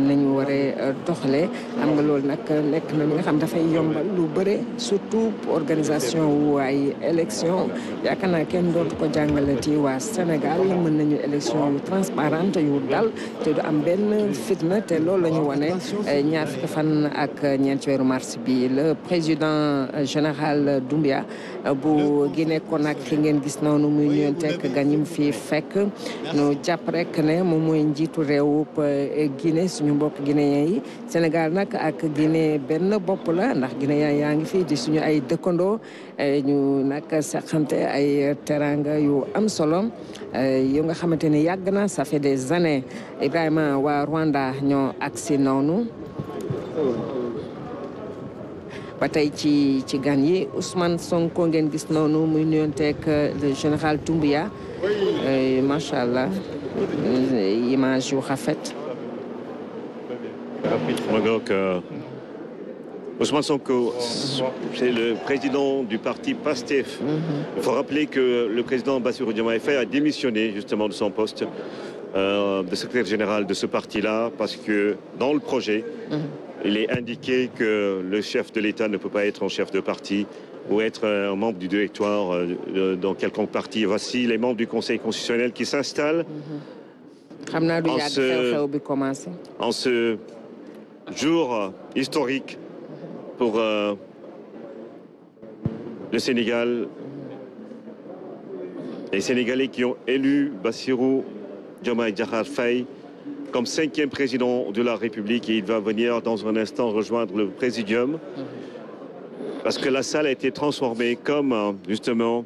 nañu waree doxalee am nga loolu nag lekk na li nga xam dafay yombal lu bëre surtout organisation wu ay élection yaakaar naa kenn dootu ko jàngale ci waa Sénégal mën nañu élection yu transparente yu dal te du am benn fitna te loolu lañu ñu wane eh, ñaar fukki fan ak ñeent weeru mars bi le président général Doumbia eh, bu Guinée Conakry ngeen gis noonu muy ñëwanteeg gan yim fii fekk ñu jàpp rek ne moom mooy njiitu réewub eh, Guinée suñu mbokk guinéen yi Sénégal nag ak gine benn bopp la ndax gine ya yaa ngi fi di suñu ay dëkkandoo Eh, ñu nag saxante ay teranga yu am solo eh, yu nga xamante ni yàgg na ça fait des années Ibrahima waa Rwanda ñoo agsi noonu ba tey ci ci gan yi Ousmane Sonko ngeen gis noonu muy nuyonteeg eh, le général Doumbouya macha allah image yu rafet. Ousmane Sonko, c'est le président du parti PASTEF. Mhm. Il faut rappeler que le président Bassirou Diomaye a démissionné justement de son poste euh, de secrétaire général de ce parti-là parce que dans le projet, mhm. il est indiqué que le chef de l'État ne peut pas être un chef de parti ou être un membre du directoire euh, dans quelconque parti. Voici les membres du Conseil constitutionnel qui s'installent. Mhm. en ce jour historique pour euh, le Sénégal. Les Sénégalais qui ont élu Bassirou Diomaye Djahar Faye comme cinquième président de la République il va venir dans un instant rejoindre le présidium parce que la salle a été transformée comme euh, justement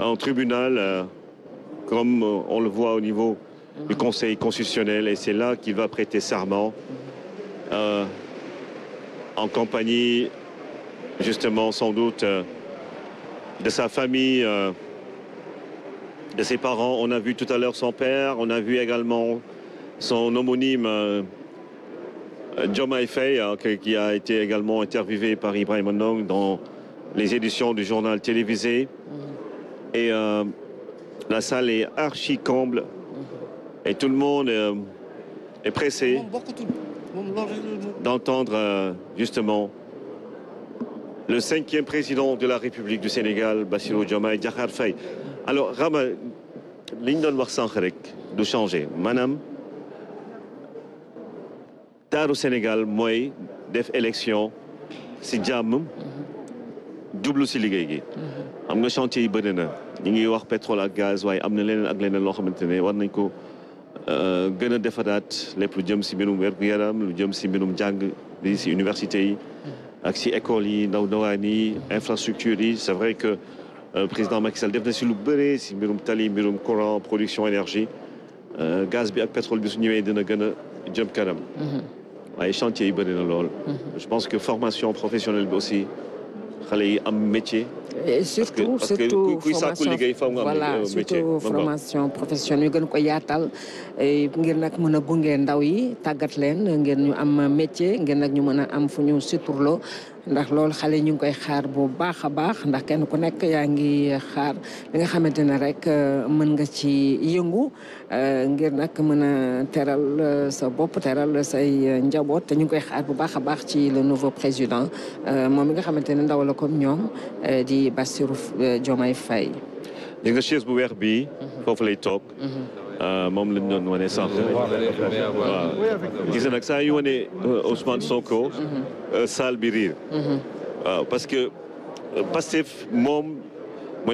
un tribunal euh, comme on le voit au niveau du Conseil constitutionnel et c'est là qu'il va prêter serment en compagnie justement sans doute euh, de sa famille, euh, de ses parents. On a vu tout à l'heure son père, on a vu également son homonyme euh, Joma Efei, hein, qui a été également interviewé par Ibrahim dans les éditions du journal télévisé. Et la salle est archi comble et tout le monde est pressé d'entendre euh, justement le cinquième président de la République du Sénégal, Bassirou Diomaye Diakhar Faye. Alors, Rama, li ñu de wax Madame, rek du Sénégal moi, def élection si jàmm double si liggéey gi. Mhm. am nga chantier yi bëri chantier, ngi pétrole gaz waaye am na ak leneen war ko. Euh, gën a defaraat lépp lu jëm si mbirum wér gu yaram lu jëm si mbirum jàng li si université yi ak si école yi ndaw ndawaan yi infrastructure yi c'est vrai que euh, président Macky Sall def na si lu bëree si mbirum tali mbirum courant production énergie euh, gaz bi ak pétrole bi su ñëwee dina gën a jëm kanam mm-hmm. waaye chantier yi bëri na lool mm-hmm. je pense que formation professionnelle bi aussi xale yi am métier surtout parce que kuy sàkku voilà surtout formation professionnelle ñu gën ko yaatal ngeen nag mën a gunge ndaw yi tàggat leen ngeen ñu am métier ngeen nag ñu mën a am fu ñu suturloo ndax loolu xale ñu ngi koy xaar bu baax a baax ndax kenn ku nekk yaa ngi xaar li nga xamante ne rek euh, mën nga ci yëngu euh, ngir nag mën a teral euh, sa bopp teral say njaboot te ñu ngi koy xaar bu baax a baax ci le nouveau président moom mi nga xamante ne ndaw la comme ñoom di Bassirou Diomaye Faye. di nga chaise bu weex bi mhm. foofu lay toog. Mhm. moom de doon wane sànq. Ousmane Sonko. Mm-hmm. Euh, mm-hmm. parce que euh, Pastef mom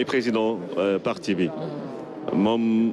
président euh, parti bi mom, mm-hmm.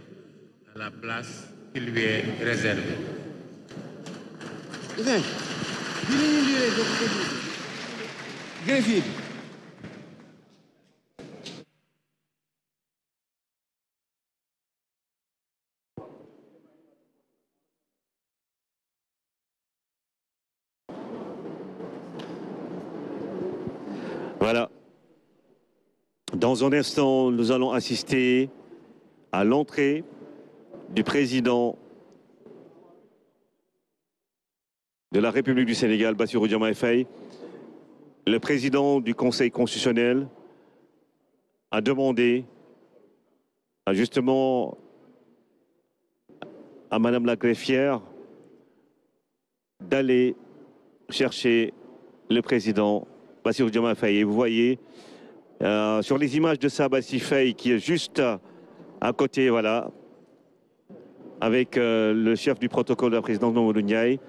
la place qui lui est réservée. Voilà. Dans un instant, nous allons assister à l'entrée du président de la République du Sénégal, Bassirou Diomaye Faye, le président du Conseil constitutionnel a demandé justement à Madame la greffière d'aller chercher le président Bassirou Diomaye Faye. Et vous voyez euh, sur les images de Sabassi Faye qui est juste à côté, voilà, avec euh, le chef du protocole de la présidence Mamadou Ndiaye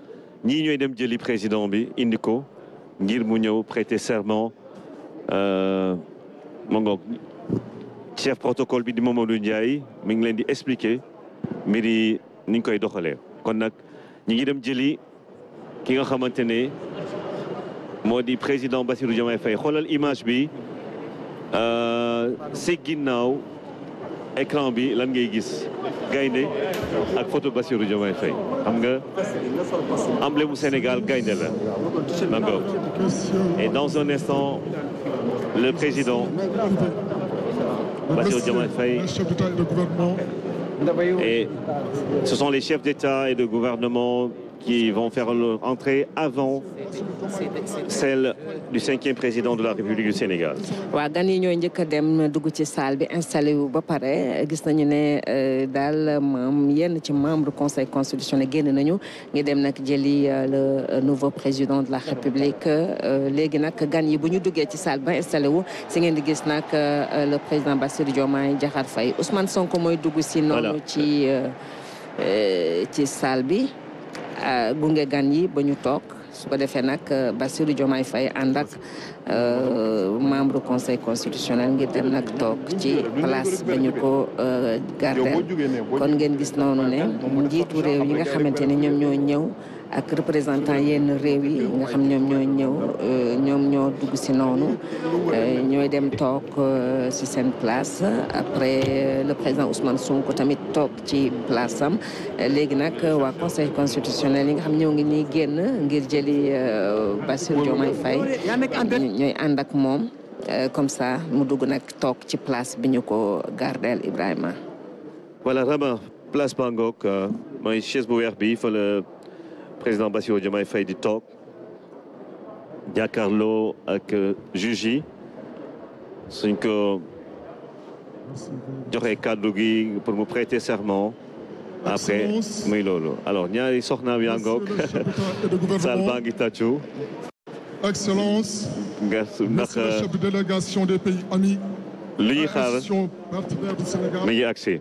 ñii ñooy dem jëli président bi indi ngir mu serment euh, chef protocole de di Mamadou Ndiaye mi ngi leen di expliquer mbir yi ni ñu koy doxalee kon nag ñi ngi dem jëli ki nga xamante ne président Bassirou Diomaye Faye image bi C'est euh, ginnaaw écran bi lan ngay gis gaynde ak photo Bassirou Diomaye Faye xam nga emblème au Sénégal gaynde la et dans un instant le président Bassirou Diomaye Faye et ce sont les chefs d'État et de gouvernement qui vont faire entrer avant celle du cinquième président de la République du Sénégal. Wa gan yi ñooy njëkk dem dugg ci salle bi installé wu ba paré gis nañu ne euh, dal mam yenn ci membre conseil constitutionnel génn nañu ngi dem nak jëli euh, le euh, nouveau président de la République légui nak gan yi bu ñu duggé ci salle ba installé wu ci ngeen di gis nak le président Bassir Diomaye Diakhar Faye Ousmane Sonko moy dugg ci noonu ci ci salle bi. Euh, gunge gan yi ba ñu toog su ko defee nag euh, Bassirou Diomaye fay ànd ak euh, membre conseil constitutionnel ngir dem nag toog ci place ba ñu ko gardeel kon ngeen gis noonu ne njiitu réew ñi nga xamante ni ñoom ñoo ñëw ak représentant yenn réew yi nga xam ñoom ñoo ñëw euh, ñoom ñoo dugg si noonu euh, ñooy dem toog euh, si seen place après le président Ousmane Sonko tamit toog ci place am léegi nag waa conseil constitutionnel yi nga xam ñoo ngi nii génn ngir jëli Bassir Diomaye Faye ñooy ànd ak moom comme ça mu dugg nag toog ci place bi ñu ko gardel Ibrahima. voilà Rama place Bangok mooy chaise bu weex bi fa la président Bassirou Diomaye Faye du toog jàkkaarloo ak euh, juge yi suñ ko joxe kàddu pour me prêter serment après muy loolu alors ñaari soxnaam yaa ngoog sal baa ngi tàccu Excellences, Messieurs les chefs de délégation des pays amis, les nations partenaires du accès.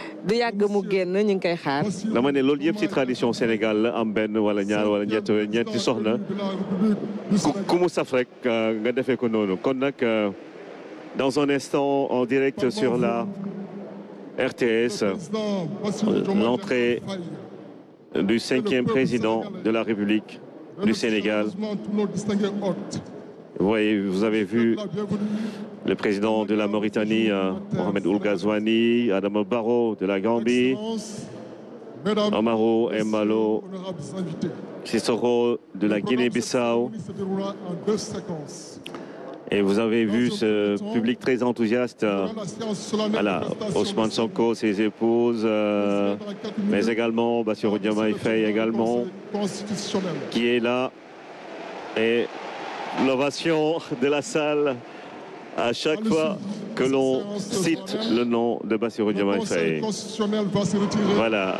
du yàgg mu génn ñu ngi koy xaar. dama ne loolu yëpp ci tradition Sénégal la am benn wala ñaar wala ñett ñetti soxna ku mu saf rek euh, nga defee ko noonu kon nag euh, dans un instant en direct sur la RTS l'entrée du cinquième président de la République du Sénégal vous avez vu le président de la Mauritanie, euh, Mohamed Oulgazouani, Adam Barro de la Gambie, Amaro Malo, Sissoko de la Guinée-Bissau. Et vous avez vu ce public très enthousiaste. Euh, voilà, Osman Sonko, ses épouses, euh, mais également Bassirou Diomaye également, qui est là. Et L'ovation de la salle à chaque fois que l'on cite le nom de Bassirou Voilà.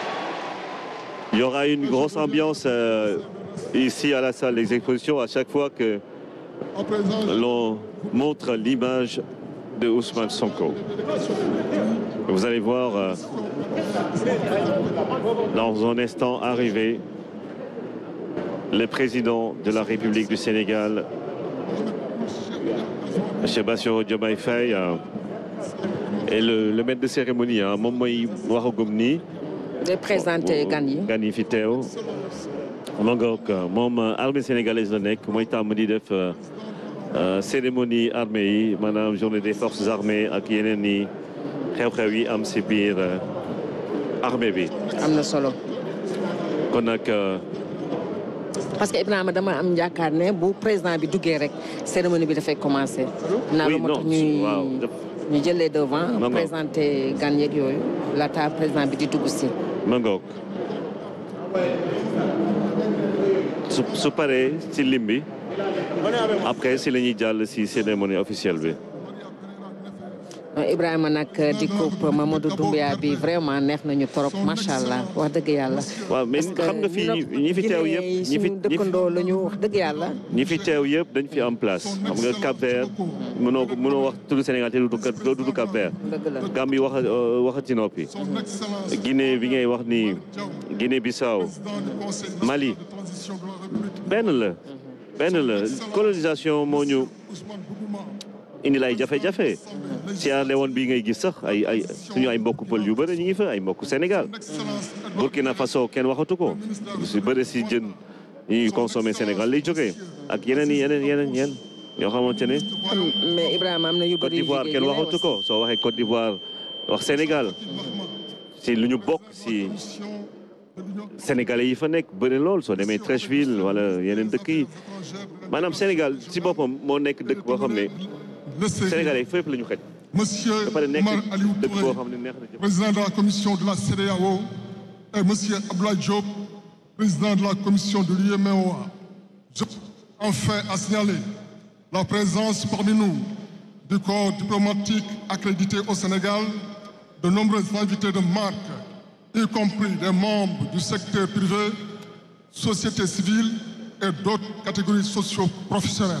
Il y aura une grosse ambiance euh, ici à la salle des expositions à chaque fois que l'on montre l'image de Ousmane Sonko. Vous allez voir euh, dans un instant arriver le président de la République du Sénégal, M. Bassirou Diomaye Faye, euh, et le, maître de cérémonie, hein, Momoy mooy le président de oh, présenter Mangok, yi oh, euh, euh, armée sénégalaise la nek cérémonie armée Madame journée des forces armées à Kieneni. i xew am armée Amna parce que Ibrahima dama am yaakaar bu président bi duggé rek cérémonie bi fay commencer. Na la moo tax ñuy ñu jëlee devant. présenter gan yeeg la ta président bi di dugg ci. Mangoog su ci limbi. après si lañuy jall ci cérémonie officielle bi. Ibrahima nag euh, di coupe Mamadou Doumbia bi vraiment neex nañu trop macha allah wax dëgg yàlla. waaw mais xam nga fi ñi fi teew yëpp ñi fi dëkkandoo la ñu wax dëgg yàlla. ñi fi teew yëpp dañ fi am place xam nga Cap Vert mënoo mënoo wax tudd Sénégal te doo tudd Cap Vert. dëgg la Gambie wax euh, waxati noppi. Guinée bi ngay wax ni Guinée Bissau Mali benn la. benn la colonisation moo ñu. indi lay jafe-jafe Sierra Leone bii ngay gis sax ay ay ay mbokku pël yu bëri ñu ngi fa ay mbokku Sénégal Burkina Faso kenn waxatu ko su bëri si jën yu consommé Sénégal lay jógee ak yeneen yeneen yeneen yeneen yoo xamante ne. mais Ibrahima am na yu bëri Côte d'Ivoire kenn waxatu ko soo waxee Côte d'Ivoire wax Sénégal si lu ñu bokk si Sénégalais yi fa nekk bëri lool soo demee Treichville wala yeneen dëkk yi maanaam Sénégal si boppam moo nekk dëkk boo xam ne. monsieur Omar président de la commission de la CDAO, et monsieur Abdoulaye Diop président de la commission de l'UEMOA. J'ai enfin à signaler la présence parmi nous du corps diplomatique accrédité au Sénégal de nombreux invités de marque, y compris des membres du secteur privé, société civile et d'autres catégories socio-professionnelles.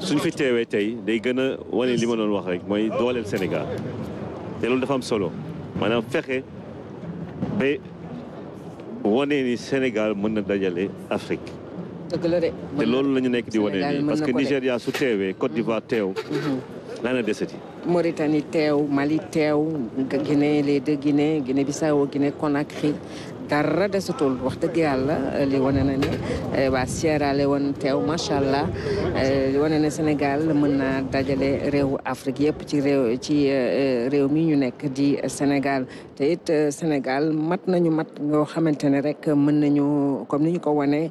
suñ fi teewee tey day gën a wane li ma doon wax rek mooy dooleel Sénégal te loolu dafa am solo maanaam fexe ba wane ni Sénégal mën na dajale Afrique. te loolu la je nekk di wane nii parce que Nigeria, su teewee Côte d'Ivoire teew. Mhm. na Mauritanie teew Mali teew Guinée les deux Guinée Guinée Bissau Guinée Conakry. dara desatul wax dëgg yàlla li wane na ne eh, waa Sierra teew macha allah li eh, wane na Sénégal mën na dajale réewu Afrique yëpp ci réew ci eh, réew mi ñu nekk di Sénégal te it Sénégal mat nañu mat ngoo xamante ne rek mën nañu comme ni ñu ko wane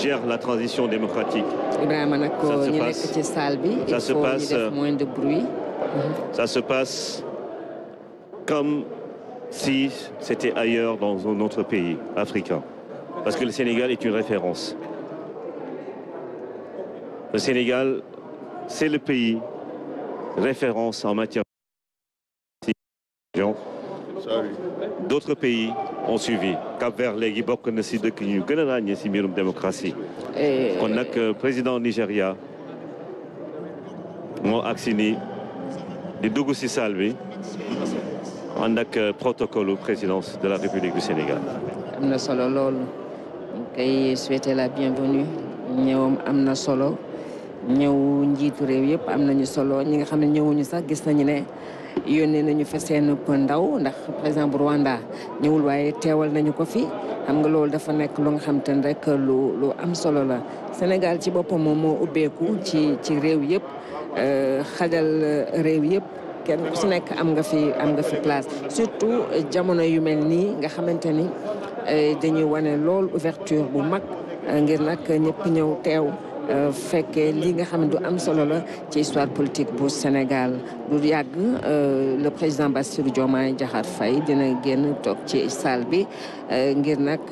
gère la transition démocratique. Ça se passe. Moins de bruit. Euh, ça se passe comme si c'était ailleurs dans un autre pays africain. Parce que le Sénégal est une référence. Le Sénégal, c'est le pays référence en matière de d'autres pays ont suivi Cap Vert léegi bokk na si dëkk ñu gën a ràññee si démocratie kon euh, président Nigéria moo agsi nii di dugg si salle bi ànd ak euh, protocole présidence de la République du Sénégal am na solo loolu souhaiter la bienvenue ñëwam am na solo ñëw njiitu réew yëpp am nañu solo ñi nga xam ne sax gis nañu ne yónnee nañu fa seen ndaw ndax président bu Rwanda ñewul waaye téwal nañu ko fi xam nga lool dafa nek lu nga xam rek lu lu am solo la Sénégal ci boppam moom moo ubbeeku ci ci réew yépp euh xadal réew yépp kenn ku si nek am nga fi am nga fi place surtout jamono yu melni nga xamanteni euh, dañuy wane lool ouverture bu mag euh, ngir nak ñepp ñew téw euh, fekkee li nga xam ne du am solo la ci histoire politique bu Sénégal du yàgg euh, le président Bassirou Diomaye Diakhar Faye dina génn toog ci salle bi euh, ngir nag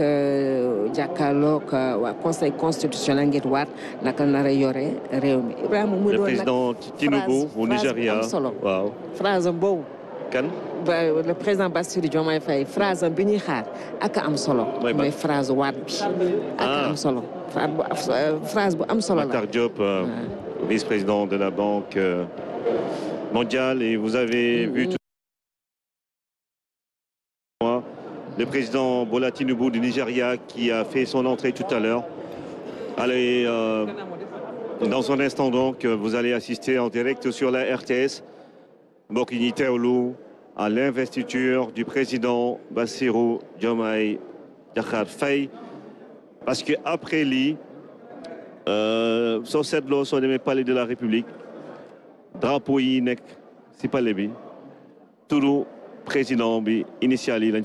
jàkkaarloog waa conseil constitutionnel ngir waat naka nar a yore réew mi. Ibrahima mu nag le président Tinubu bu Nigeria waaw phrase boobu kan. le président Bassirou Diomaye Faye phrase am bi ñuy xaar ak am solo. mooy phrase waat bi. ak ah. am solo phrase bu am solo la. Matar Diop euh, ah. vice-président de la Banque euh, mondiale et vous avez mm-hmm. vu. le président Bola Tinubu du Nigeria qui a fait son entrée tout à l'heure. Allez, euh, dans un instant donc, vous allez assister en direct sur la RTS. Bokini Teoulou à l'investiture du président Bassirou Diomaye Diakhar Faye. Parce qu'après lui, sur cette loi, sur les palais de la république drapeau yi nekk ci palais tout le président bi initial yi lañ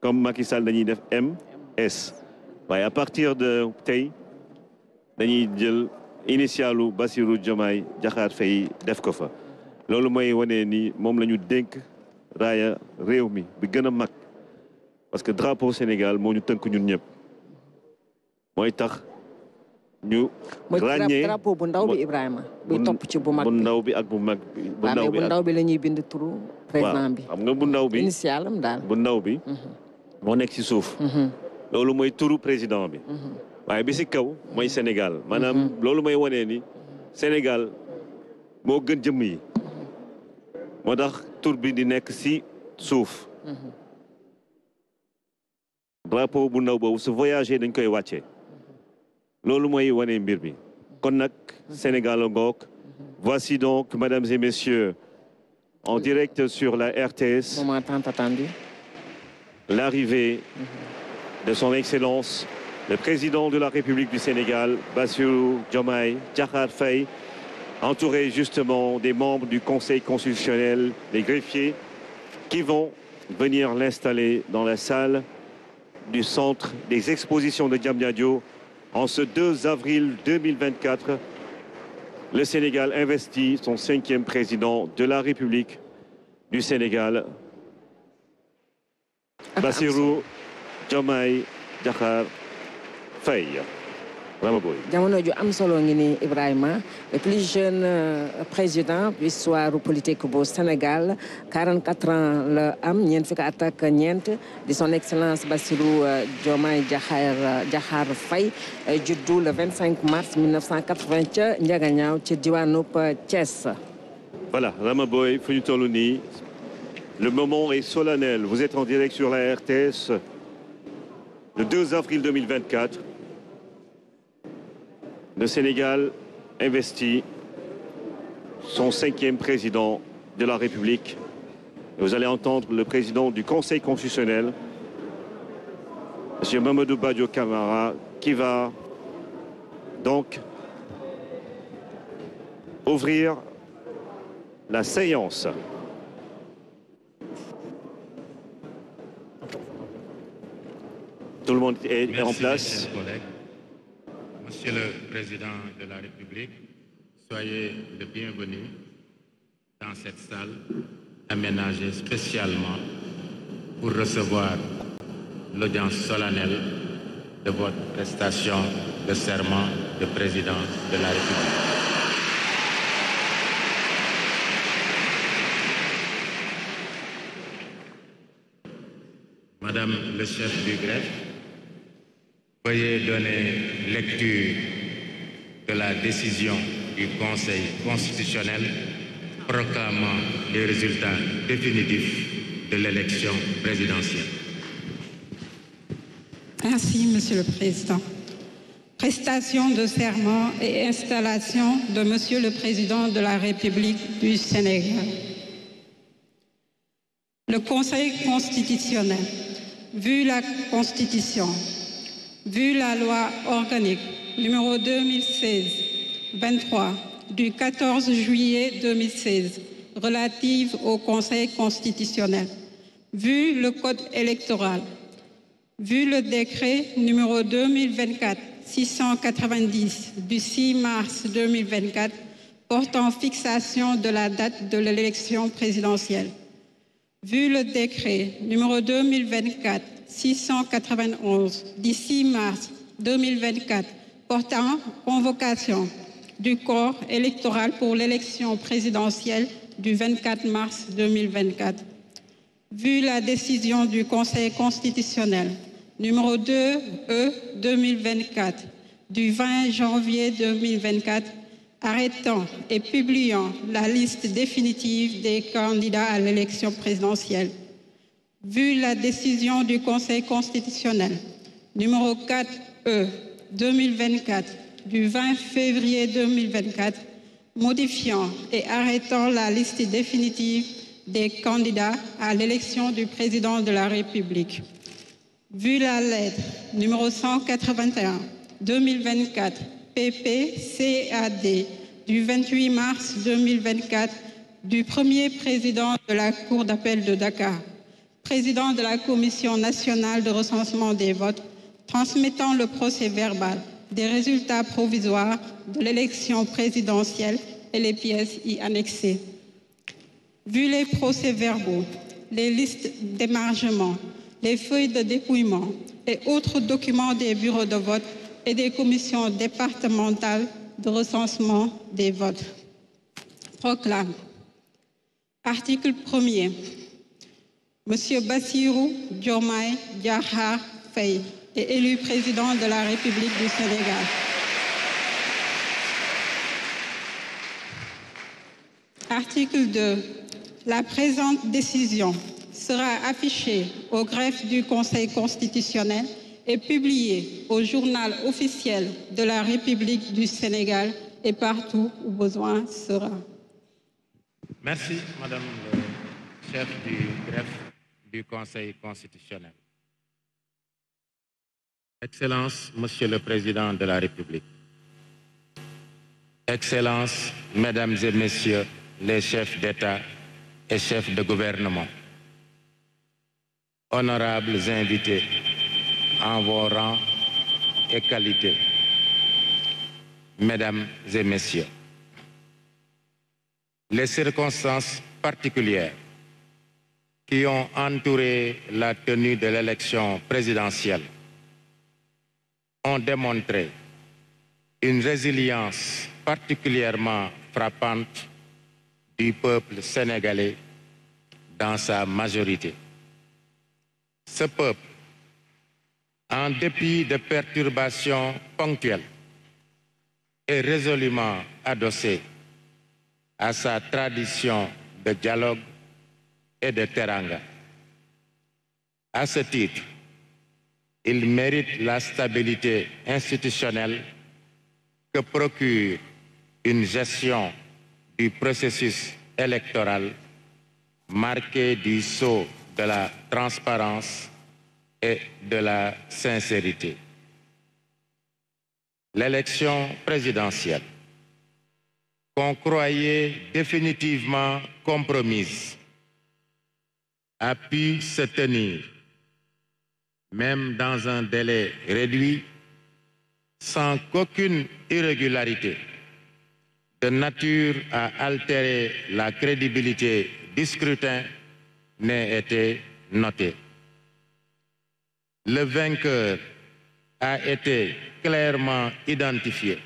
comme Macky Sall dañuy def MS à partir de tey dañuy jël initialu Bassirou Diomaye Diakhar Faye def loolu mooy wane ni moom la ñu dénk raaya réew mi bi gën a mag parce que drapeau Sénégal moo ñu tënk ñun ñëpp mooy tax ñu. ràññee drapeau bu ndaw bi Ibrahima. bu topp ci bu mag bu ndaw bi ak bu mag bi. bu ndaw bi bu ndaw bi la bind turu. président bi xam nga bu ndaw bi initial dal daal bu ndaw bi. Mhm. moo nekk ci suuf. Mhm. loolu mooy turu président bi. Mhm. waaye bi ci kaw mooy Sénégal maanaam loolu mooy wane ni Sénégal moo gën jëmm yi. moo tax tur bi di nekk si mhm. drapeau bu ndaw boobu su voyager dañ koy wàcce mhm. loolu mooy wane mbir mi kon mhm. Sénégal voici donc mesdames et messieurs en direct sur la RTS l'arrivée de son excellence le président de la République du Sénégal Bassirou Diomaye Diakhar Faye entouré justement des membres du Conseil constitutionnel, des greffiers, qui vont venir l'installer dans la salle du centre des expositions de Diamniadio en ce 2 avril 2024. Le Sénégal investit son cinquième président de la République du Sénégal, ah, bah, Bassirou Diomaye Dakhar Faye jamono Je am le plus jeune euh, président de l'histoire politique au Sénégal 44 ans le am n'y a fait qu'attaque niente De son excellence Bassirou euh, Diomaye Djahar Fay, du juddu le 25 mars 1980 ca a ci diwaanub euh, Thiès voilà Rama Boy fu le moment est solennel vous êtes en direct sur la RTS le 2 avril 2024 le Sénégal investit son cinquième président de la République. Vous allez entendre le président du Conseil constitutionnel, M. Mamadou Badio Camara, qui va donc ouvrir la séance. Tout le monde est en place. Monsieur le Président de la République, soyez le bienvenu dans cette salle aménagée spécialement pour recevoir l'audience solennelle de votre prestation de serment de président de la République. Madame le chef du greffe, Veuillez donner lecture de la décision du Conseil constitutionnel proclamant les résultats définitifs de l'élection présidentielle. Merci, Monsieur le Président. Prestation de serment et installation de Monsieur le Président de la République du Sénégal. Le Conseil constitutionnel, vu la Constitution, vu la loi organique numéro 2016-23 du 14 juillet 2016 relative au Conseil constitutionnel, vu le Code électoral, vu le décret numéro 2024-690 du 6 mars 2024 portant fixation de la date de l'élection présidentielle, vu le décret numéro 2024 691 d'ici mars 2024 portant convocation du corps électoral pour l'élection présidentielle du 24 mars 2024. Vu la décision du Conseil constitutionnel numéro 2 E 2024 du 20 janvier 2024 arrêtant et publiant la liste définitive des candidats à l'élection présidentielle vu la décision du Conseil constitutionnel numéro 4E 2024 e du 20 février 2024 modifiant et arrêtant la liste définitive des candidats à l'élection du président de la République. Vu la lettre numéro 181 2024 PPCAD du 28 mars 2024 du premier président de la Cour d'appel de Dakar président de la Commission nationale de recensement des votes, transmettant le procès verbal des résultats provisoires de l'élection présidentielle et les pièces y annexées. Vu les procès verbaux, les listes d'émargement, les feuilles de dépouillement et autres documents des bureaux de vote et des commissions départementales de recensement des votes. Proclame. Article 1er. Monsieur Bassirou Diomaye Diarra Faye est élu président de la République du Sénégal. Article 2. La présente décision sera affichée au greffe du Conseil constitutionnel et publiée au journal officiel de la République du Sénégal et partout où besoin sera. Merci, Madame le euh, chef du greffe du Conseil constitutionnel. Excellences, Monsieur le Président de la République, Excellences, Mesdames et Messieurs les chefs d'État et chefs de gouvernement, honorables invités en vos rangs et qualités, Mesdames et Messieurs, les circonstances particulières qui ont entouré la tenue de l'élection présidentielle ont démontré une résilience particulièrement frappante du peuple sénégalais dans sa majorité. Ce peuple, en dépit de perturbations ponctuelles, est résolument adossé à sa tradition de dialogue et de Teranga. À ce titre, il mérite la stabilité institutionnelle que procure une gestion du processus électoral marquée du sceau de la transparence et de la sincérité. L'élection présidentielle, qu'on croyait définitivement compromise, a pu se tenir, même dans un délai réduit, sans qu'aucune irrégularité de nature à altérer la crédibilité du scrutin n'ait été notée. Le vainqueur a été clairement identifié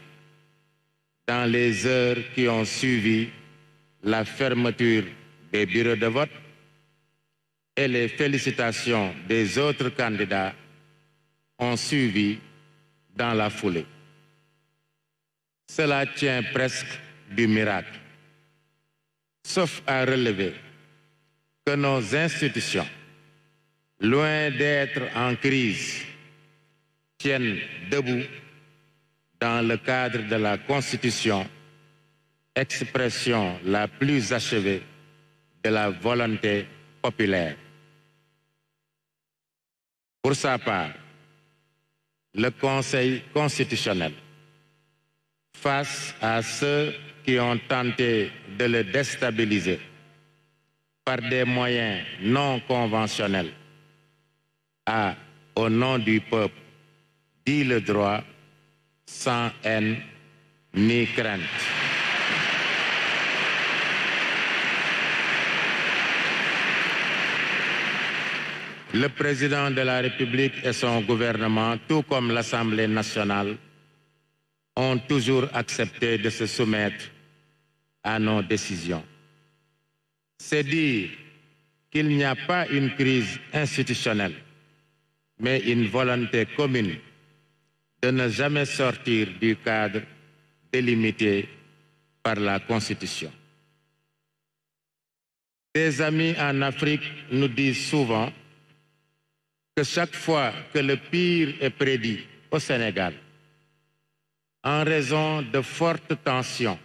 dans les heures qui ont suivi la fermeture des bureaux de vote et les félicitations des autres candidats ont suivi dans la foulée. Cela tient presque du miracle, sauf à relever que nos institutions, loin d'être en crise, tiennent debout dans le cadre de la Constitution, expression la plus achevée de la volonté populaire. Pour sa part, le Conseil constitutionnel, face à ceux qui ont tenté de le déstabiliser par des moyens non conventionnels, a, au nom du peuple, dit le droit sans haine ni crainte. le président de la République et son gouvernement, tout comme l'Assemblée nationale, ont toujours accepté de se soumettre à nos décisions. C'est dire qu'il n'y a pas une crise institutionnelle, mais une volonté commune de ne jamais sortir du cadre délimité par la Constitution. Des amis en Afrique nous disent souvent que chaque fois que le pire est prédit au Sénégal, en raison de fortes tensions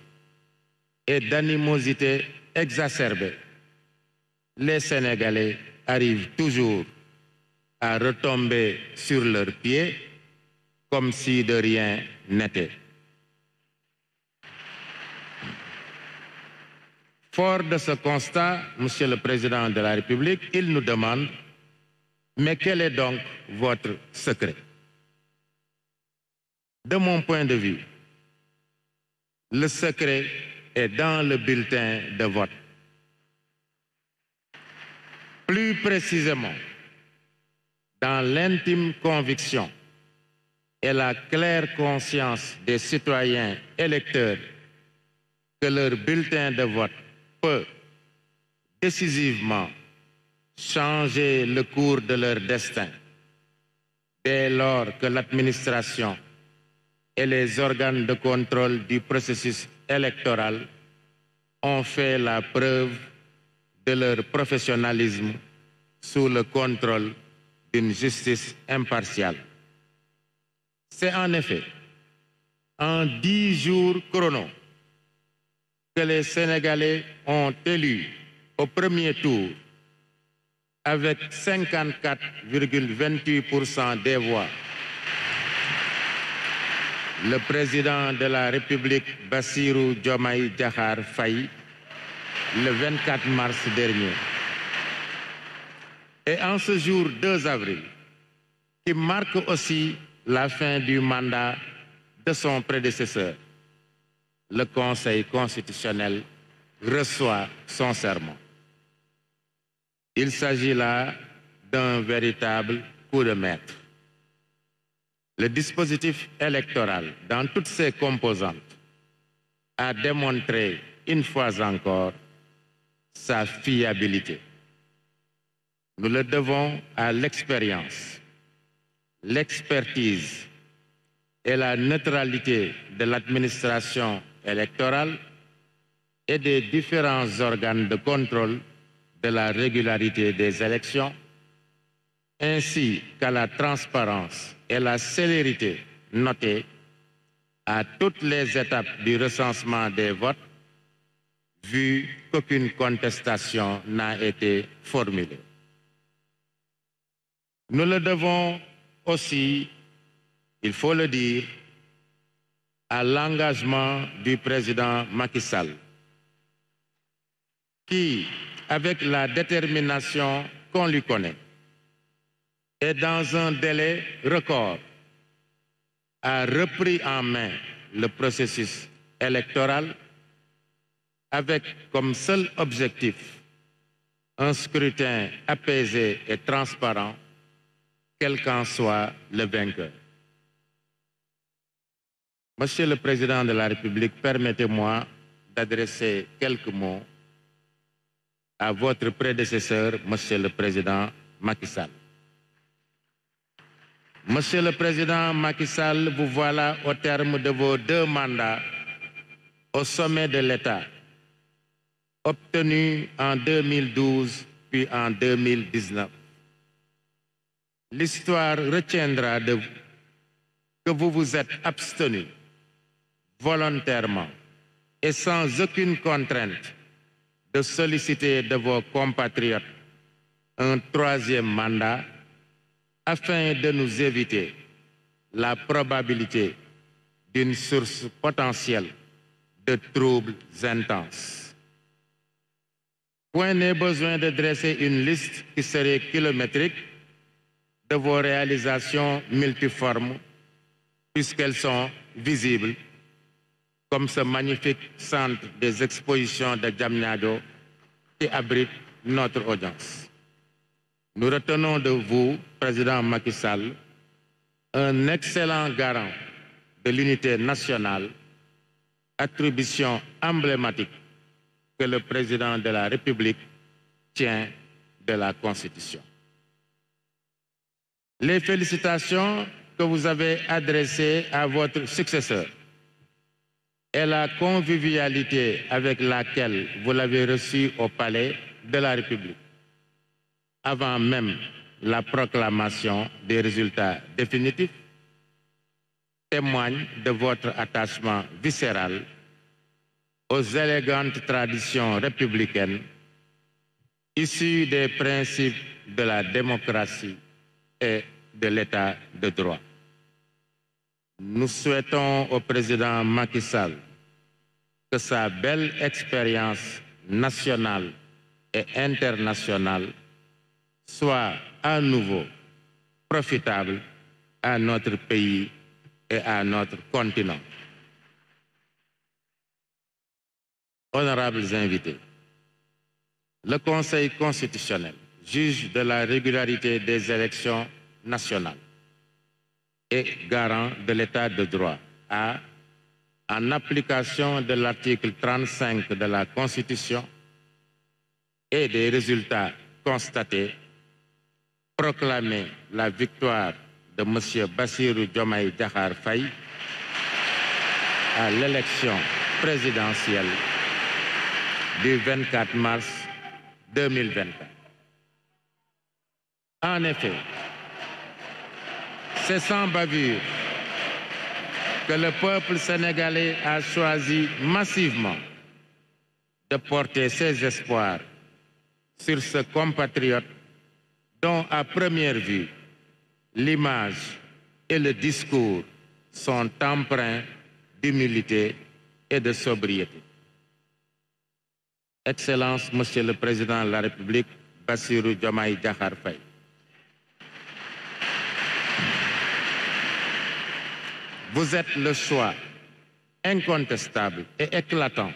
et d'animosités exacerbées, les Sénégalais arrivent toujours à retomber sur leurs pieds comme si de rien n'était. Fort de ce constat, Monsieur le Président de la République, il nous demande mais quel est donc votre secret De mon point de vue, le secret est dans le bulletin de vote. Plus précisément, dans l'intime conviction et la claire conscience des citoyens électeurs que leur bulletin de vote peut décisivement changer le cours de leur destin dès lors que l'administration et les organes de contrôle du processus électoral ont fait la preuve de leur professionnalisme sous le contrôle d'une justice impartiale. C'est en effet en dix jours chrono que les Sénégalais ont élu au premier tour avec 54,28% des voix. Le président de la République, Bassirou Diomaye Djahar Faye, le 24 mars dernier. Et en ce jour 2 avril, qui marque aussi la fin du mandat de son prédécesseur, le Conseil constitutionnel reçoit son serment. Il s'agit là d'un véritable coup de maître. Le dispositif électoral, dans toutes ses composantes, a démontré une fois encore sa fiabilité. Nous le devons à l'expérience, l'expertise et la neutralité de l'administration électorale et des différents organes de contrôle de la régularité des élections, ainsi qu'à la transparence et la célérité notées à toutes les étapes du recensement des votes, vu qu'aucune contestation n'a été formulée. Nous le devons aussi, il faut le dire, à l'engagement du président Macky Sall, qui, avec la détermination qu'on lui connaît et dans un délai record a repris en main le processus électoral avec comme seul objectif un scrutin apaisé et transparent, quel qu'en soit le vainqueur. Monsieur le Président de la République, permettez-moi d'adresser quelques mots à votre prédécesseur, Monsieur le Président Macky Sall. Monsieur le Président Macky Sall, vous voilà au terme de vos deux mandats au sommet de l'État, obtenus en 2012 puis en 2019. L'histoire retiendra de vous que vous vous êtes abstenu volontairement et sans aucune contrainte de solliciter de vos compatriotes un troisième mandat afin de nous éviter la probabilité d'une source potentielle de troubles intenses. Point n'est besoin de dresser une liste qui serait kilométrique de vos réalisations multiformes puisqu'elles sont visibles comme ce magnifique centre des expositions de Jamnado qui abrite notre audience. Nous retenons de vous, Président Macky Sall, un excellent garant de l'unité nationale, attribution emblématique que le Président de la République tient de la Constitution. Les félicitations que vous avez adressées à votre successeur et la convivialité avec laquelle vous l'avez reçu au palais de la République, avant même la proclamation des résultats définitifs, témoigne de votre attachement viscéral aux élégantes traditions républicaines issues des principes de la démocratie et de l'état de droit. Nous souhaitons au président Macky Sall que sa belle expérience nationale et internationale soit à nouveau profitable à notre pays et à notre continent. Honorables invités, le Conseil constitutionnel juge de la régularité des élections nationales et garant de l'état de droit. A. En application de l'article 35 de la Constitution et des résultats constatés, proclamer la victoire de M. Bassirou Diomaye Djahar Faye à l'élection présidentielle du 24 mars 2024. En effet, c'est sans bavure que le peuple sénégalais a choisi massivement de porter ses espoirs sur ce compatriote dont à première vue l'image et le discours sont empreints d'humilité et de sobriété. Excellence, Monsieur le Président de la République, Bassirou Diomaye Diakhar Faye. Vous êtes le choix incontestable et éclatant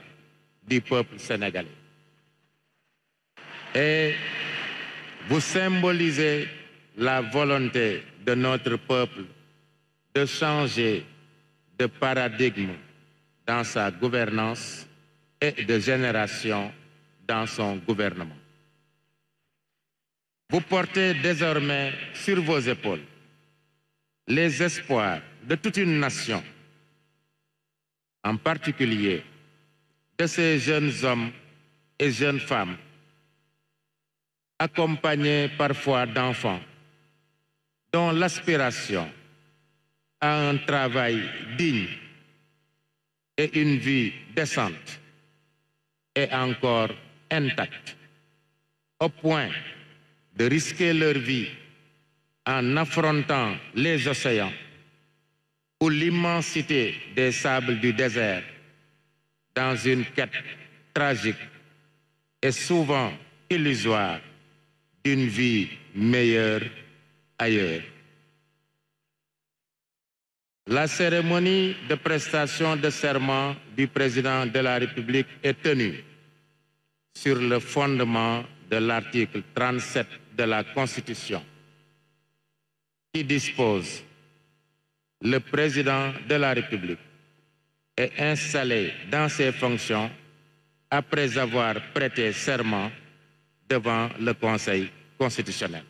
du peuple sénégalais. Et vous symbolisez la volonté de notre peuple de changer de paradigme dans sa gouvernance et de génération dans son gouvernement. Vous portez désormais sur vos épaules les espoirs de toute une nation, en particulier de ces jeunes hommes et jeunes femmes, accompagnés parfois d'enfants, dont l'aspiration à un travail digne et une vie décente est encore intacte, au point de risquer leur vie en affrontant les océans ou l'immensité des sables du désert dans une quête tragique et souvent illusoire d'une vie meilleure ailleurs. La cérémonie de prestation de serment du président de la République est tenue sur le fondement de l'article 37 de la Constitution qui dispose le président de la République est installé dans ses fonctions après avoir prêté serment devant le Conseil constitutionnel.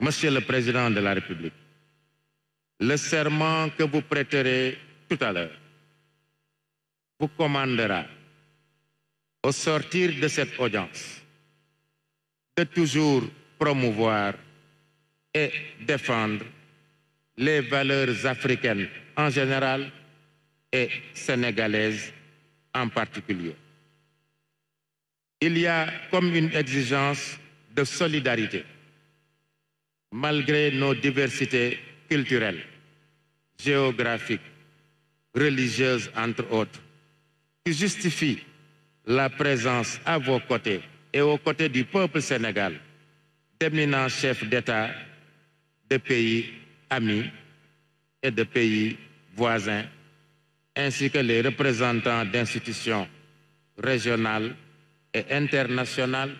Monsieur le Président de la République, le serment que vous prêterez tout à l'heure vous commandera, au sortir de cette audience, de toujours promouvoir et défendre les valeurs africaines en général et sénégalaises en particulier. Il y a comme une exigence de solidarité, malgré nos diversités culturelles, géographiques, religieuses, entre autres, qui justifie la présence à vos côtés et aux côtés du peuple sénégal d'éminents chefs d'État des pays amis et de pays voisins, ainsi que les représentants d'institutions régionales et internationales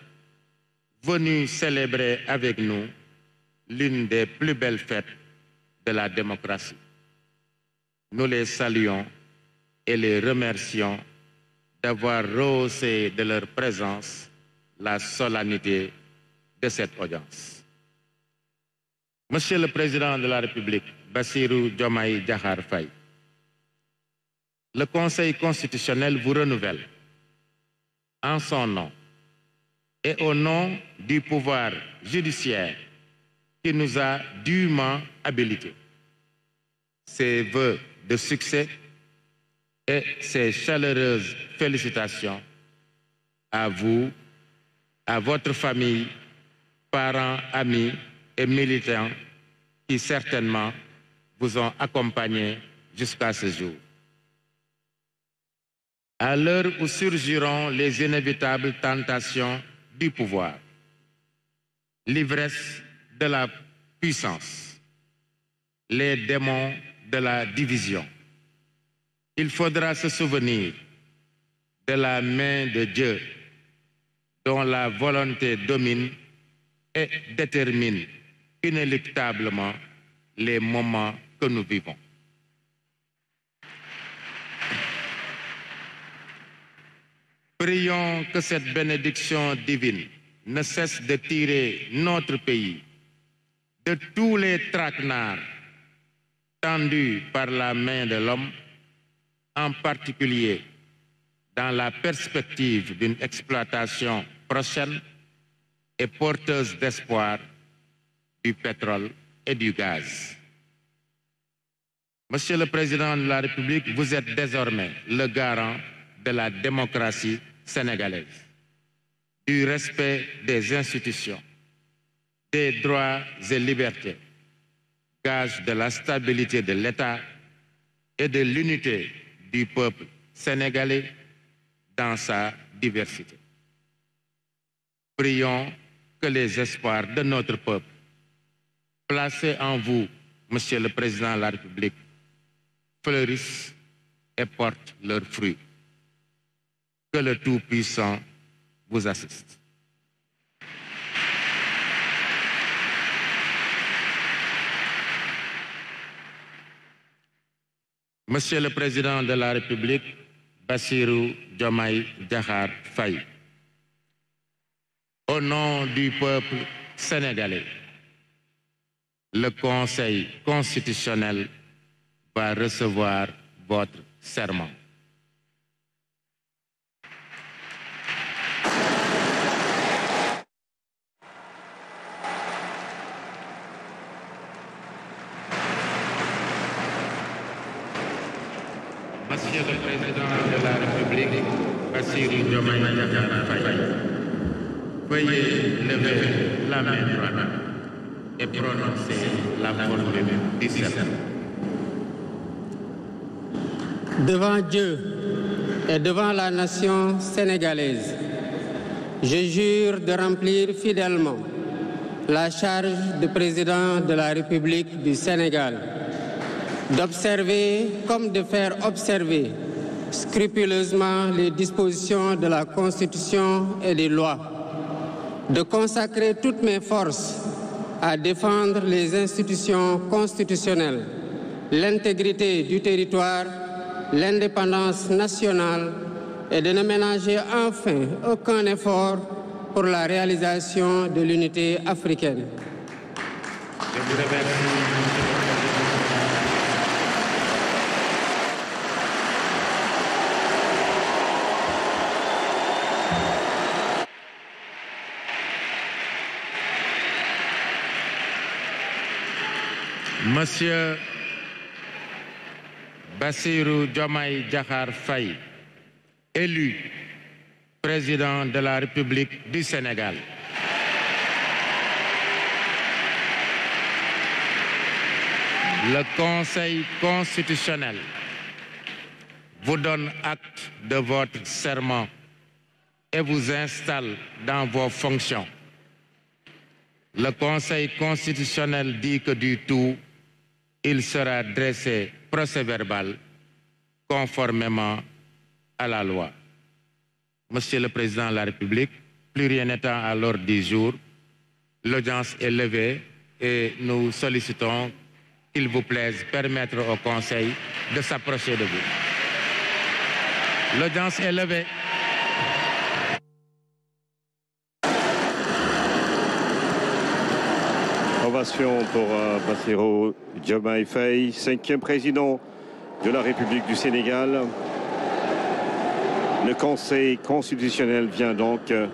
venus célébrer avec nous l'une des plus belles fêtes de la démocratie. Nous les saluons et les remercions d'avoir rehaussé de leur présence la solennité de cette audience. Monsieur le Président de la République, Bassirou Diomaye Djahar Faye, le Conseil constitutionnel vous renouvelle en son nom et au nom du pouvoir judiciaire qui nous a dûment habilités. Ses voeux de succès et ses chaleureuses félicitations à vous, à votre famille, parents, amis, et militants qui certainement vous ont accompagnés jusqu'à ce jour. À l'heure où surgiront les inévitables tentations du pouvoir, l'ivresse de la puissance, les démons de la division, il faudra se souvenir de la main de Dieu dont la volonté domine et détermine inéluctablement les moments que nous vivons. Prions que cette bénédiction divine ne cesse de tirer notre pays de tous les traquenards tendus par la main de l'homme, en particulier dans la perspective d'une exploitation prochaine et porteuse d'espoir du pétrole et du gaz. Monsieur le Président de la République, vous êtes désormais le garant de la démocratie sénégalaise, du respect des institutions, des droits et libertés, gage de la stabilité de l'État et de l'unité du peuple sénégalais dans sa diversité. Prions que les espoirs de notre peuple Placez en vous, Monsieur le Président de la République, fleurissent et portent leurs fruits. Que le Tout-Puissant vous assiste. Monsieur le Président de la République, Bassirou Diomaye Djahar Faye, au nom du peuple sénégalais, le Conseil constitutionnel va recevoir votre serment. Monsieur le Président de la République, de la Faye, veuillez lever la main et prononcer la Devant Dieu et devant la nation sénégalaise, je jure de remplir fidèlement la charge de président de la République du Sénégal, d'observer comme de faire observer scrupuleusement les dispositions de la Constitution et des lois, de consacrer toutes mes forces à défendre les institutions constitutionnelles, l'intégrité du territoire, l'indépendance nationale et de ne ménager enfin aucun effort pour la réalisation de l'unité africaine. Monsieur Bassirou Diomaye Diakhar Faye, élu président de la République du Sénégal. Le Conseil constitutionnel vous donne acte de votre serment et vous installe dans vos fonctions. Le Conseil constitutionnel dit que du tout, il sera dressé procès-verbal conformément à la loi. Monsieur le Président de la République, plus rien n'étant à l'ordre du jour, l'audience est levée et nous sollicitons qu'il vous plaise permettre au Conseil de s'approcher de vous. L'audience est levée. pour Bassero euh, Diomaye Faye, cinquième président de la République du Sénégal. Le Conseil constitutionnel vient donc euh,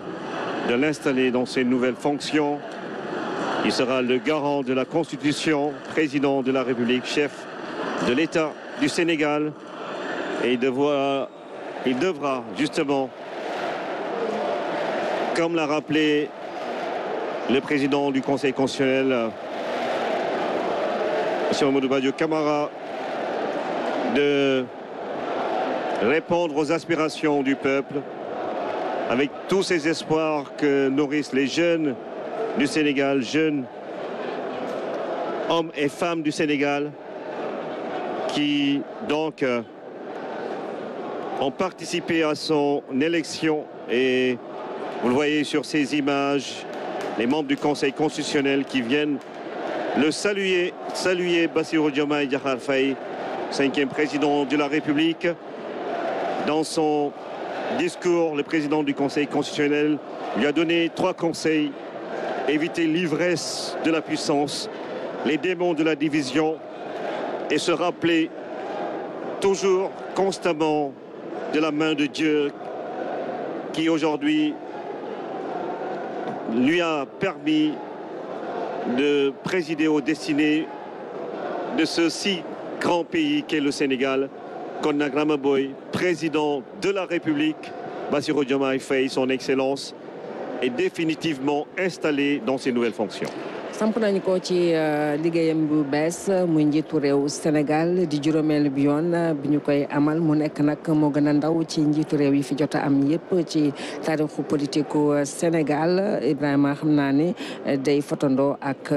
de l'installer dans ses nouvelles fonctions. Il sera le garant de la Constitution, président de la République, chef de l'État du Sénégal. Et il il devra justement, comme l'a rappelé le président du Conseil constitutionnel, M. Badio Camara, de répondre aux aspirations du peuple avec tous ces espoirs que nourrissent les jeunes du Sénégal, jeunes hommes et femmes du Sénégal, qui donc ont participé à son élection. Et vous le voyez sur ces images, les membres du Conseil constitutionnel qui viennent le saluer, saluer Bassirou Diomaye Diakhar Faye, cinquième président de la République. Dans son discours, le président du Conseil constitutionnel lui a donné trois conseils. Éviter l'ivresse de la puissance, les démons de la division et se rappeler toujours, constamment, de la main de Dieu qui aujourd'hui lui a permis de présider aux destinées de ce si grand pays qu'est le Sénégal. Konna Boy, président de la République, Bassirou Diomaye Faye, son excellence, est définitivement installé dans ses nouvelles fonctions. samp nañ ko ci euh, liggéeyam bu bees muy njiitu réew Sénégal di juróomeelu bi yoon euh, bi ñu koy amal mu nekk nag moo gën a ndaw ci njiitu réew yi fi jot a am yëpp ci taarixu politiku euh, Sénégal Ibrahima xam naa ni day fotondoo ak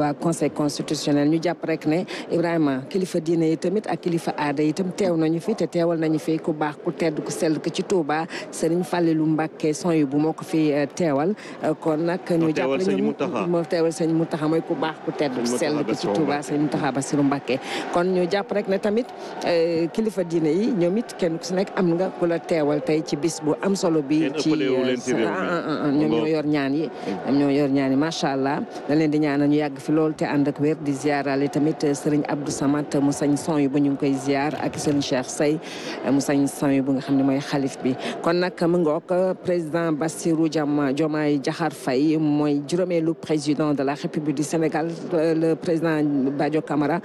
waa conseil constitutionnel ñu jàpp rek ne Ibrahima kilifa diine yi tamit ak kilifa aada yi tam teew nañu fi te teewal nañu fi ku baax ku tedd ku sel ku ci Touba Serigne Fallilou Mbacké son bu moo ko fi teewal kon nag ñu jàpp xéewal sëñ Mountakha mooy ku baax ku tedd ku sell ku ci Touba sëñ Mountakha Bassirou Mbacké kon ñu jàpp rek ne tamit euh, kilifa diine yi ñoom it kenn ku si am nga ku la teewal tey ci bis bu am solo bi ci euh, ah, ah, ah, ñoom ñoo yor ñaan yi ñoom yor ñaan macha allah da leen di ñaanal ñu yàgg fi te ànd ak wér di ziarale tamit sëriñ Abdou Samad mu sañ son yu bu ñu ngi koy ziar ak sëriñ Cheikh Say euh, mu sañ son yu bu nga xam ne mooy xalif bi kon nag mu ngoog président Bassirou Diomaye Diakhar Faye mooy juróomeelu président de la République du Sénégal euh, le président Badio Camara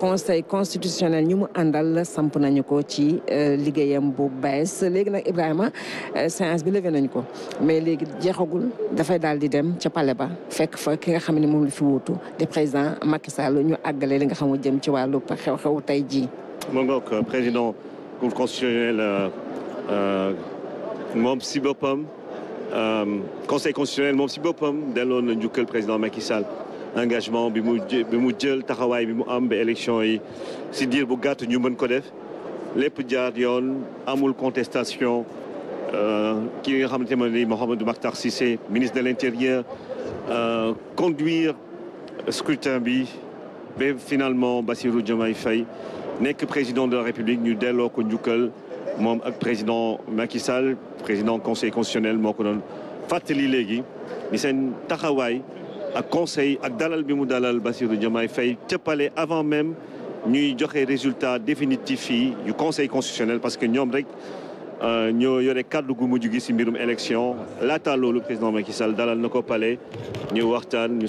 conseil constitutionnel ñu mu ko euh, bu Ibrahima euh, séance bi levé ko mais légui da fay daldi dem palais ba fekk fa ki nga président Macky Sall ñu li nga président constitutionnel euh, conseil constitutionnel moom si boppam Delon na président Macky Sall engagement bi mu bi mu jël bi mu am élection yi si dir bu gàtt ñu mën ko def lépp jaar yoon amul contestation euh, ki nga xamante ni Mohamed Makhtar Cissé ministre de l'intérieur euh, conduire scrutin bi mais finalement Bassirou Diomaye Faye nek président de la République ñu delloo ko mom ak président Macky Sall président conseil constitutionnel Mokonon ko doon fàttali léegi ni seen taxawaay conseil ak dalal bi mu dalal a fait un palais avant même ñuy joxe résultat définitif du conseil constitutionnel parce que nous rek euh, ñoo yore quatre gu mujj gi si le élection laata loolu président Macky Sall dalal na ko pale ñu waxtaan ñu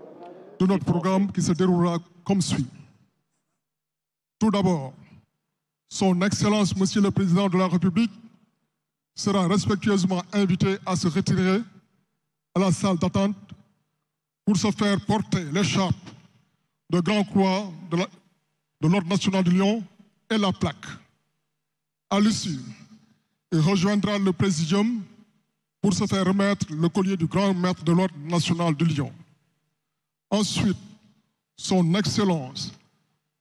de notre programme qui se déroulera comme suit. Tout d'abord, Son Excellence, Monsieur le Président de la République, sera respectueusement invité à se retirer à la salle d'attente pour se faire porter l'écharpe de Grand Croix de l'Ordre national de Lyon et la plaque. À l'issue, il rejoindra le Présidium pour se faire remettre le collier du Grand Maître de l'Ordre national de Lyon. Ensuite, son Excellence,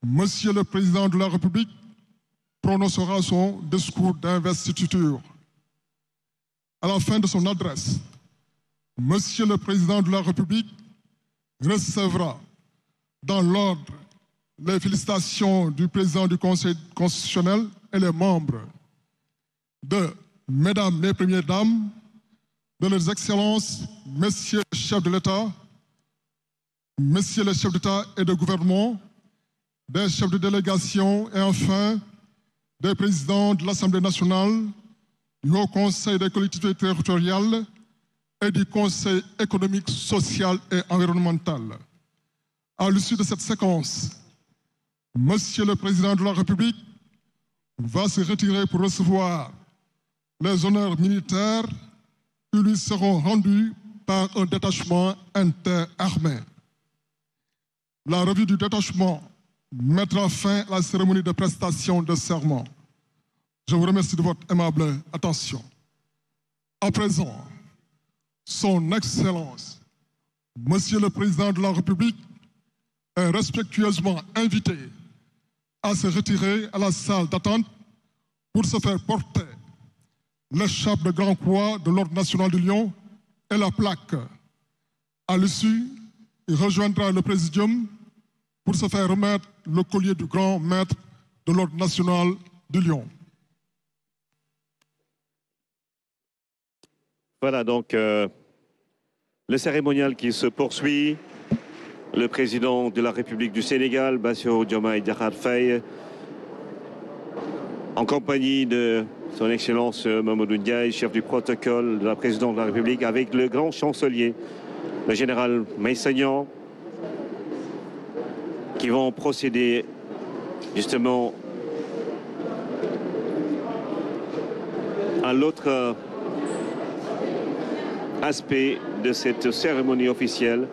Monsieur le Président de la République, prononcera son discours d'investiture. À la fin de son adresse, Monsieur le Président de la République recevra dans l'ordre les félicitations du président du Conseil constitutionnel et les membres de Mesdames les Premières Dames, de leurs Excellences, Messieurs les chefs de l'État, messieurs les chefs d'État et de gouvernement, des chefs de délégation et enfin des présidents de l'Assemblée nationale, du Haut Conseil des collectivités territoriales et du Conseil économique, social et environnemental. À l'issue de cette séquence, Monsieur le Président de la République va se retirer pour recevoir les honneurs militaires qui lui seront rendus par un détachement interarmé. La revue du détachement mettra fin à la cérémonie de prestation de serment. Je vous remercie de votre aimable attention. À présent, Son Excellence, Monsieur le Président de la République, est respectueusement invité à se retirer à la salle d'attente pour se faire porter l'échappe de Grand Croix de l'Ordre national du Lyon et la plaque. À l'issue, il rejoindra le Présidium pour se faire remettre le collier du grand maître de l'Ordre national de Lyon. Voilà donc euh, le cérémonial qui se poursuit. Le président de la République du Sénégal, Bassio Diomaye Diakhar Faye, en compagnie de son Excellence Mamadou Ndiaye, chef du protocole de la présidente de la République, avec le grand chancelier le général Maïsagnan, qui vont procéder justement à l'autre aspect de cette cérémonie officielle.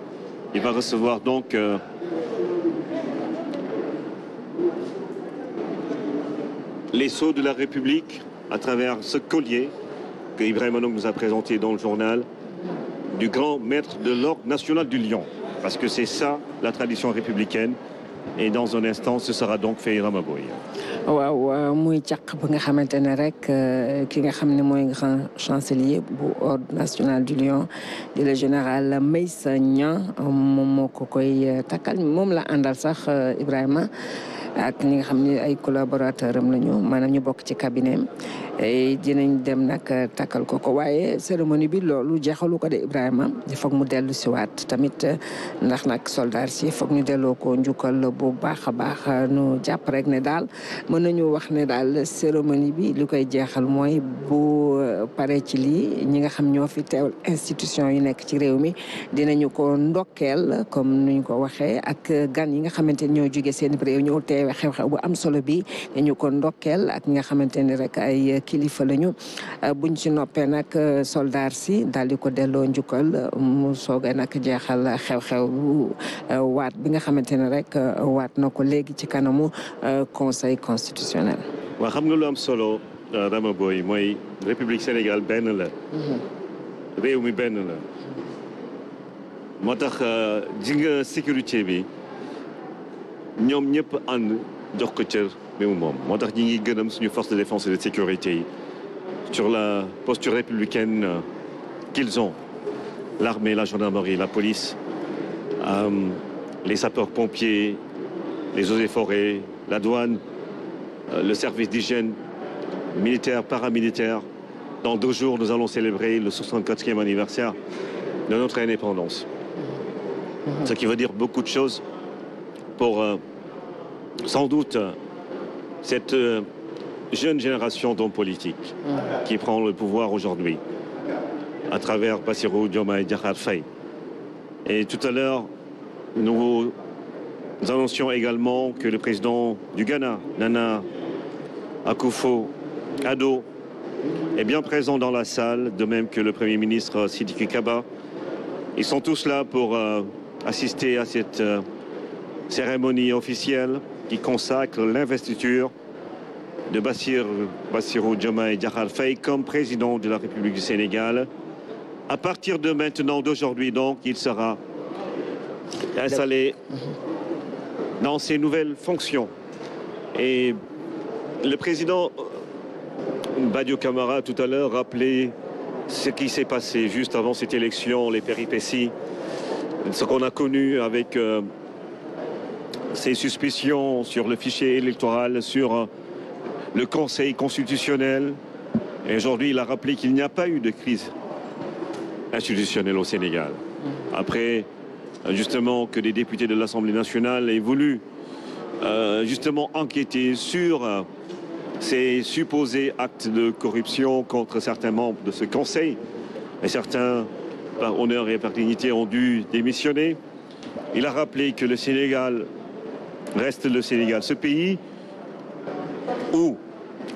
Il va recevoir donc euh, les sceaux de la République à travers ce collier que Ibrahim nous a présenté dans le journal du grand maître de l'ordre national du Lion. Parce que c'est ça la tradition républicaine. Et dans un instant, ce sera donc Feira Maboy. waaw muy càq ba nga xamante rek euh, ki nga xam grand chancelier bu ordre national du lion di le général Meissa Niang moom moo ko euh, la àndal sax euh, Ibrahima ak ñi nga xam ay collaborateur am lañu maanaam ñu bokk ci cabinet Eh, dinañ dem nag eh, takkal ko ko waaye cérémonie bi loolu jeexalu ko de Ibrahima foog mu dellu siwaat tamit eh, ndax nag soldat si foog ñu delloo ko njukkal bu baax a baax nu jàpp rek ne daal mën nañu wax ne daal cérémonie bi li koy jeexal mooy bu pare ci lii ñi nga xam ñoo fi teewal institution yi nekk ci réew mi dinañu ko ndokkeel comme nuñ ko waxee ak gan yi nga xamante ni ñoo jóge seen réew ñoo teewe xew-xew bu am solo bi dañu ko ndokkeel ak ñi nga xamante ni rek ay kilifa lañu euh, buñ ci noppee nag euh, soldaar si daal di ko delloo njukkal mu soogay nag jeexal xew-xew euh, waat bi nga xamante ne rek waat na ko léegi ci kanamu conseil constitutionnel. waa xam nga lu am solo Rama Boye mooy république Sénégal benn la. Mhm. réew mi benn la. moo tax ji nga sécurité bi ñoom ñëpp ànd jox ko cër. mais au moment, tax force de défense et de sécurité sur la posture républicaine euh, qu'ils ont l'armée la gendarmerie la police euh, les sapeurs-pompiers les eaux et forêts la douane euh, le service d'hygiène militaire paramilitaire dans deux jours nous allons célébrer le 64e anniversaire de notre indépendance ce qui veut dire beaucoup de choses pour sans doute cette euh, jeune génération d'hommes politiques qui prend le pouvoir aujourd'hui à travers Bassirou et Diakhar Et tout à l'heure, nous annoncions également que le président du Ghana, Nana Akufo Ado, est bien présent dans la salle, de même que le Premier ministre Sidi Kaba. Ils sont tous là pour euh, assister à cette euh, cérémonie officielle qui consacre l'investiture de Bassir, Bassirou Diomaye Djahal comme président de la République du Sénégal. À partir de maintenant, d'aujourd'hui donc, il sera installé dans ses nouvelles fonctions. Et le président Badiou Camara tout à l'heure rappelait ce qui s'est passé juste avant cette élection, les péripéties, ce qu'on a connu avec euh, ses suspicions sur le fichier électoral, sur euh, le Conseil constitutionnel. Et aujourd'hui, il a rappelé qu'il n'y a pas eu de crise institutionnelle au Sénégal. Après, euh, justement, que des députés de l'Assemblée nationale aient voulu, euh, justement, enquêter sur ces supposés actes de corruption contre certains membres de ce Conseil. Et certains, par honneur et par dignité, ont dû démissionner. Il a rappelé que le Sénégal reste le Sénégal. Ce pays où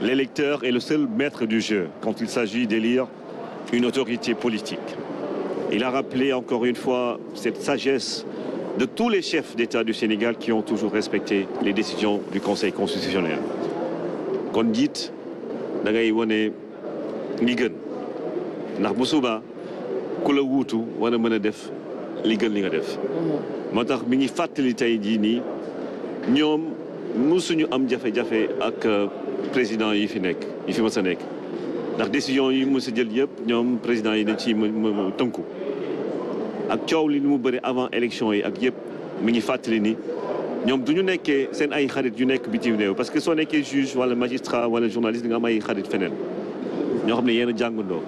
l'électeur est le seul maître du jeu quand il s'agit d'élire une autorité politique. Il a rappelé encore une fois cette sagesse de tous les chefs d'État du Sénégal qui ont toujours respecté les décisions du Conseil constitutionnel ñoom musuñu am jafe-jafe ak euh, président yi fi nekk yi fi ma sa nekk ndax décision yi mës jël yépp ñoom président yi dañ ci tënku ak coow li ni mu bëri avant élection yi ak yépp mi ngi fàttali ni ñoom duñu ñu nekkee seen ay xarit yu nekk bitim réew parce que soo nekkee juge wala magistrat wala journaliste nga am ay xarit feneen ñoo xam ne yéen a jàngandoo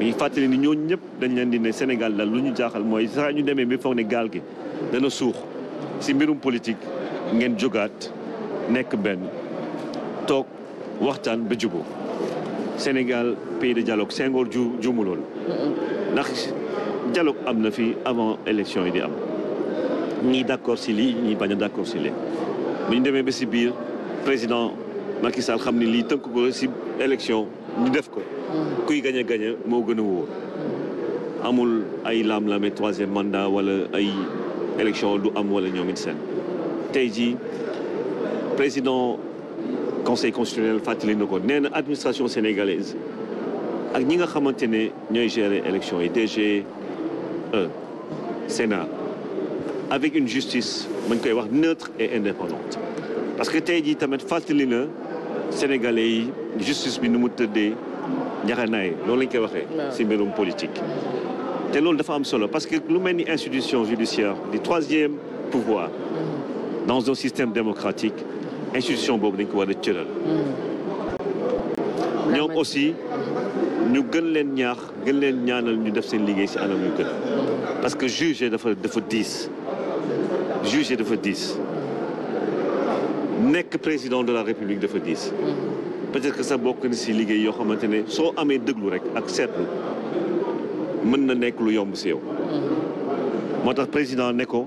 mi ngi fàttali ni ñooñu ñëpp dañ leen di ne Sénégal la lu ñu jaaxal mooy saa ñu demee bi foog ne gaal gi dana suux si mbirum politique ngeen jógaat nekk benn toog waxtaan ba jubóo Sénégal pays de dialogue c'est ju juumuloon ndax dialogue am na fi avant élection yi di am ñii d'accord si lii ñi bañ a d'accord si lii bu ñu demee ba si biir président Macky Sall xam ne lii tënk ko si élection ñu def ko kuy gagné gagné moo gën a wóor amul ay laam-laame troisième mandat wala ay élection du am wala ñoom it seen tey Président du conseil constitutionnel fàttali na administration sénégalaise ak ñi nga gérer élection et Sénat avec une justice neutre et indépendante parce que tey tu tamit fàttali sénégalais justice bi nu mu c'est njaxanaay loolu koy politique C'est loolu dafa parce que nous avons une institution judiciaire du troisième pouvoir dans un système démocratique, institution bobu mm. dañ mm. ñom aussi ñu gën leen ñaax gën leen ñaanal ñu def seen liggéey ci anam yu Le parce que de dafa dafa 10 juger dafa 10 nek président de la république dafa 10 hmm. peut-être que ça bokk ni ci liggéey yo xamantene so amé deglu rek ak setlu mën na nek lu yomb ci yow hmm. motax président neko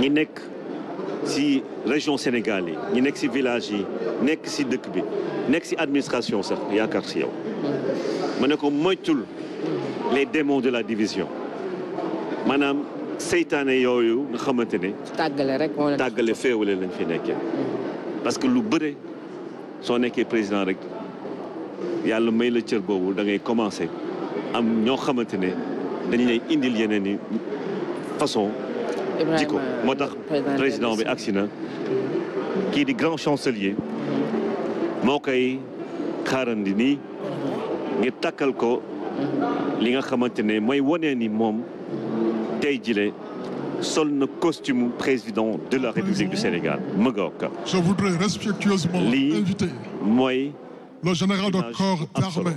ñi nekk ci région Sénégal yi ñi nekk ci village yi nekk ci dëkk bi nekk ci administration sax yaakaar ci yow ma ne ko moytul les démons de la division maanaam seytaane yooyu nga xamante ne tàggale rek tàggale féewale lañ fi nekkee parce que lu bëre soo nekkee président rek yàlla may la cër boobu da ngay commencer am ñoo xamante ne dañu lay indil yeneen i façon jikko motax président bi agsi na di grand chancelier moo koy xaarandi nii ngir takkal ko li nga xamantene moy woné ni mom tay jilé sol na costume président de la République du Sénégal ma ngoog. Je voudrais respectueusement inviter lii le général de corps d'armée,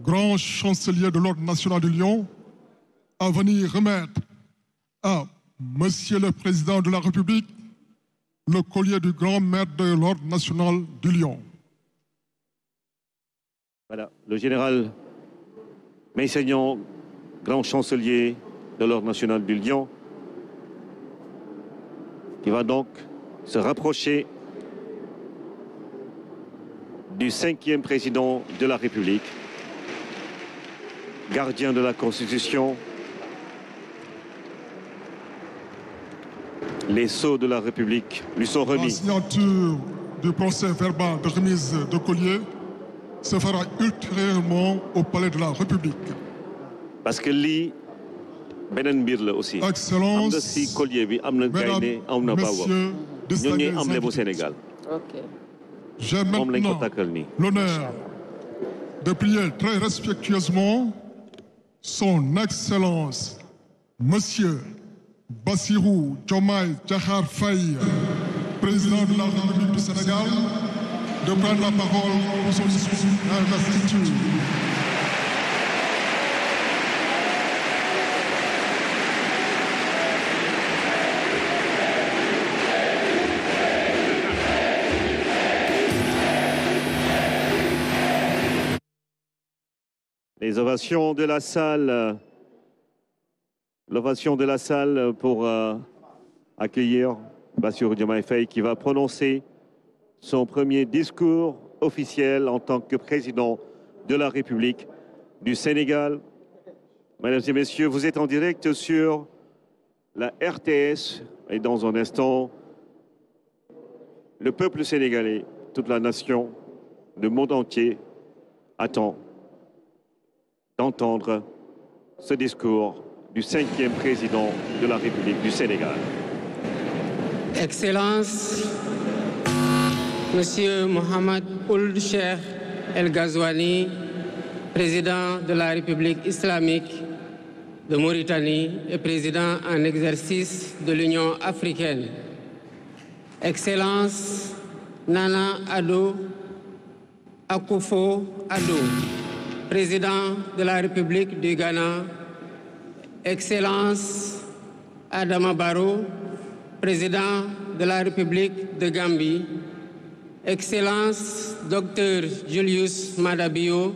grand chancelier de l'ordre national du Lyon à venir remettre à Monsieur le Président de la République, le collier du grand maître de l'Ordre national du Lyon. Voilà, le général Messignon, grand chancelier de l'Ordre national du Lyon, qui va donc se rapprocher du cinquième président de la République, gardien de la Constitution, les sceaux de la République lui sont remis. La signature du procès verbal de remise de collier se fera ultérieurement au palais de la République. parce que lui, Benen Birle aussi. excellence Sénégal. j'ai maintenant l'honneur de prier très respectueusement son excellence monsieur. Bassirou Diomaye Tchahar Faye, président de la République du Sénégal, de prendre la parole pour son discours d'investiture. Les ovations de la salle L'ovation de la salle pour euh, accueillir Bassirou Diomaye qui va prononcer son premier discours officiel en tant que président de la République du Sénégal. Mesdames et messieurs, vous êtes en direct sur la RTS et dans un instant, le peuple sénégalais, toute la nation, le monde entier attend d'entendre ce discours du cinquième président de la République du Sénégal. Excellence, Monsieur Mohamed Ould El Ghazouani, président de la République islamique de Mauritanie et président en exercice de l'Union africaine. Excellence, Nana Ado Akufo Ado, président de la République du Ghana Excellence Adama Baro, président de la République de Gambie, Excellence Dr Julius Madabio,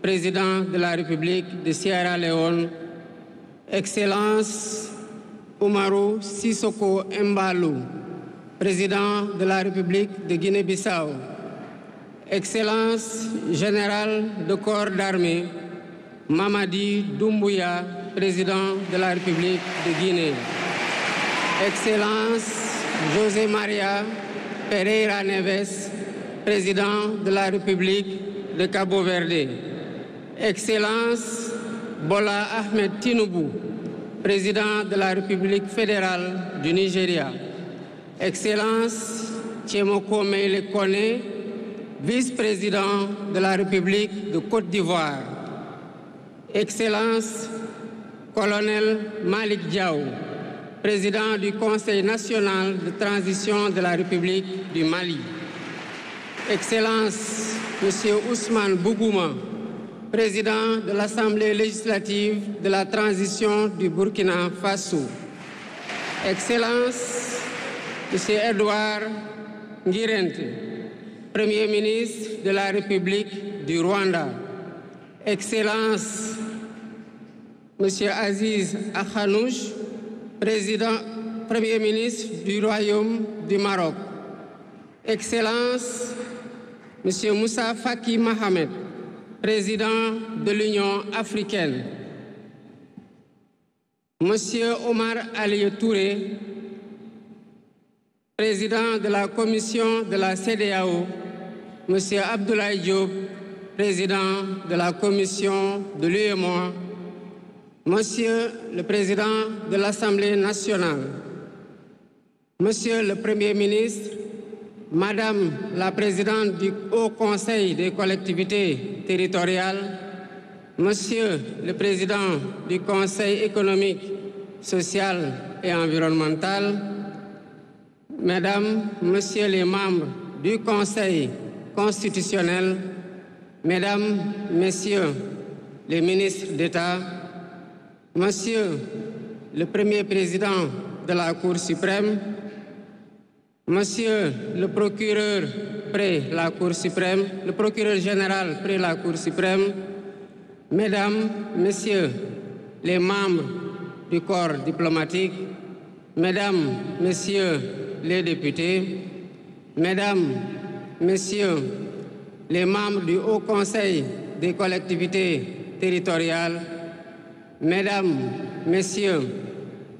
président de la République de Sierra Leone, Excellence Umaru Sissoko Mbalo, président de la République de Guinée-Bissau, Excellence Général de corps d'armée, Mamadi Doumbouya, président de la République de Guinée, Excellence José Maria Pereira Neves, président de la République de Cabo Verde, Excellence Bola Ahmed Tinubu, président de la République fédérale du Nigeria, Excellence Tchemoko Meilekone, vice-président de la République de Côte d'Ivoire, Excellence colonel Malik Diaw, président du Conseil national de transition de la République du Mali. Excellence, Monsieur Ousmane Bougouma, président de l'Assemblée législative de la transition du Burkina Faso. Excellence, Monsieur Edouard Ngirente, Premier ministre de la République du Rwanda. Excellence, Monsieur Aziz Akhanouj, président, Premier ministre du Royaume du Maroc. Excellence, Monsieur Moussa Faki Mohamed, président de l'Union africaine. Monsieur Omar Ali Touré, président de la commission de la CDAO, Monsieur Abdoulaye Diop, président de la commission de l'UEMOA Monsieur le Président de l'Assemblée nationale, Monsieur le Premier ministre, Madame la Présidente du Haut Conseil des collectivités territoriales, Monsieur le Président du Conseil économique, social et environnemental, Mesdames, Messieurs les membres du Conseil constitutionnel, Mesdames, Messieurs les ministres d'État, Monsieur le Premier Président de la Cour suprême, Monsieur le procureur près la Cour suprême, le procureur général près la Cour suprême, Mesdames, Messieurs les membres du corps diplomatique, Mesdames, Messieurs les députés, Mesdames, Messieurs les membres du Haut Conseil des collectivités territoriales, Mesdames, Messieurs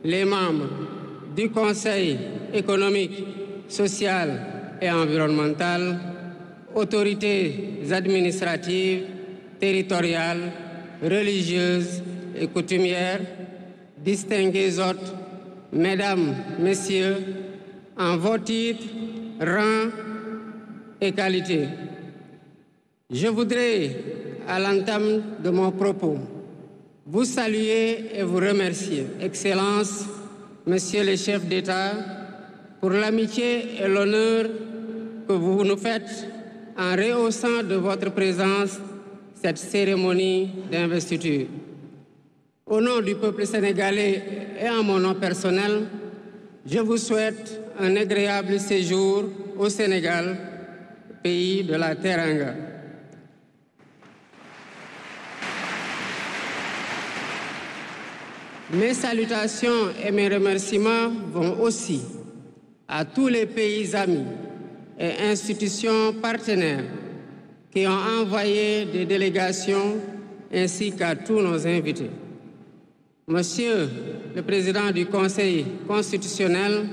les membres du Conseil économique, social et environnemental, autorités administratives, territoriales, religieuses et coutumières, distingués autres, Mesdames, Messieurs, en vos titres, rang et qualité. Je voudrais, à l'entame de mon propos, vous saluer et vous remercier, Excellences, Monsieur les chefs d'État, pour l'amitié et l'honneur que vous nous faites en rehaussant de votre présence cette cérémonie d'investiture. Au nom du peuple sénégalais et en mon nom personnel, je vous souhaite un agréable séjour au Sénégal, pays de la Teranga. Mes salutations et mes remerciements vont aussi à tous les pays amis et institutions partenaires qui ont envoyé des délégations ainsi qu'à tous nos invités. Monsieur le Président du Conseil constitutionnel,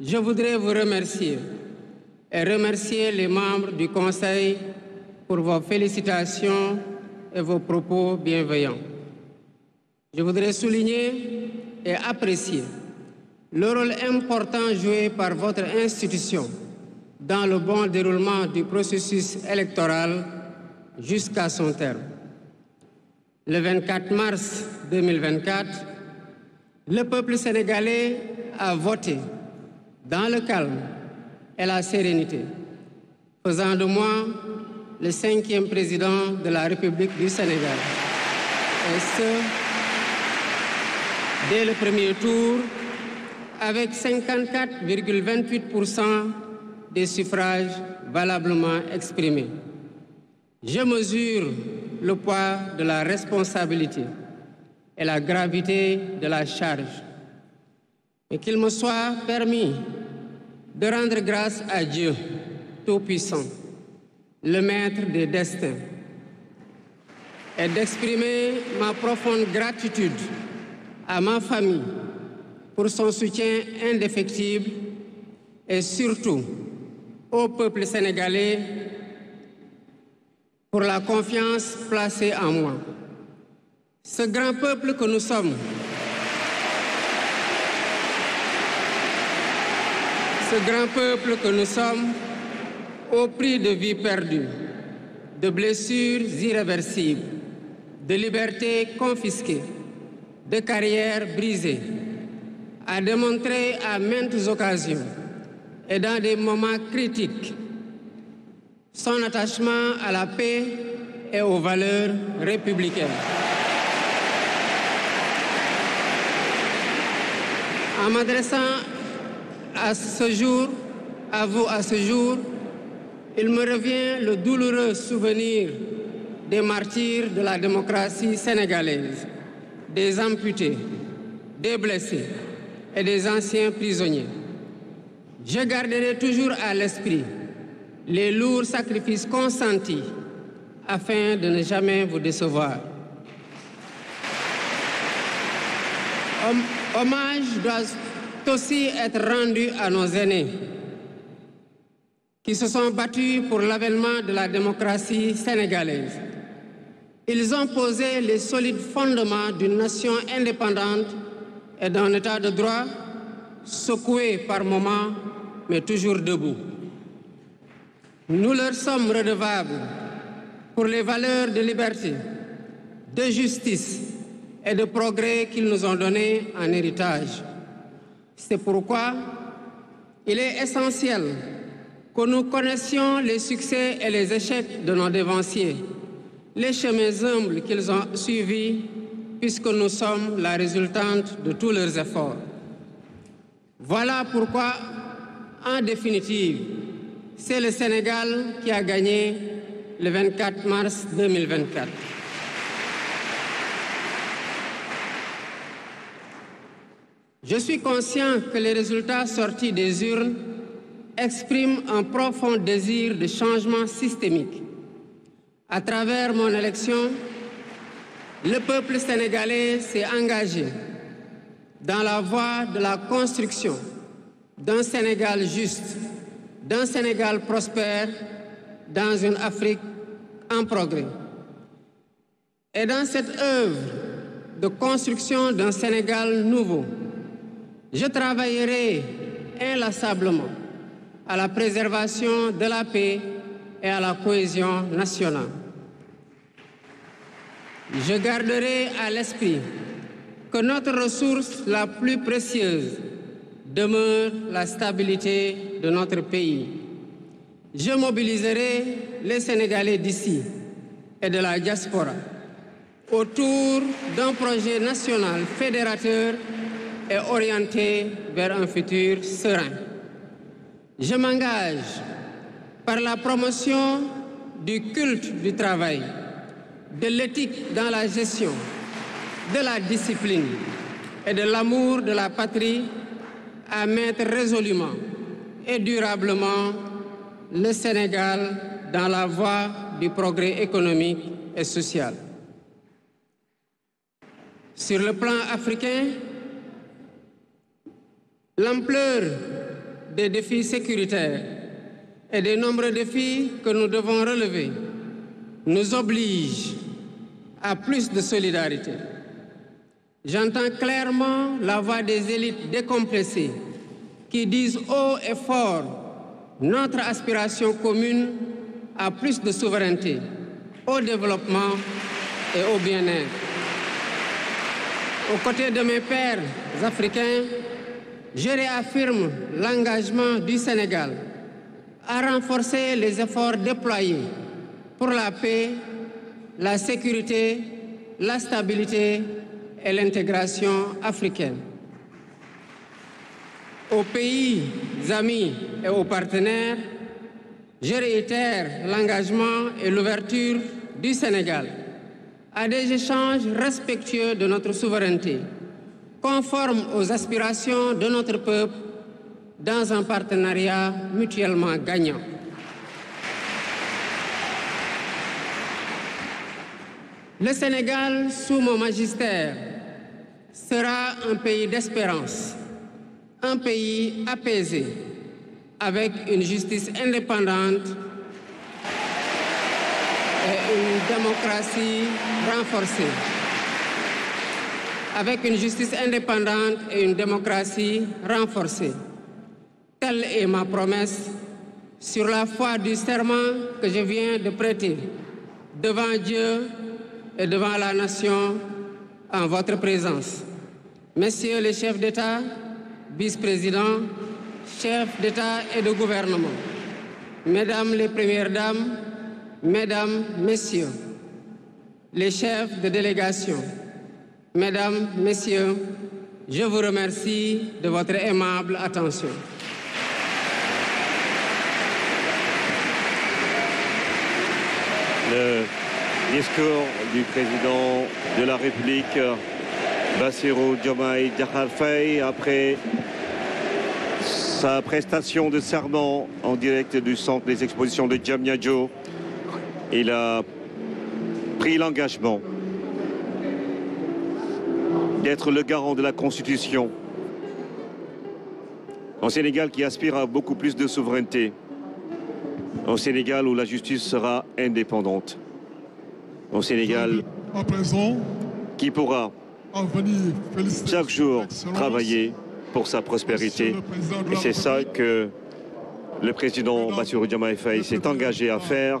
je voudrais vous remercier et remercier les membres du Conseil pour vos félicitations et vos propos bienveillants. Je voudrais souligner et apprécier le rôle important joué par votre institution dans le bon déroulement du processus électoral jusqu'à son terme. Le 24 mars 2024, le peuple sénégalais a voté dans le calme et la sérénité, faisant de moi le cinquième président de la République du Sénégal. Et ce, dès le premier tour avec 54,28% des suffrages valablement exprimés. Je mesure le poids de la responsabilité et la gravité de la charge. Et qu'il me soit permis de rendre grâce à Dieu Tout-Puissant, le Maître des destins, et d'exprimer ma profonde gratitude à ma famille pour son soutien indéfectible et surtout au peuple sénégalais pour la confiance placée en moi. Ce grand peuple que nous sommes, ce grand peuple que nous sommes, au prix de vies perdues, de blessures irréversibles, de libertés confisquées, de carrière brisée, a démontré à maintes occasions et dans des moments critiques son attachement à la paix et aux valeurs républicaines. En m'adressant à ce jour, à vous à ce jour, il me revient le douloureux souvenir des martyrs de la démocratie sénégalaise des amputés, des blessés et des anciens prisonniers. Je garderai toujours à l'esprit les lourds sacrifices consentis afin de ne jamais vous décevoir. Hommage doit aussi être rendu à nos aînés qui se sont battus pour l'avènement de la démocratie sénégalaise. Ils ont posé les solides fondements d'une nation indépendante et d'un état de droit secoué par moments, mais toujours debout. Nous leur sommes redevables pour les valeurs de liberté, de justice et de progrès qu'ils nous ont données en héritage. C'est pourquoi il est essentiel que nous connaissions les succès et les échecs de nos dévanciers les chemins humbles qu'ils ont suivis, puisque nous sommes la résultante de tous leurs efforts. Voilà pourquoi, en définitive, c'est le Sénégal qui a gagné le 24 mars 2024. Je suis conscient que les résultats sortis des urnes expriment un profond désir de changement systémique à travers mon élection, le peuple sénégalais s'est engagé dans la voie de la construction d'un Sénégal juste, d'un Sénégal prospère, dans une Afrique en progrès. Et dans cette œuvre de construction d'un Sénégal nouveau, je travaillerai inlassablement à la préservation de la paix et à la cohésion nationale. Je garderai à l'esprit que notre ressource la plus précieuse demeure la stabilité de notre pays. Je mobiliserai les Sénégalais d'ici et de la diaspora autour d'un projet national fédérateur et orienté vers un futur serein. Je m'engage par la promotion du culte du travail de l'éthique dans la gestion, de la discipline et de l'amour de la patrie à mettre résolument et durablement le Sénégal dans la voie du progrès économique et social. Sur le plan africain, l'ampleur des défis sécuritaires et des nombreux défis que nous devons relever nous oblige à plus de solidarité. J'entends clairement la voix des élites décompressées qui disent haut et fort notre aspiration commune à plus de souveraineté, au développement et au bien-être. Aux côtés de mes pères africains, je réaffirme l'engagement du Sénégal à renforcer les efforts déployés pour la paix la sécurité, la stabilité et l'intégration africaine. Aux pays amis et aux partenaires, je réitère l'engagement et l'ouverture du Sénégal à des échanges respectueux de notre souveraineté, conformes aux aspirations de notre peuple dans un partenariat mutuellement gagnant. Le Sénégal, sous mon magistère, sera un pays d'espérance, un pays apaisé, avec une justice indépendante et une démocratie renforcée. Avec une justice indépendante et une démocratie renforcée. Telle est ma promesse sur la foi du serment que je viens de prêter devant Dieu et devant la nation en votre présence. Messieurs les chefs d'État, vice-présidents, chefs d'État et de gouvernement, Mesdames les Premières Dames, Mesdames, Messieurs, les chefs de délégation, Mesdames, Messieurs, je vous remercie de votre aimable attention. Le discours du président de la République, Bassirou Diomaye Diakhar après sa prestation de serment en direct du centre des expositions de Djamnyadjo. Il a pris l'engagement d'être le garant de la Constitution. Un Sénégal qui aspire à beaucoup plus de souveraineté. Au Sénégal où la justice sera indépendante au Sénégal qui pourra chaque jour travailler pour sa prospérité. Et c'est ça que le président Bassirou Diomaye Faye s'est engagé à faire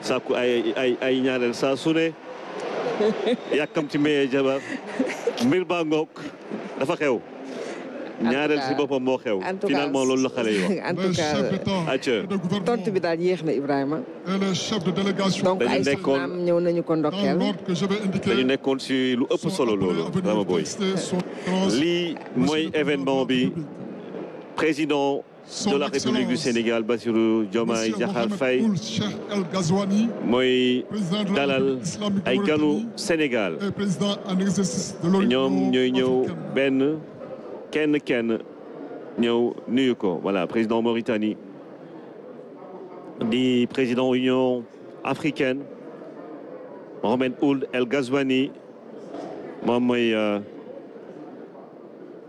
sakku ay ay ay finalement en de la République du Sénégal Bassirou Diomaye Diakhar Faye mooy dalal ay Sénégal ñoom ñooy ñëw benn kenn kenn ñëw nuyu ko voilà président Mauritanie di président Union africaine Mohamed Ould El Gazwani, moom mooy euh,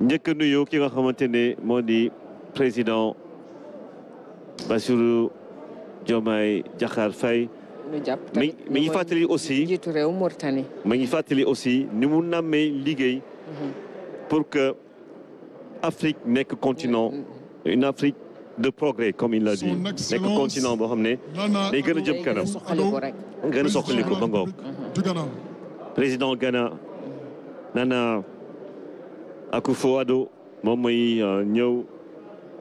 njëkk nuyu ki nga xamante président Bassirou Diomaye Diakhar Fay mi ngi fàttali aussi jiitu réew Mauritanie mi ngi fàttali aussi ni mu nammee liggéey mhm. pour que Afrique nekk continent mhm. une Afrique de progrès comme il l'a dit nekk continent boo xam ne day gën a jëm kanam gën a soqaliku ba ngoog président Gana Nana Akufo-Addo moom mooy euh, ñëw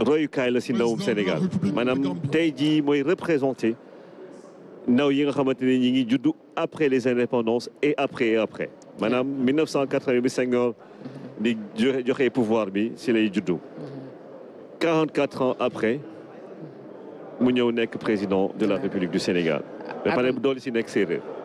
royukaay la si Sénégal Madame, tey jii représenté yi nga après les indépendances et après et après Madame 1985, bi di le pouvoir bi si lay 44 ans après mu sommes président de la République du Sénégal Madame, pare doole si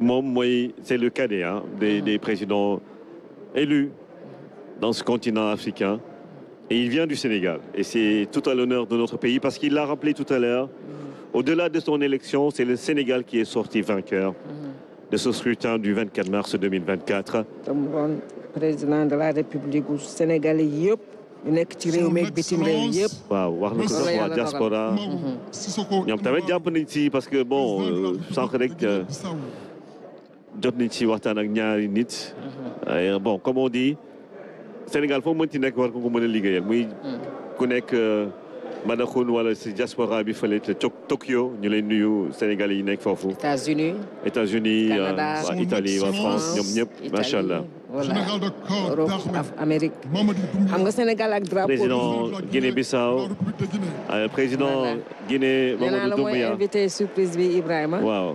Oui, c'est le cadet hein, ah. des présidents élus dans ce continent africain et il vient du Sénégal et c'est tout à l'honneur de notre pays parce qu'il l'a rappelé tout à l'heure mm. au-delà de son élection c'est le Sénégal qui est sorti vainqueur mm. de ce scrutin du 24 mars 2024 jot nañ ci waxtaan ak ñaari nit. Mhm. Euh, bon comme on dit Sénégal foo mënti nekk war nga ko mën a liggéeyal muy. Mhm. ku nekk euh, Manakhoune wala si diaspora bi fële te Tokyo ñu lay nuyu Sénégalais yi nekk foofu. États-Unis États-Unis euh, wa Italie wa France ñoom ñëpp macha allah. voilà Europe Amérique xam nga Sénégal ak drapeau président Guinée Bissau président Guinée Mamadou Doumbouya nee naa la invité surprise bi Ibrahima waaw.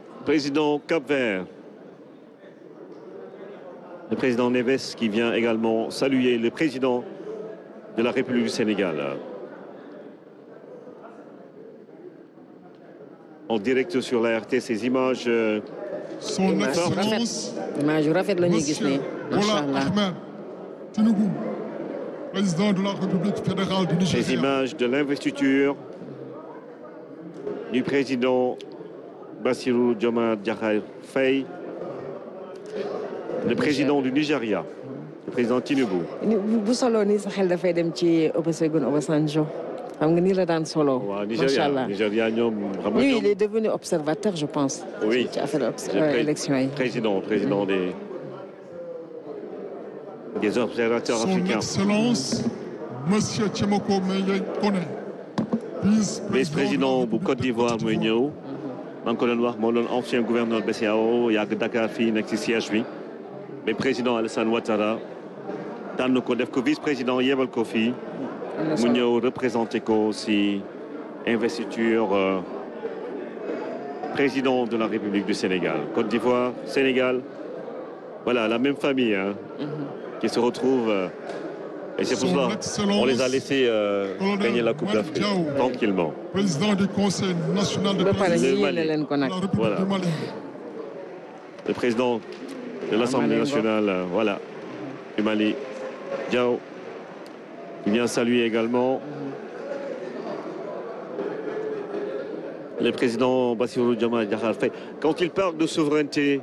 président Cap-Vert. Le président Neves qui vient également saluer le président de la République du Sénégal. En direct sur la RT, ces images euh, sont les images de l'investiture du président Bassirou Djoma Djahar Fay, le président du Nigeria, le président Tinubu. Vous solo nii sa xel dafay dem ci Olusegun Obasanjo xam nga nii la solo. waaw Nigeria Nigeria xam nga lui il est devenu observateur je pense. oui ci affaire euh, élection yi. président président des des observateurs africains. son excellence monsieur Tchemoko Meye Kone. vice-président bu Côte d'Ivoire muy man mon ancien gouverneur BCAO yàgg Dakar fii nekk ci siège bi mais président Alassane Ouattara dans ko def vice président yebal Kofi, fii mu ñëw représenté ko investiture euh, président de la République du Sénégal Côte d'Ivoire Sénégal voilà la même famille hein, mhm. qui se retrouve euh, et c'est pour cela qu'on les a laissés euh, gagner la Coupe d'Afrique tranquillement. Le président de l'Assemblée nationale, euh, voilà, du Mali, Diao, qui vient saluer également. Le président Bassirou Djama Quand il parle de souveraineté,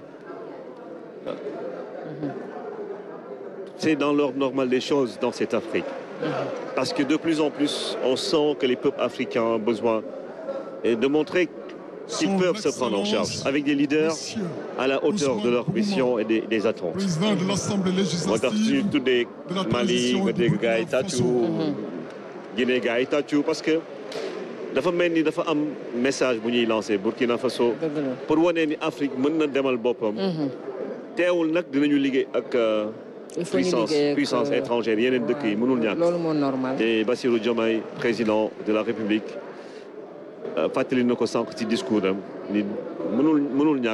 c'est dans l'ordre normal des choses dans cette Afrique. Parce que de plus en plus, on sent que les peuples africains ont besoin de montrer qu'ils peuvent se prendre en charge avec des leaders à la hauteur de leur mission et des, des attentes. On a reçu tous des Mali, des Gaïtatou, Guinée Gaïtatou, parce que dafa mel ni dafa am message bu ñuy lancé Burkina Faso. pour wane ni Afrique un na demal boppam. Mhm. teewul nag dinañu liggéey ak. Euh, puissance puissance étrangère yeneen dëkk yi mënul ñàkk loolu normal Bassirou Diomaye président de la République euh, fàttali na ko sànq ci discours ni mënul mënul nga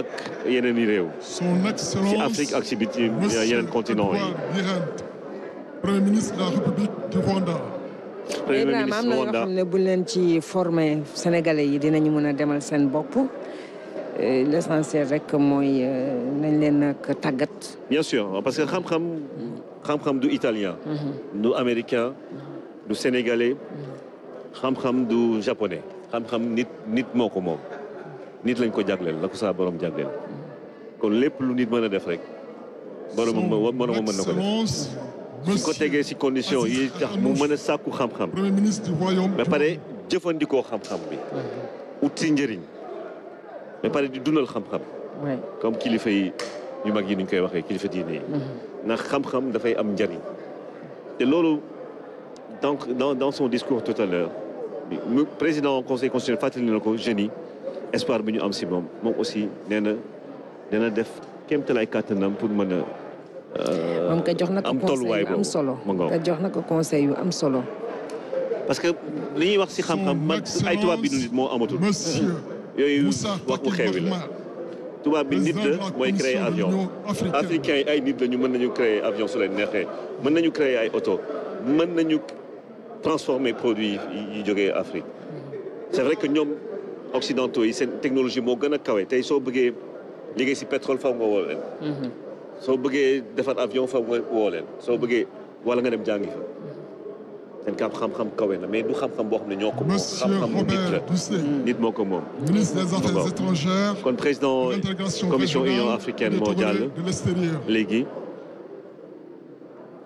ak Yenen i Son ci Afrique ak ci biti yeneen continent premier ministre de la République du Rwanda premier ministre Rwanda am na nga xam ne bu ci formé sénégalais yi dinañu mën a demal euh, l' essentiel rek moy euh, nañ leen nag tagat bien sûr hein, parce que xam-xam. xam-xam du italien. Mm-hmm. du américain. du sénégalais. xam-xam du japonais. xam-xam nit nit moko mom nit lañ ko jagleel la ko sa borom jagleel. kon lepp lu nit meuna def rek. borom mën mën na ko def. su ko tege ci condition yi tax mu meuna a sàkku xam-xam. ba pare jeufandiko xam-xam bi. Mm-hmm. ut si mais paré di dundal xam-xam comme kilifa yi ñu mag yi nuñ koy waxe kilifa diine mhm. na xam xam da fay am jari té lolu donc dans dans son discours tout à l'heure président conseil constitutionnel fàttali na génie espoir bi ñu am si mom mom aussi néna na def na def katanam pour mëna a euh, moom ka jox na conseil am solo ka jox na conseil yu am solo parce que li ñuy wax ci xam-xam man ay tubaab bi nu mo amatu monsieur yooyu waxu xewi la tubaab bi nit la mooy créer avion africain ay nit lañu ñu mën nañu créer avion sur les nexé mën nañu créer ay auto mën nañu transformer produit yi jógee Afrique c'est vrai que ñom occidentaux yi seen technologie mo gëna kawé tay so bëggé bëggee liggéey si pétrole faw nga woo leen mhm. soo bëggee avion faw nga woo leen soo wala nga dem jàngi fa Monsieur Robert Doucet, mm. ministre des affaires étrangères. de président commission union africaine mondiale, de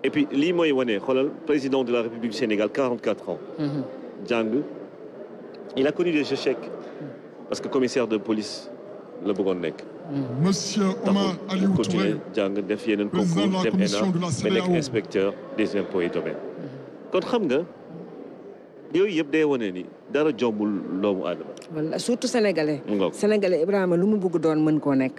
et puis lii wane président de la république du Sénégal 44 ans. Djang mm-hmm. il a connu des échecs parce que commissaire de police le Bogondec. Mm-hmm. monsieur Omar Ali Touré président de la commission de la mais e des impôts et domaines. kon xam nga yooyu yëpp day wane ni dara jombul doomu aadama. walla surtout sénégalais. sénégalais Ibrahima lu mu bëgg doon mën koo nekk.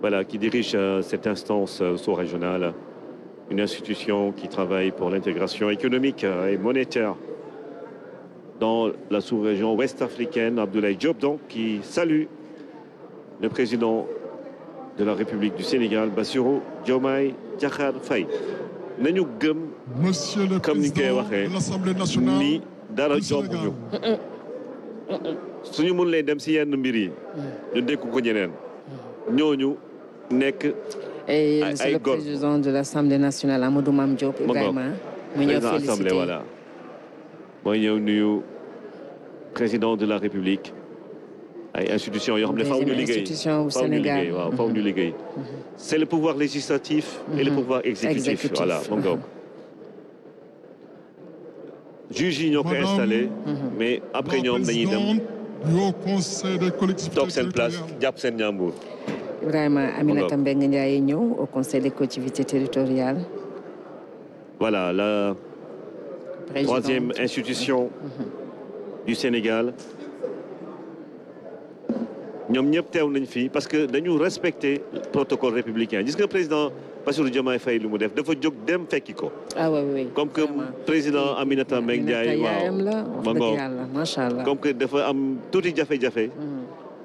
voilà, qui dirige euh, cette instance euh, sous-régionale, une institution qui travaille pour l'intégration économique euh, et monétaire dans la sous-région ouest africaine, Abdoulaye Diop, donc, qui salue le président de la République du Sénégal, Bassirou Diomaye Diakhar Faye. monsieur le président de l'Assemblée nationale Monsieur dara jomb ñu. suñu mënulee dem si yenn mbir nek et monsieur le président de l'Assemblée nationale Amadou Mam Diop. Ibrahima mu félicité voilà. mooy ñëw président de la république. ay institutions yoo xam ne faaw ñu liggéey faaw au liggéey waaw mm-hmm. Mm-hmm. le pouvoir législatif. et le mm-hmm. pouvoir exécutif voilà mon nga juge ñoo ko installé. mais après ñoom dañuy dem. c'est seen place jàpp Sen ñaambur. Ibrahima Aminata Mbengue Ndiaye ñëw au conseil des collectivités territoriales. Voilà, la Présidente. troisième institution mhm. du Sénégal. ñoom ñëpp teew nañ fii parce que dañu respecter protocole républicain gis le président Bassirou Diomaye Faye lu mu def dafa jóg dem fekki ko. ah oui oui comme que président Aminata Mbengue Ndiaye waaw ma ngoog comme que dafa am tuuti jafe-jafe. Mhm.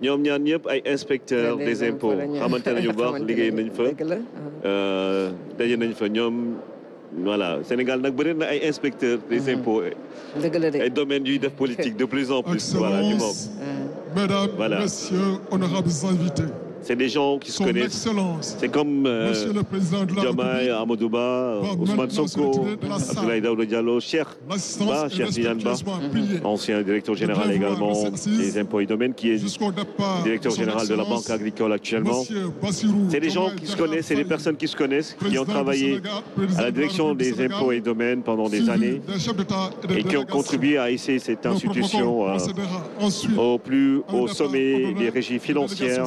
ñoom ñaan ñëpp ay inspecteurs des impôts xamante nañu baax liggéey nañ fa euh, ah. daje nañ fa ñoom voilà Sénégal nag bëri na ay inspecteurs des mhm. impôts ay domaines yuy def politique de plus en plus voilà du moom Madame, Monsieur, honorables invités c'est des gens qui se connaissent. C'est comme euh, Amodouba, Ousmane Sonko, Abdoulaye Diallo, Cher, bah, ancien directeur général également des impôts et domaines, qui est directeur général de la Banque agricole actuellement. C'est des gens qui se connaissent, c'est des personnes qui se connaissent, qui ont travaillé à la direction des impôts et domaines pendant des années et qui ont contribué à essayer cette institution euh, au plus au sommet des régies financières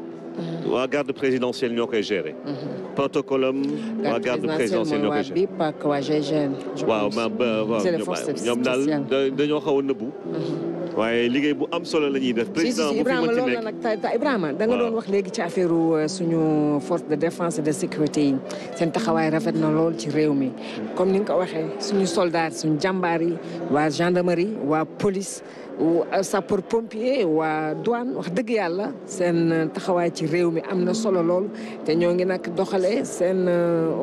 la mhm. garde présidentielle ñoo géré. Le mhm. protocole de garde présidentielle géré. wa mais euh, waaw ñom dal dañu bu am solo def. président bu ci da nga doon wax euh, suñu force de défense et de sécurité yi seen lool ci mm. comme soldats suñu gendarmerie police. Euh, sa pour pompier waa euh, douane wax dëgg yàlla seen euh, taxawaay ci réew mi am na solo lool te ñoo ngi nag doxalee seen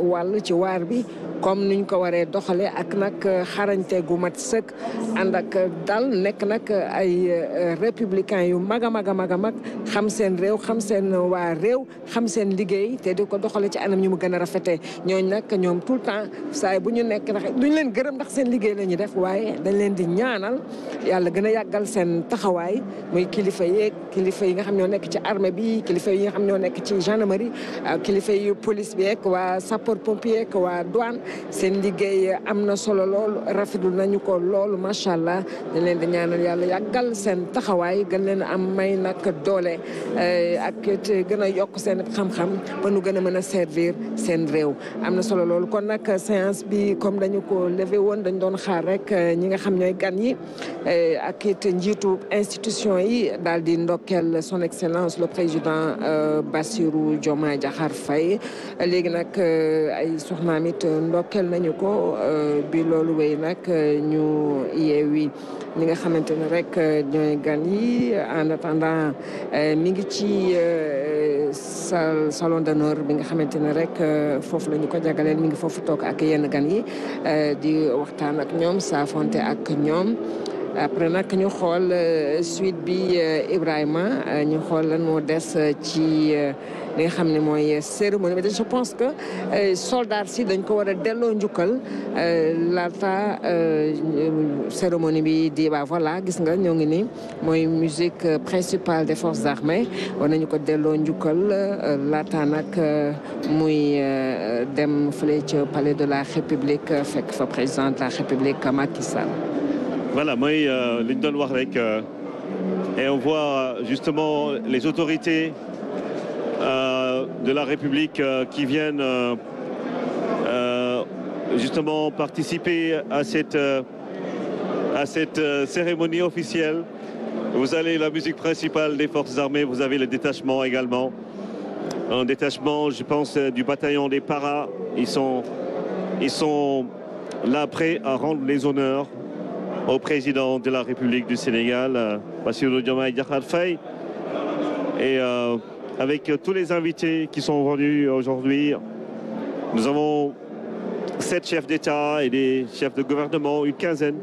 wàll ci waar bi comme nuñ ko waree doxalee ak nag xarañte gu mat sëkk ànd ak dal nekk nag ay républicain yu mag a mag mag a mag xam seen réew xam seen waa réew xam seen liggéey te di ko doxalee ci anam ñu mu gën a rafetee ñooñ nag ñoom tout le temps saay bu ñu nekk ndax duñ leen gërëm ndax seen liggéey la ñuy def waaye dañ di ñaanal yàlla gën a yàggal seen taxawaay muy kilifa yeeg kilifa yi nga xam ñoo nekk ci armée bi kilifa yi nga xam ñoo nekk ci gendarmerie kilifa yu police bi yeeg waa sapeur pompier yeeg waa douane seen liggéey am na solo lool rafetlu nañu ko loolu macha allah dañ leen di ñaanal yàlla yàggal seen taxawaay gën leen am may nag doole eh, ak gën a yokk seen xam-xam ba nu gën a mën a servir seen réew am na solo loolu kon nag séance bi comme dañu ko levé woon dañ doon xaar rek eh, ñi nga xam ñooy gan eh, it njiitu institution yi daal son excellence le président euh, Bassirou Diomaye Diakhar Faye léegi nag euh, ay soxnaam it ndokkeel nañu ko euh, bi lolou wéy nak ñu yewi ñi nga xamante rek ñoy gan yi en attendant mi ngi ci salon d'honneur bi nga xamante rek fofu la ñu ko jagaleel mi ngi foofu ak yenn gan yi di waxtaan ak sa fonté ak ñom après nak ñu xol euh, suite bi euh, Ibrahima euh, ñu xol lan mo dess ci li nga xam cérémonie mais je pense que soldats si dañ ko wara dello ñukal la fa cérémonie bi di ba voilà gis nga ñoo ngi ni moy musique principale des forces armées On ñu ko delloo njukkal laata nag muy dem fële ci palais de la république fek fa président de la république Macky Sall voilà, moi euh, Lindon Warleck euh, et on voit euh, justement les autorités de la République qui viennent justement participer à cette, à cette cérémonie officielle. Vous avez la musique principale des forces armées, vous avez le détachement également. Un détachement, je pense, du bataillon des paras. Ils sont, ils sont là prêts à rendre les honneurs au président de la République du Sénégal, euh, Bassirou Diomaye Diakhar Faye. Et euh, avec tous les invités qui sont venus aujourd'hui, nous avons sept chefs d'État et des chefs de gouvernement, une quinzaine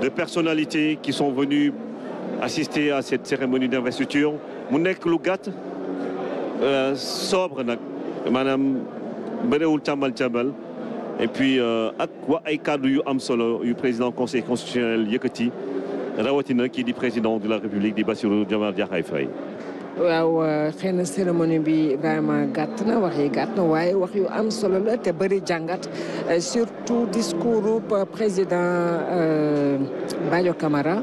de personnalités qui sont venues assister à cette cérémonie d'investiture. Mounek Lougat, euh, sobre Madame et puis euh, Akwa wa ay le yu conseil constitutionnel yëkkati qui est le président de la république des Bassirou Diomaye Diakhar waaw euh, xëy na cérémonie bi vraiment gàtt na wax yi gàtt na waaye wax yu am solo la te bëri jàngat euh, surtout discours président euh, Badio Camara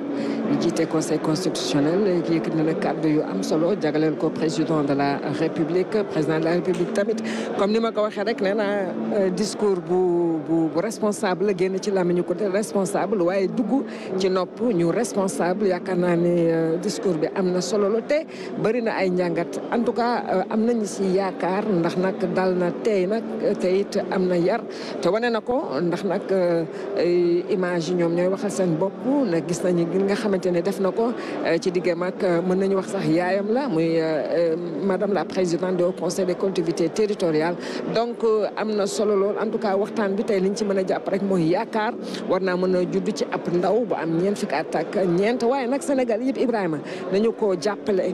jiite conseil constitutionnel yëkkati na la kàddu yu am solo jagaleel ko président de la république président de la république tamit comme ni ma ko waxee rek nee naa discours bu bu bu responsable la génn ci lamiñu ko responsable waaye dugg ci nopp ñu responsable yaakaar naa ne discours bi am na solo la te bëri bëri na ay njàngat en tout cas euh, am nañu si yaakaar ndax nag dal na tey nag tey it am na yar te wane na ko ndax nag euh, image yi ñoom ñooy waxal seen bopp na gis nañu gin nga xamante ne def na ko euh, ci diggam ak mën nañu wax sax yaayam la muy madame la président du conseil des collectivités territoriales donc am na solo lool en tout cas waxtaan bi tey liñ ci mën a jàpp rek mooy yaakaar war naa mën a judd ci ab ndaw bu am ñeent fukki at ak ñeent waaye nag Sénégal yëpp Ibrahima nañu ko jàppale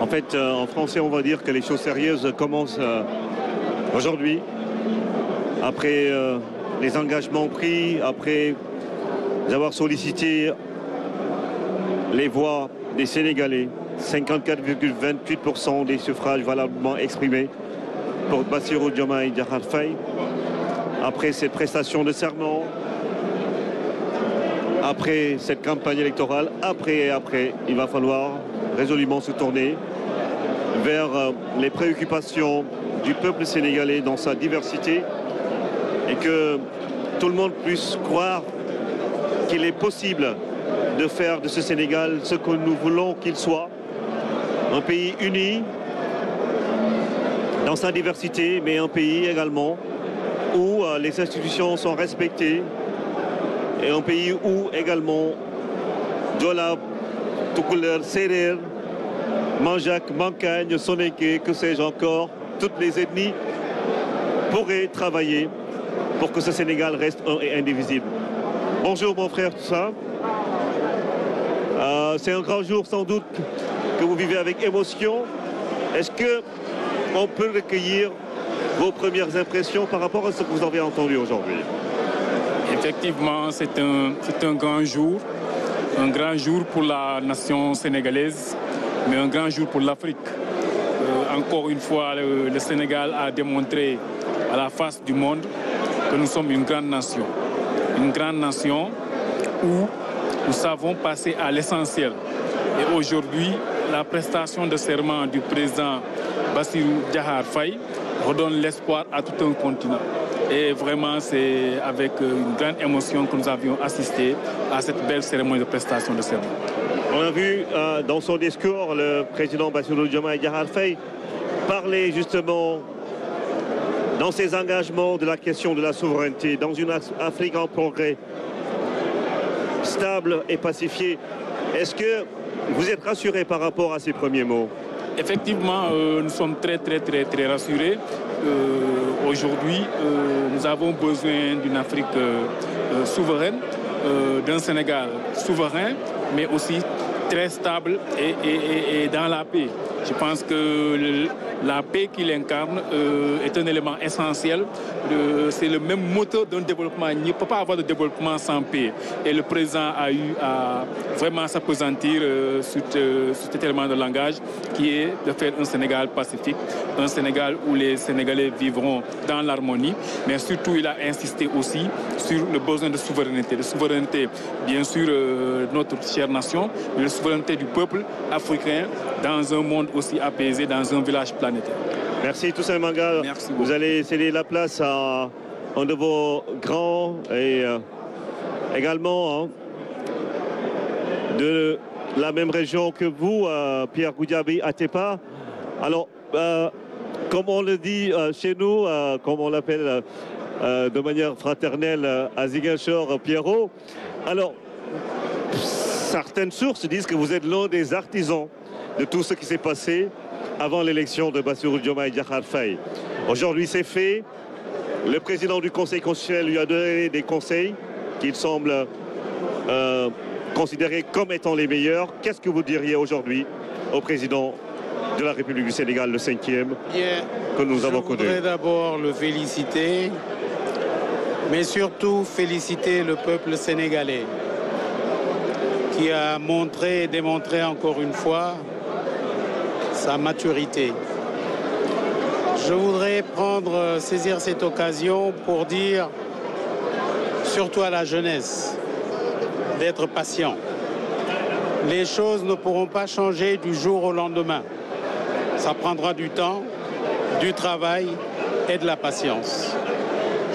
En fait, euh, en français, on va dire que les choses sérieuses commencent euh, aujourd'hui. Après euh, les engagements pris, après avoir sollicité les voix des Sénégalais, 54,28% des suffrages valablement exprimés pour Bassirou Diomaye Diakhar Faye. Après ces prestations de serment, après cette campagne électorale, après et après, il va falloir résolument se tourner vers euh, les préoccupations du peuple sénégalais dans sa diversité et que tout le monde puisse croire qu'il est possible de faire de ce Sénégal ce que nous voulons qu'il soit, un pays uni dans sa diversité, mais un pays également où euh, les institutions sont respectées et un pays où également Jola couleurs Serer Manjac, Mancagne, Sonégué, que sais-je encore, toutes les ethnies pourraient travailler pour que ce Sénégal reste un indivisible. Bonjour mon frère Toussaint. Euh, c'est un grand jour sans doute que vous vivez avec émotion. Est-ce que on peut recueillir vos premières impressions par rapport à ce que vous avez entendu aujourd'hui Effectivement, c'est un grand jour, un grand jour pour la nation sénégalaise, mais un grand jour pour l'Afrique. Euh, encore une fois, le, Sénégal a démontré à la face du monde que nous sommes une grande nation. Une grande nation où nous savons passer à l'essentiel. Et aujourd'hui, la prestation de serment du président Bassirou Djahar Faye redonne l'espoir à tout un continent. Et vraiment, c'est avec euh, une grande émotion que nous avions assisté à cette belle cérémonie de prestation de serment. On a vu dans son discours le président Bassirou Diomaye Diakhar parler justement dans ses engagements de la question de la souveraineté, dans une Afrique en progrès, stable et pacifiée. Est-ce que vous êtes rassuré par rapport à ces premiers mots Effectivement, euh, nous sommes très très très très rassurés. Euh, aujourd'hui, euh, nous avons besoin d'une Afrique souveraine, d'un Sénégal souverain, mais aussi très stable et, dans la paix. Je pense que la paix qu'il incarne euh, est un élément essentiel. C'est le même moteur d'un développement. Il ne peut pas avoir de développement sans paix. Et le président a eu à vraiment s'apesantir euh, euh, sur, cet élément de langage qui est de faire un Sénégal pacifique, un Sénégal où les Sénégalais vivront dans l'harmonie. Mais surtout, il a insisté aussi sur le besoin de souveraineté. De souveraineté, bien sûr, notre chère nation, volonté du peuple africain dans un monde aussi apaisé, dans un village planétaire. Merci Toussaint Manga. Merci Vous allez céder la place à un de vos grands et euh, également hein, de la même région que vous, euh, Pierre Goudjabi Atepa. Alors, euh, comme on le dit chez nous, comme on l'appelle de manière fraternelle à Pierrot. Alors, certaines sources disent que vous êtes l'un des artisans de tout ce qui s'est passé avant l'élection de Bassirou Diomaye Diakhar Faye. Aujourd'hui, c'est fait. Le président du Conseil constitutionnel lui a donné des conseils qu'il semble euh, considérer comme étant les meilleurs. Qu'est-ce que vous diriez aujourd'hui au président de la République du Sénégal, le cinquième, que nous avons connu Je voudrais d'abord le féliciter, mais surtout féliciter le peuple sénégalais qui a montré et démontré encore une fois sa maturité. Je voudrais prendre, euh, saisir cette occasion pour dire, surtout à la jeunesse, d'être patient. Les choses ne pourront pas changer du jour au lendemain. Ça prendra du temps, du travail et de la patience.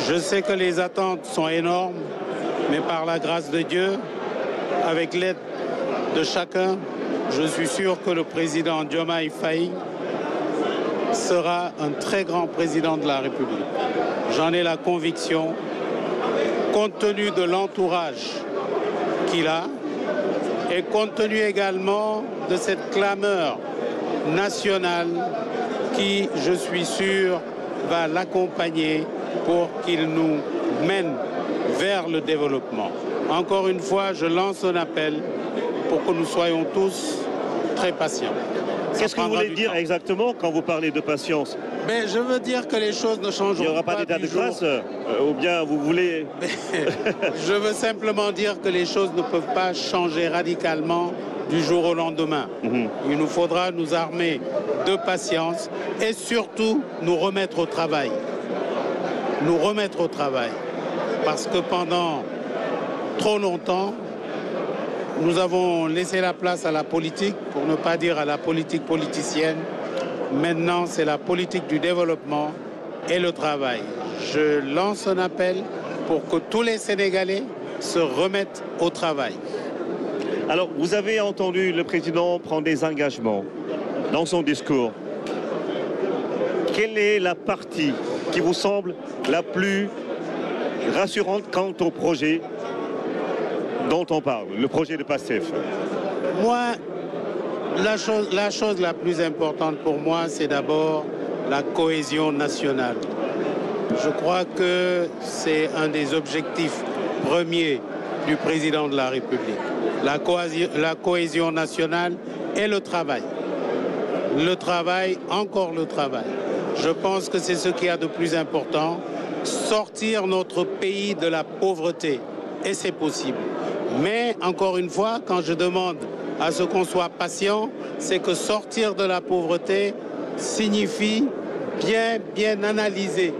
Je sais que les attentes sont énormes, mais par la grâce de Dieu, avec l'aide de chacun, je suis sûr que le président Diomaye Faye sera un très grand président de la République. J'en ai la conviction, compte tenu de l'entourage qu'il a et compte tenu également de cette clameur nationale qui, je suis sûr, va l'accompagner pour qu'il nous mène vers le développement. Encore une fois, je lance un appel pour que nous soyons tous très patients. Qu'est-ce que vous voulez dire exactement quand vous parlez de patience mais ben, je veux dire que les choses ne changeront pas. Il n'y aura pas, d'état de grâce euh, Ou bien vous voulez. je veux simplement dire que les choses ne peuvent pas changer radicalement du jour au lendemain. Mhm. Il nous faudra nous armer de patience et surtout nous remettre au travail. Nous remettre au travail. Parce que pendant trop longtemps, nous avons laissé la place à la politique, pour ne pas dire à la politique politicienne. Maintenant, c'est la politique du développement et le travail. Je lance un appel pour que tous les Sénégalais se remettent au travail. Alors, vous avez entendu le président prendre des engagements dans son discours. Quelle est la partie qui vous semble la plus rassurante quant au projet dont on parle, le projet de PASTEF Moi, la chose, la plus importante pour moi, c'est d'abord la cohésion nationale. Je crois que c'est un des objectifs premiers du président de la République. La cohésion, la cohésion nationale et le travail. Le travail, encore le travail. Je pense que c'est ce qui y a de plus important. Sortir notre pays de la pauvreté. Et c'est possible. Mais encore une fois, quand je demande à ce qu'on soit patient, c'est que sortir de la pauvreté signifie bien, bien analyser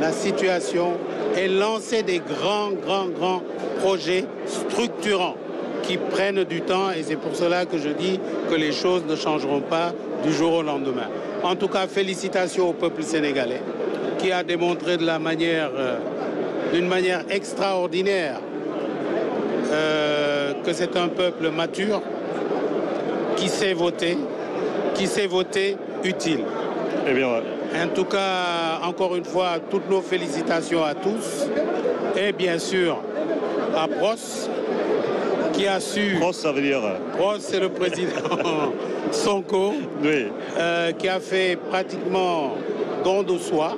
la situation et lancer des grands, grands, grands projets structurants qui prennent du temps et c'est pour cela que je dis que les choses ne changeront pas du jour au lendemain. En tout cas, félicitations au peuple sénégalais qui a démontré de la euh, d'une manière extraordinaire euh, que c'est un peuple mature qui sait voter, qui sait voter utile. Eh en tout cas, encore une fois, toutes nos félicitations à tous et bien sûr à Pros qui a su. Pros, ça veut dire. Pros, euh, c'est le président Sonko oui. Euh, qui a fait pratiquement don de soi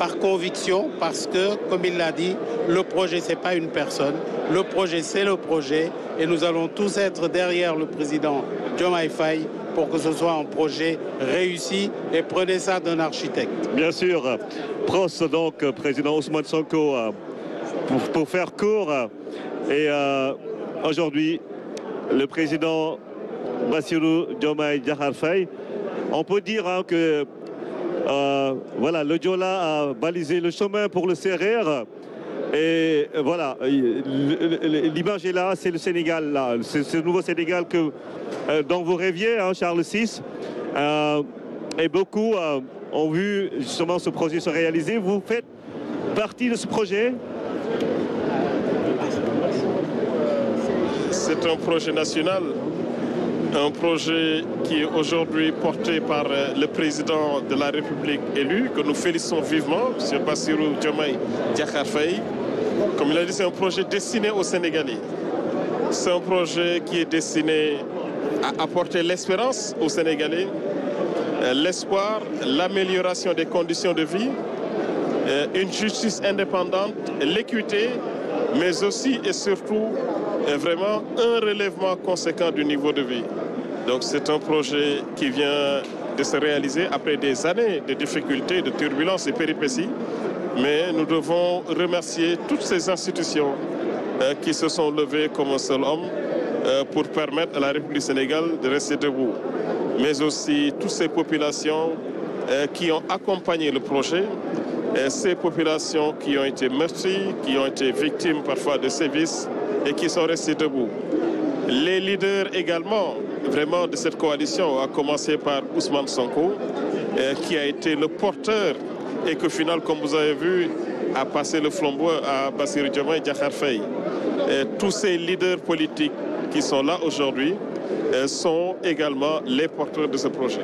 par conviction, parce que, comme il l'a dit, le projet, c'est pas une personne. Le projet, c'est le projet. Et nous allons tous être derrière le président John Faye pour que ce soit un projet réussi et prenez ça d'un architecte. Bien sûr. Prost, donc, président Ousmane Sonko, pour, faire court. Et euh, aujourd'hui, le président Bassirou Diomaye Faye, on peut dire hein, que euh, voilà, le Diola a balisé le chemin pour le CRR. Et voilà, l'image est là, c'est le Sénégal, là, c'est ce nouveau Sénégal que, euh, dont vous rêviez, hein, Charles VI. Euh, et beaucoup ont vu justement ce projet se réaliser. Vous faites partie de ce projet C'est un projet national un projet qui est aujourd'hui porté par euh, le président de la République élu, que nous félicitons vivement, M. Bassirou Diomaye Diakhar Comme il a dit, c'est un projet destiné aux Sénégalais. C'est un projet qui est destiné à apporter l'espérance aux Sénégalais, euh, l'espoir, l'amélioration des conditions de vie, euh, une justice indépendante, l'équité, mais aussi et surtout est vraiment un relèvement conséquent du niveau de vie. Donc c'est un projet qui vient de se réaliser après des années de difficultés, de turbulences et péripéties. Mais nous devons remercier toutes ces institutions euh, qui se sont levées comme un seul homme euh, pour permettre à la République sénégale de rester debout. Mais aussi toutes ces populations euh, qui ont accompagné le projet, ces populations qui ont été meurtries, qui ont été victimes parfois de sévices, et qui sont restés debout. Les leaders également, vraiment, de cette coalition, à commencer par Ousmane Sonko, euh, qui a été le porteur et que final, comme vous avez vu, a passé le flambeau à Bassir Diomaye et Diakhar euh, Tous ces leaders politiques qui sont là aujourd'hui euh, sont également les porteurs de ce projet.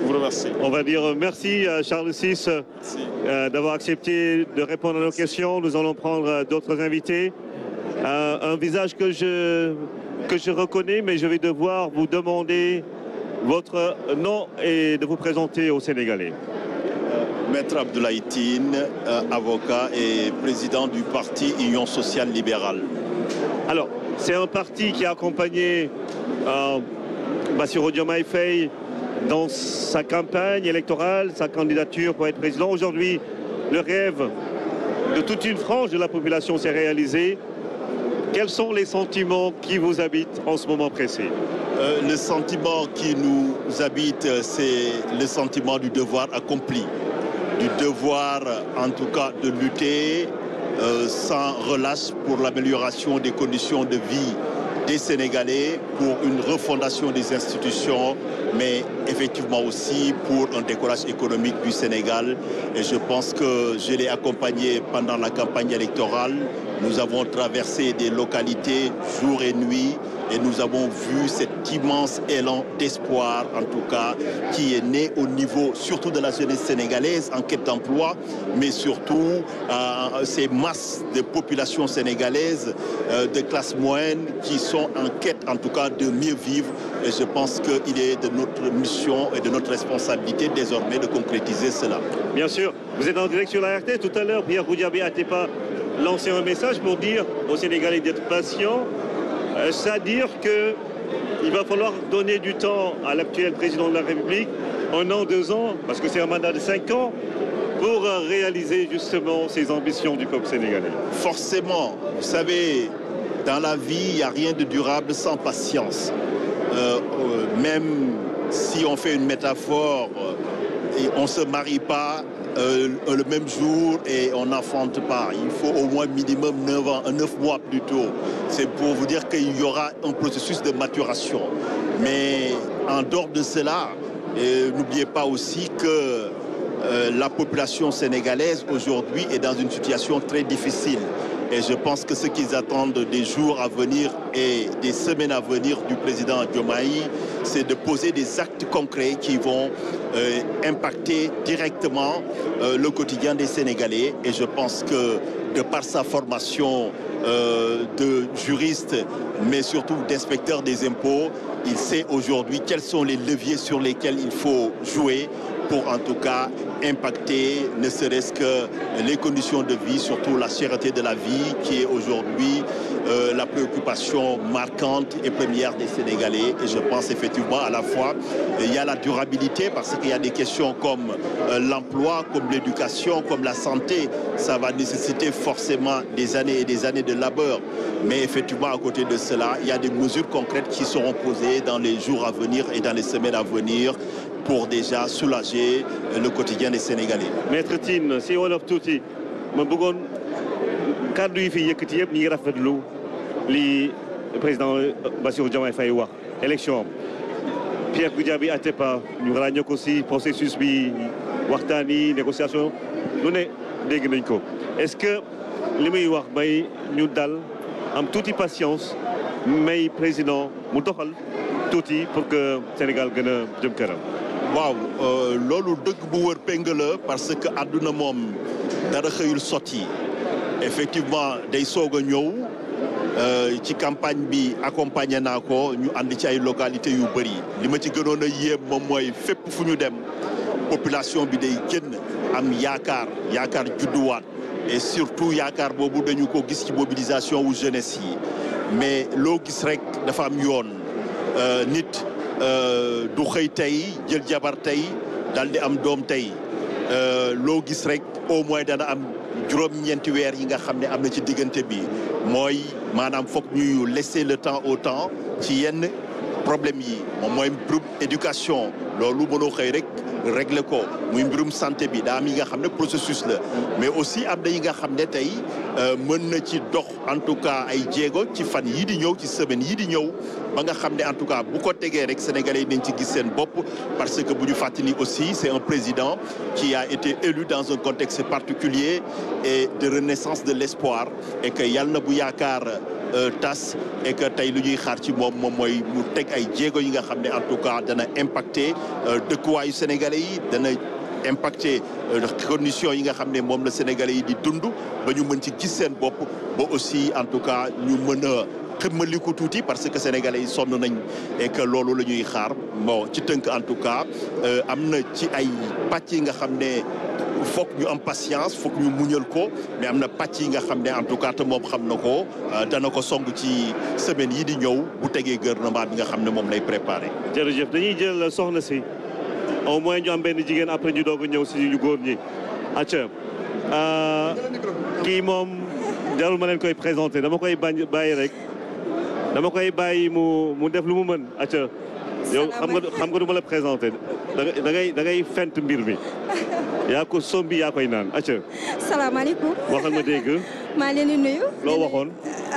Je vous remercie. On va dire merci à Charles VI d'avoir accepté de répondre à nos questions. Nous allons prendre d'autres invités un, visage que je, que je reconnais, mais je vais devoir vous demander votre nom et de vous présenter au Sénégalais. Maître Abdoulaye Tine, euh, avocat et président du parti Union sociale libérale. Alors, c'est un parti qui a accompagné euh, Bassirou Diomaye dans sa campagne électorale, sa candidature pour être président. Aujourd'hui, le rêve de toute une frange de la population s'est réalisé. Quels sont les sentiments qui vous habitent en ce moment précis euh, Le sentiment qui nous habite, euh, c'est le sentiment du devoir accompli, du devoir en tout cas de lutter euh, sans relâche pour l'amélioration des conditions de vie des Sénégalais, pour une refondation des institutions, mais effectivement aussi pour un décollage économique du Sénégal. Et je pense que je l'ai accompagné pendant la campagne électorale. Nous avons traversé des localités jour et nuit et nous avons vu cet immense élan d'espoir, en tout cas, qui est né au niveau surtout de la jeunesse sénégalaise en quête d'emploi, mais surtout euh, ces masses de populations sénégalaises euh, de classe moyenne qui sont en quête, en tout cas, de mieux vivre. Et je pense qu'il est de notre mission et de notre responsabilité désormais de concrétiser cela. Bien sûr, vous êtes en direct sur la RT. Tout à l'heure, Pierre Goudiabé pas lancé un message pour dire aux Sénégalais d'être patients, euh, c'est-à-dire qu'il va falloir donner du temps à l'actuel président de la République, un an, deux ans, parce que c'est un mandat de cinq ans, pour euh, réaliser justement ses ambitions du peuple sénégalais. Forcément, vous savez, dans la vie, il n'y a rien de durable sans patience. Euh, même si on fait une métaphore, on ne se marie pas, euh, euh, le même jour et on n'enfante pas. Il faut au moins minimum 9, ans, euh, mois plutôt. C'est pour vous dire qu'il y aura un processus de maturation. Mais en dehors de cela, n'oubliez pas aussi que la population sénégalaise aujourd'hui est dans une situation très difficile. Et je pense que ce qu'ils attendent des jours à venir et des semaines à venir du président Diomaye, c'est de poser des actes concrets qui vont euh, impacter directement euh, le quotidien des Sénégalais. Et je pense que de par sa formation euh, de juriste, mais surtout d'inspecteur des impôts, il sait aujourd'hui quels sont les leviers sur lesquels il faut jouer pour en tout cas impacter ne serait-ce que les conditions de vie, surtout la sûreté de la vie qui est aujourd'hui euh, la préoccupation marquante et première des Sénégalais. Et je pense effectivement à la fois, euh, il y a la durabilité parce qu'il y a des questions comme euh, l'emploi, comme l'éducation, comme la santé. Ça va nécessiter forcément des années et des années de labeur. Mais effectivement, à côté de cela, il y a des mesures concrètes qui seront posées dans les jours à venir et dans les semaines à venir pour déjà soulager le quotidien des Sénégalais. Maître Tine si wolof quand ma bëggoon kàddu yi fi yëkkati yëpp ñu de l'eau, le président Bassirou a Faye l'élection. élection Pierre été Atepa ñu ràññee aussi le processus de la négociation Nous ne dégg nañ ko est-ce que li muy wax bay ñu dal am tuuti patience mais président mu doxal pour que Sénégal gagne a jëm waaw euh, loolu dëgg bu wër péng la parce que àdduna moom dara xëyul sotti effectivement day soog a ñëw euh, ci campagne bi accompagné naa ko ñu ànd ci ay localité yu bëri li ma ci gënoon a yéem moom mooy fépp fu ñu dem population bi day génn am yaakaar yaakaar judduwaat et surtout yaakaar boobu dañu ko gis ci mobilisation wu jeunesse yi mais loo gis rek dafa am yoon euh, nit euh, du xey tay jël jabar tay am euh, rek au moins dana am juróom-ñeenti weer yi nga am na le temps au temps problème yi mom moy mbirum éducation loolu mënoo xey rek régler ko muy mbirum santé bi da mi nga xamné processus la mais aussi am na yi nga xamné tay tey euh, mën na ci dox en tout cas ay djégo ci fan yi di ñëw ci semaine yi di ñëw ba nga xamné en tout cas bu ko tegee rek sénégalais yi dañ ci gis sen bop parce que buñu Fatini aussi c'est un président qui a été élu dans un contexte particulier et de renaissance de l'espoir et que Yalna na bu yaakaar euh, tas et que tay lu ñuy xaar ci moom mom moy mu ay jéego yi nga xam ne en tout cas dana impacté euh, dëkkuwaayu sénégalais yi dana impacté euh, conditions yi nga xam ne moom la sénégalais yi di dund ba ñu mën ci gis seen bopp ba aussi en tout cas ñu mën a xëmmali ko tuuti parce que sénégalais yi sonn nañ et que loolu la ñuy xaar bon ci tënk en tout cas euh, am na ci ay pàcc yi nga xam ne foog ñu am patience foog ñu muñal ko mais am na pàcc yi nga xam ne en tout cas te moom xam na ko euh, dana ko song ci semaine yi di ñëw bu tegee gouvernement bi nga xam ne moom lay préparé. jërëjëf dañuy jël soxna si au moins ñu am benn jigéen après ñu doog a ñëw si ñu góor ñi acca euh, kii moom jarul ma leen koy présenté dama koy bañ bàyyi rek dama koy bàyyi mu mu def lu mu mën acca yow xam nga xam nga du ma la présenté da ngay da ngay fent mbir mi yaa ko sombi yaa koy naan acca salaamaaleykum waxal ma dégg maa leen di nuyu loo waxoon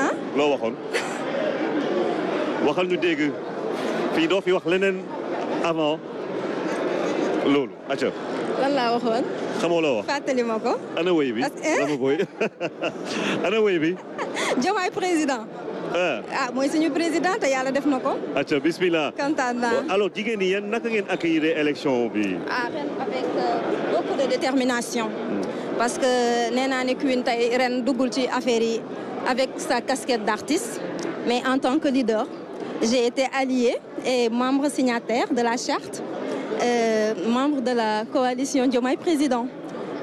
ah loo waxoon waxal ñu dégg fii doo fi wax leneen avant loolu acca lan laa waxoon xamoo la wax fàttali ma ko ana wéy bi eh? ana wéy bi Diomaye président ah suis ah, suñu président te yàlla def nako ko. bismillah. kontaan alors tu ni yéen naka ngeen accueillir élection bi. ah ren avec euh, beaucoup de détermination. Hmm. parce que néna naa Queen tay ren ci affaire yi avec sa casquette d'artiste mais en tant que leader j'ai été alliée et membre signataire de la charte euh, membre de la coalition Diomaye Président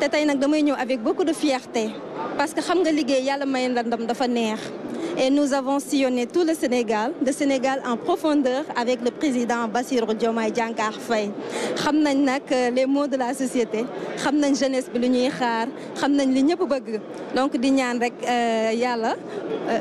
te tey nag damay ñëw avec beaucoup de fierté parce que xam nga liggéey Yalla may la ndam dafa neex et nous avons sillonné tout le Sénégal de Sénégal en profondeur avec le président Bassirou Diomaye Diakhar Faye xam nañ nak euh, les mots de la société xam nañ jeunesse bi lu ñuy xaar xam nañ li ñëpp bëgg donc di ñaan rek euh, yàlla euh,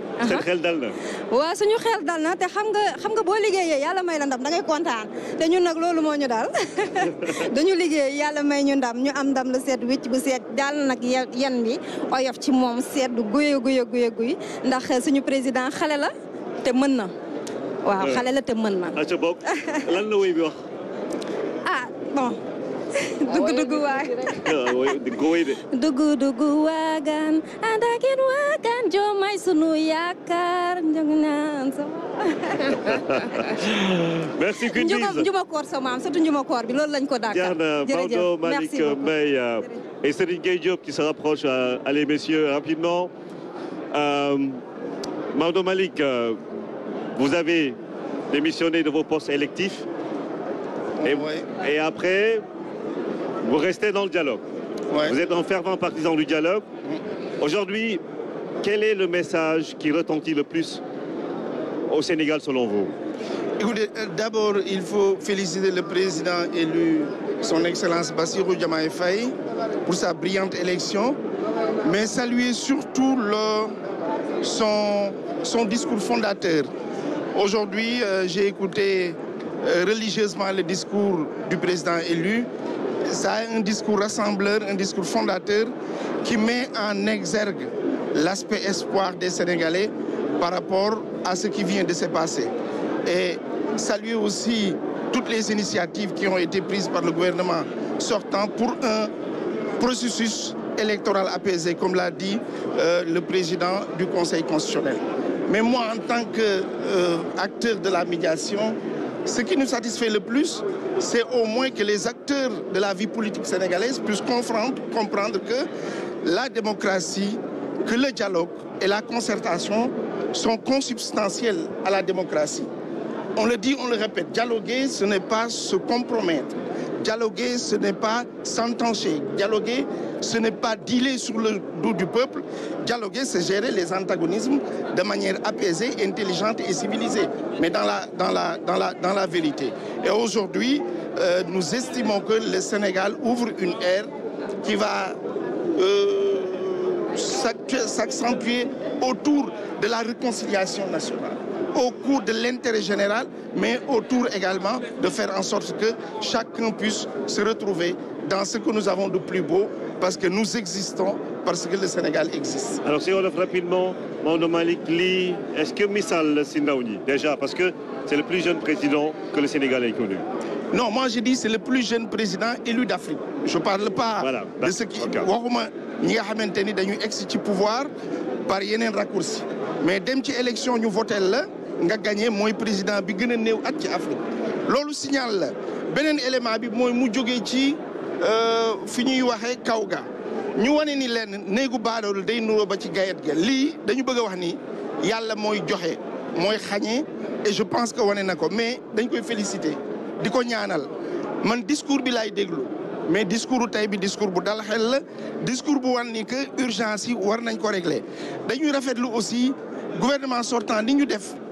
seen xel dal na. waaw suñu xel dal na te xam nga xam nga boo liggéeyee yàlla may la ndam dangay kontaan te ñun nag loolu moo ñu daal dañu liggéey yàlla may ñu ndam ñu am ndam la seet wicc bu seet daal na nag yan bi oyof ci moom seet du guye guy guye guy ndax suñu président xale la te mën na. waaw euh. xale la te mën na. ah ca bopp lan la wéy bi wax. ah bon. dugg Dugu waa dugg way de dugg dugg waagaan ànd ak yéen waagaan joomay sunu yaakaar njog naan sama merci Gundiz njuma koor sa maam surtout njuma koor bi loolu lañ ko dàkkal jërëjëf merci Malik euh, Malick euh, et Serigne Gueye job qui se rapproche euh, allez messieurs rapidement euh, Maodo Malick vous avez démissionné de vos postes électifs et, et après vous restez dans le dialogue. Vous êtes un fervent partisan du dialogue. Mm. Aujourd'hui, quel est le message qui retentit le plus au Sénégal selon vous Écoutez, euh, d'abord, il faut féliciter le président élu, son Excellence Bassirou Diomaye Faye, pour sa brillante élection, mais saluer surtout son, discours fondateur. Aujourd'hui, euh, j'ai écouté euh, religieusement le discours du président élu ça a un discours rassembleur, un discours fondateur qui met en exergue l'aspect espoir des Sénégalais par rapport à ce qui vient de se passer. Et saluer aussi toutes les initiatives qui ont été prises par le gouvernement sortant pour un processus électoral apaisé, comme l'a dit euh, le président du Conseil constitutionnel. Mais moi, en tant qu'acteur euh, de la médiation, ce qui nous satisfait le plus, c'est au moins que les acteurs de la vie politique sénégalaise puissent comprendre, que la démocratie, que le dialogue et la concertation sont consubstantiels à la démocratie. On le dit, on le répète, dialoguer, ce n'est pas se compromettre. Dialoguer, ce n'est pas s'entancher. Dialoguer, ce n'est pas dealer sur le dos du peuple. Dialoguer, c'est gérer les antagonismes de manière apaisée, intelligente et civilisée, mais dans la, vérité. Et aujourd'hui, euh, nous estimons que le Sénégal ouvre une ère qui va euh, s'accentuer autour de la réconciliation nationale au cours de l'intérêt général, mais autour également de faire en sorte que chacun puisse se retrouver dans ce que nous avons de plus beau, parce que nous existons, parce que le Sénégal existe. Alors si on fait rapidement, Maudo Malik est-ce que Missal Sindaouni, déjà, parce que c'est le plus jeune président que le Sénégal ait connu non, moi je dis c'est le plus jeune président élu d'Afrique. Je ne parle pas de ce qui. est ñi nga que pouvoir par raccourci mais dem ci élection ñu voté nga gagné moy président bi gën a néew ci Afrique loolu signal la benen élément bi moy mu jógee ci euh fiñuy waxee kawga ñu wane ni lenn néegu baadoolu day nuro ba ci gayet ga li dañu bëgg wax ni yalla moy joxe moy xañee et je pense que wane nako mais dañ koy féliciter diko ñaanal man discours bi lay déglu mais discours tay bi discours bu dal xel la discours bu wan ni que urgence yi war nañ ko régler dañuy rafetlu aussi gouvernement sortant ni ñu def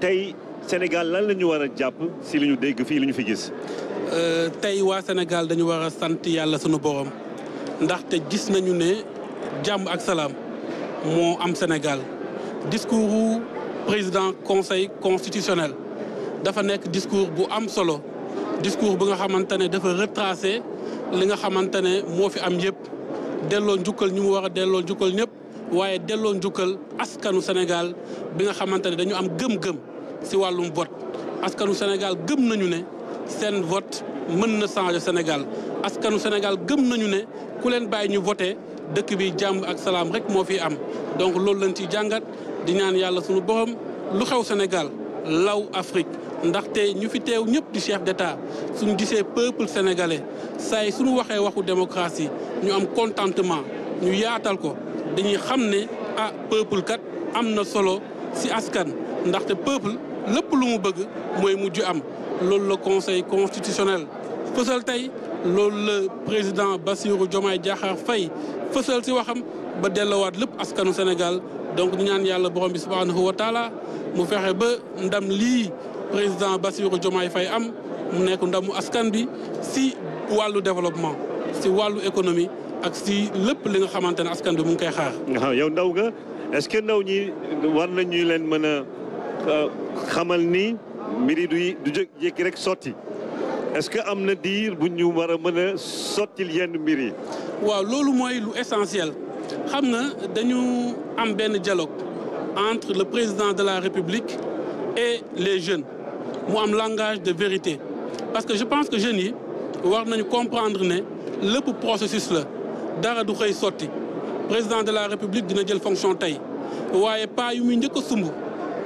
tey Sénégal lan la ñu war si li ñu dégg fii li ñu fi gis. Euh, tey waa Sénégal dañu war sant yàlla sunu borom ndaxte gis nañu ne jàmm ak salaam moo am Sénégal discours président conseil constitutionnel dafa nekk discours bu am solo discours bu nga xamante ne dafa retracé li nga xamante ne fi am yëpp delloo njukkal ñu mu war a delloo njukkal ñëpp waaye askanu Sénégal bi nga xamante dañu am gëm-gëm. si walum vote askanu Sénégal gëm nañu ne sen vote mën na changer Sénégal askanu Sénégal gëm nañu ne ku len bay ñu voter dëkk bi jàmm ak salam rek moo fi am donc loolu lañ ci jàngat di ñaan yalla suñu borom lu xew Sénégal law Afrique ndax ndaxte ñu fi teew ñëpp di chef d'état suñu gisee peuple sénégalais say suñu waxee waxu démocratie ñu am contentement ñu yaatal ko dañuy xam ne ah peuple kat amna solo si askan ndaxte peuple le bëgg conseil constitutionnel le le président Bassirou Diomaye Diakhar Faye ci waxam ba Sénégal donc nous ñaan le président Bassirou Diomaye Faye am mu nekk ndamu askan si développement si walu économie ak si lepp li nga est-ce que ndaw ñi war leen euh, xamal ni mbir du du rek soti est-ce que vous dir diir bu ñu war a mën yenn mbir yi. waaw loolu lu essentiel xamna dañu am ben dialogue entre le président de la République et les jeunes mu am langage de vérité parce que je pense que jeunes yi war nañu comprendre né le processus la dara du xey soti président de la République dina jël fonction tay waye pa yu muy njëkk a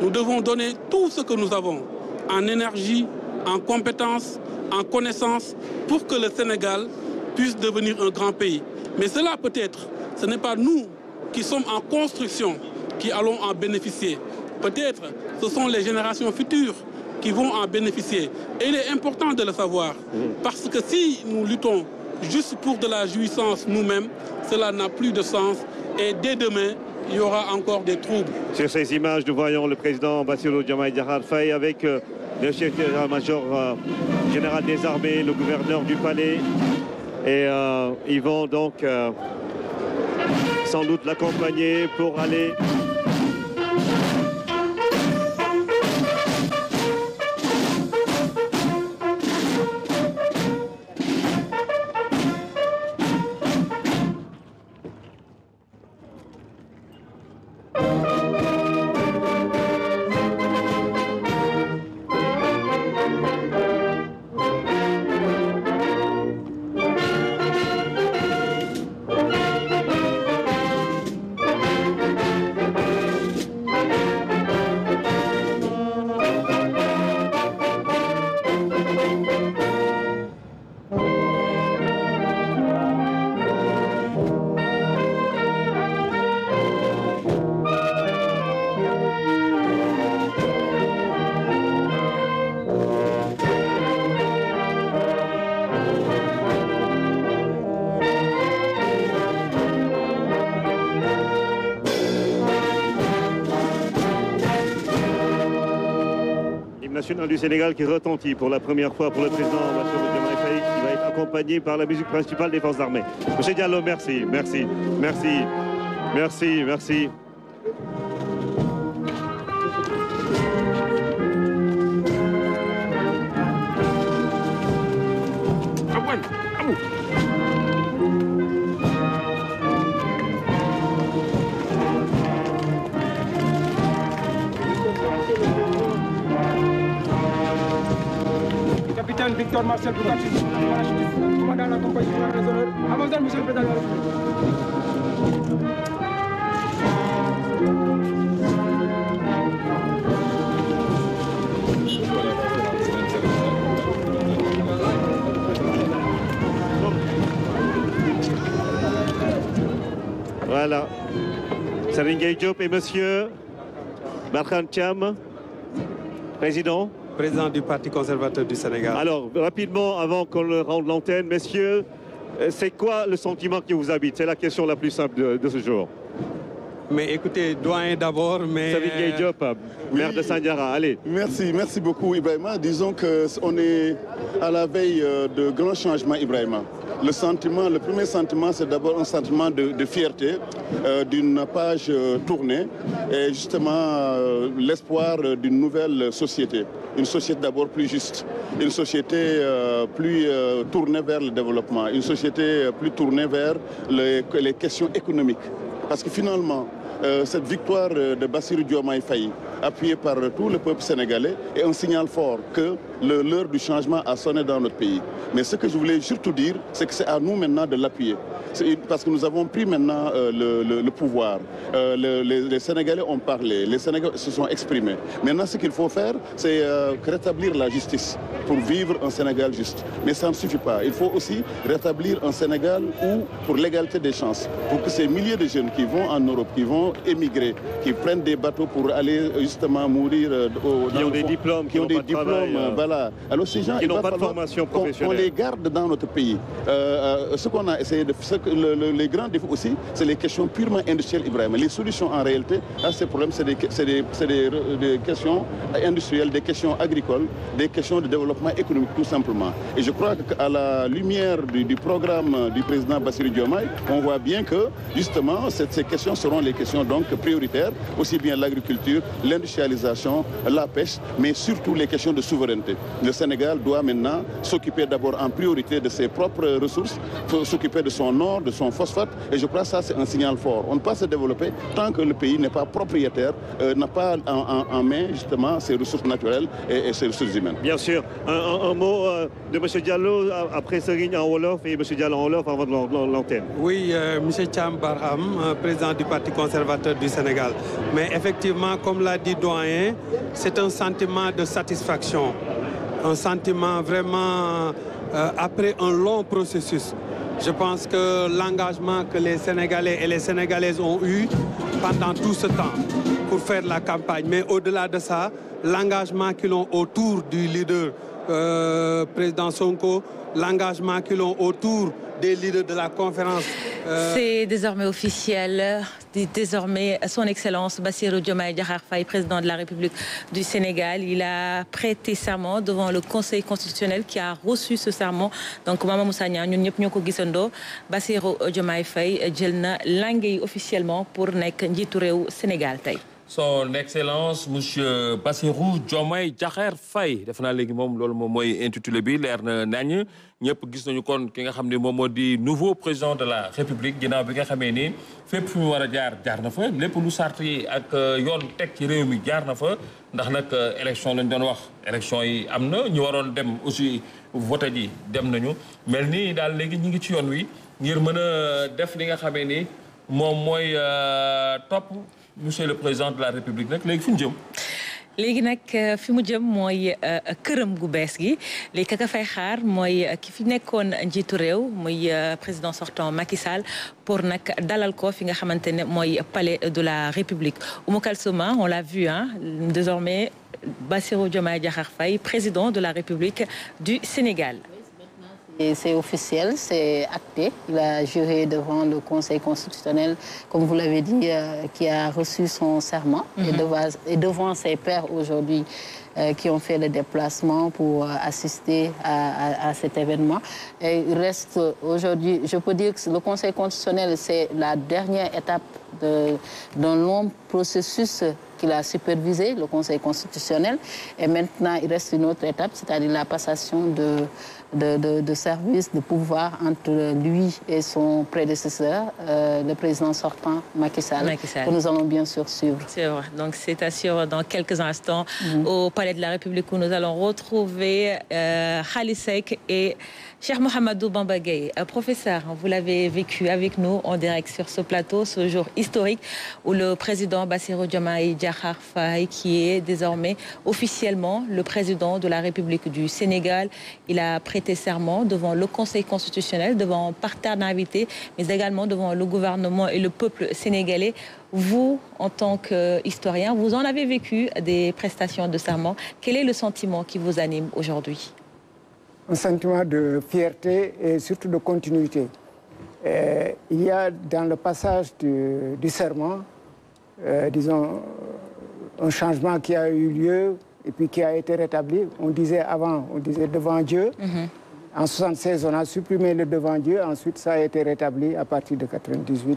Nous devons donner tout ce que nous avons en énergie, en compétences, en connaissances pour que le Sénégal puisse devenir un grand pays. Mais cela peut-être, ce n'est pas nous qui sommes en construction qui allons en bénéficier. Peut-être ce sont les générations futures qui vont en bénéficier. Et il est important de le savoir, parce que si nous luttons juste pour de la jouissance nous-mêmes, cela n'a plus de sens. Et dès demain, il y aura encore des troubles. Sur ces images, nous voyons le président Bassirou Diomaye Diakhar Faye avec euh, le chef major euh, général des armées, le gouverneur du palais. Et euh, ils vont donc sans doute l'accompagner pour aller du Sénégal qui retentit pour la première fois pour le président qui va être accompagné par la musique principale des forces armées. Monsieur Diallo, merci, merci, merci, merci, merci. Victor Marcel Bougatis, parachutiste, commandant la compagnie de la Avant Avancez, monsieur le président. Voilà. Serengay Diop et monsieur Markhan Cham, président président du Parti conservateur du Sénégal. Alors, rapidement, avant qu'on rende l'antenne, messieurs, euh, c'est quoi le sentiment qui vous habite C'est la question la plus simple de ce jour. Mais écoutez, doyen d'abord, mais... Savigny Diop, euh, maire de Sandiara, allez. Merci, merci beaucoup Ibrahima. Disons qu'on est à la veille euh, de grands changements Ibrahima. Le sentiment, le premier sentiment, c'est d'abord un sentiment de, fierté euh, d'une page tournée et justement l'espoir d'une nouvelle société. Une société d'abord plus juste, une société plus tournée vers le développement, une société plus tournée vers les questions économiques parce que finalement, euh, cette victoire euh, de Bassirou Diomaye Faye, appuyée par tout le peuple sénégalais, est un signal fort que l'heure du changement a sonné dans notre pays. Mais ce que je voulais surtout dire, c'est que c'est à nous maintenant de l'appuyer parce que nous avons pris maintenant euh, le, pouvoir. Euh, les, Sénégalais ont parlé, les Sénégalais se sont exprimés. Maintenant, ce qu'il faut faire, c'est euh, rétablir la justice pour vivre un Sénégal juste. Mais ça ne suffit pas. Il faut aussi rétablir un Sénégal pour l'égalité des chances, pour que ces milliers de jeunes qui vont en Europe, qui vont émigrer, qui prennent des bateaux pour aller justement mourir au, qui ont des diplômes, qui, ont, des diplômes, voilà. Alors ces gens, qui n'ont pas de formation professionnelle, on les garde dans notre pays. ce qu'on a essayé de, les grands défauts aussi, c'est les questions purement industrielles, Ibrahim. Les solutions en réalité à ces problèmes, c'est des, questions industrielles, des questions agricoles, des questions de développement économique, tout simplement. Et je crois qu'à la lumière du, programme du président Bassiri Diomaye, on voit bien que, justement, ces questions seront les questions donc prioritaires, aussi bien l'agriculture, l'industrialisation, la pêche, mais surtout les questions de souveraineté. Le Sénégal doit maintenant s'occuper d'abord en priorité de ses propres ressources, s'occuper de son nom de son phosphate. Et je crois que ça, c'est un signal fort. On ne peut pas se développer tant que le pays n'est pas propriétaire, euh, n'a pas en, main justement ses ressources naturelles et, ses ressources humaines. Bien sûr. Un, mot euh, de M. Diallo après Serigne en Wolof et M. Diallo en Wolof avant l'antenne. Oui, euh, M. Cham président du Parti conservateur du Sénégal. Mais effectivement, comme l'a dit Doyen, c'est un sentiment de satisfaction. Un sentiment vraiment, après un long processus, je pense que l'engagement que les Sénégalais et les Sénégalaises ont eu pendant tout ce temps pour faire la campagne, mais au-delà de ça, l'engagement qu'ils ont autour du leader euh, président Sonko, l'engagement l'on a autour des leaders de la conférence. Euh, C'est désormais officiel. Désormais, son Excellence Bassirou Diomaye Diakhar Faye, président de la République du Sénégal, il a prêté serment devant le Conseil constitutionnel qui a reçu ce serment. Donc, Maman Moussania, nous sommes tous gisando. Bassirou Diomaye Faye, j'ai officiellement pour nekk Sénégal son excellence monsieur Bassirou Diomaye Diakhar Fay defna legui mom lolou mom moy intitulé bi leer na nañ ñëpp gis nañu kon ki nga xamné mom modi nouveau président de la république ginaaw bi nga xamé ni fep fu wara jaar jaar na fa lepp lu sarté ak euh, yoon tek ci réew mi jaar na fa ndax nak euh, élection lañ doon wax élection yi amna ñu waron dem aussi voter ji dem nañu melni dal legui ñi ngi ci yoon wi ngir mëna euh, def li nga xamé ni mon moi euh, top, monsieur le président de la république rek léegi fi jëm. légui nak euh, fi mu jëm mooy euh, kërëm gu bess gi li ka ka fay xaar moy ki fi nekkoon njitu rew moy président sortant Macky Sall pour nak dalal ko fi nga xamantene moy palais de la république umu Kalsouma on l'a vu hein désormais Bassirou Diomaye Diakhar Faye président de la république du Sénégal. C'est officiel, c'est acté. Il a juré devant le Conseil constitutionnel, comme vous l'avez dit, euh, qui a reçu son serment et, mhm. devant, ses pères aujourd'hui euh, qui ont fait le déplacement pour euh, assister à, cet événement. il reste aujourd'hui, je peux dire que le Conseil constitutionnel, c'est la dernière étape d'un long processus il a supervisé, le Conseil constitutionnel. Et maintenant, il reste une autre étape, c'est-à-dire la passation de, de, de, services, de pouvoir entre lui et son prédécesseur, euh, le président sortant Macky Sall, que nous allons bien sûr suivre. C'est vrai. Donc c'est à suivre dans quelques instants mhm. au Palais de la République où nous allons retrouver euh, Khalisek et Cher Mohamedou Bambagay, euh, professeur, hein, vous l'avez vécu avec nous en direct sur ce plateau, ce jour historique où le président Bassirou Diomaye Diakhar Faye, qui est désormais officiellement le président de la République du Sénégal, il a prêté serment devant le Conseil constitutionnel, devant parterre d'invités, mais également devant le gouvernement et le peuple sénégalais. Vous, en tant qu'historien, vous en avez vécu des prestations de serment. Quel est le sentiment qui vous anime aujourd'hui un sentiment de fierté et surtout de continuité. Euh, il y a dans le passage du, serment, euh, disons, un changement qui a eu lieu et puis qui a été rétabli. On disait avant, on disait devant Dieu. Mhm. En 76, on a supprimé le devant Dieu. Ensuite, ça a été rétabli à partir de 98-2000.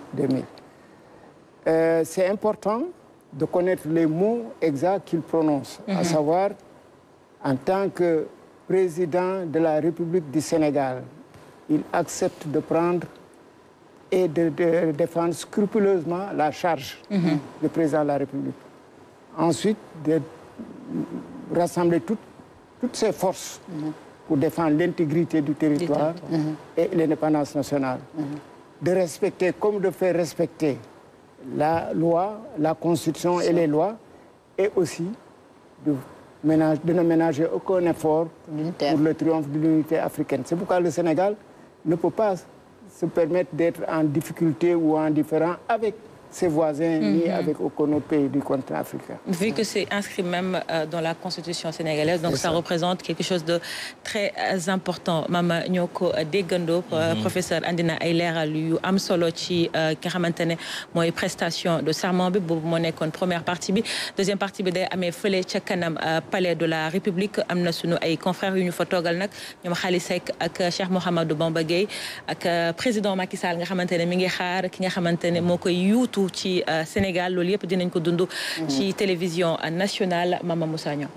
Euh, C'est important de connaître les mots exacts qu'il prononce, à mhm. savoir en tant que président de la République du Sénégal, il accepte de prendre et de, défendre scrupuleusement la charge mhm. du président de la République. Ensuite, de rassembler toutes ses forces mhm. pour défendre l'intégrité du territoire, mhm. et l'indépendance nationale. De respecter comme de faire respecter la loi, la constitution et les lois, et aussi de de ne ménager aucun effort pour le triomphe de l'unité africaine. C'est pourquoi le Sénégal ne peut pas se permettre d'être en difficulté ou en différent avec ses voisins, liés ni mhm. avec aucun autre pays du continent africain. Vu que c'est inscrit même euh, dans la constitution sénégalaise, donc ça, représente quelque chose de très euh, important. Mama Nyoko Degando, euh, mhm. professeur Andina Ayler, lui, am solo ci ki xamantene moy prestation de serment bi bobu première partie deuxième partie bi day amé feulé palais de la République amna sunu ay confrères yu ñu fa togal nak ñom Nous avons ak Cheikh Mohamadou Nous ak président Macky Sall nga xamantene mi ngi xaar ki nga mo partout ci euh, Sénégal lolu dinañ ko ci mm. télévision nationale Mama africaine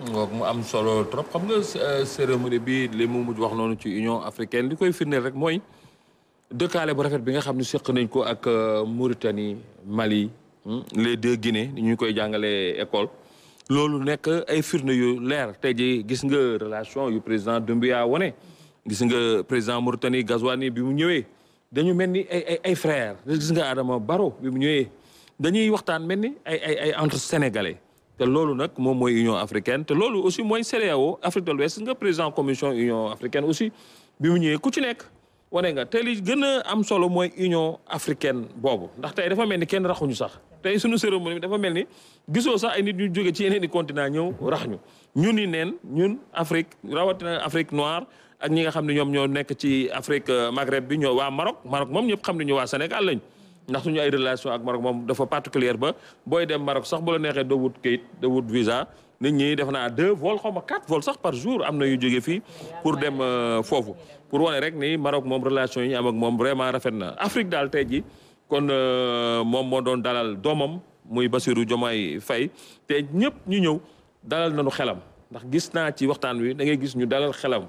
Mali relation président président dañu mel ni ay ay ay frère gis nga Adama Barrow mu ñëwee dañuy waxtaan mel ni ay ay ay entre sénégalais te loolu nag moom mooy Union africaine te loolu aussi mooy CEDEAO Afrique de l'Ouest nga président commission Union africaine aussi bi mu ñëwee ku ci nekk wane nga te li gën a am solo mooy Union africaine boobu ndax tey dafa mel ni kenn raxuñu sax tey suñu cérémonie bi dafa mel ni gisoo sax ay nit ñu jóge ci yeneen i continent ñëw rax ñu ñu ni neen ñun Afrique rawatina Afrique noire ak ñi nga xam ne ñoom ñoo nekk ci Afrique euh, Maghreb bi ñoo waa Maroc marok moom ñëpp xam ne ñu waa Sénégal lañ ndax suñu ay relation ak marok moom dafa particulière ba booy dem Maroc sax bu la neexee doo wut kayit doo wut visa nit ñi def naa deux vols xaw ma quatre vols sax par jour am na yu jóge fii pour dem euh, foofu pour wane rek ni Maroc moom relation yi ñu am ak moom vraiment rafet na Afrique daal tey ji kon euh, moom moo doon dalal doomam muy Bassirou Diomaye Faye te ñëpp ñu ñëw dalal nañu xelam ndax gis naa ci waxtaan wi da ngay gis ñu dalal xelam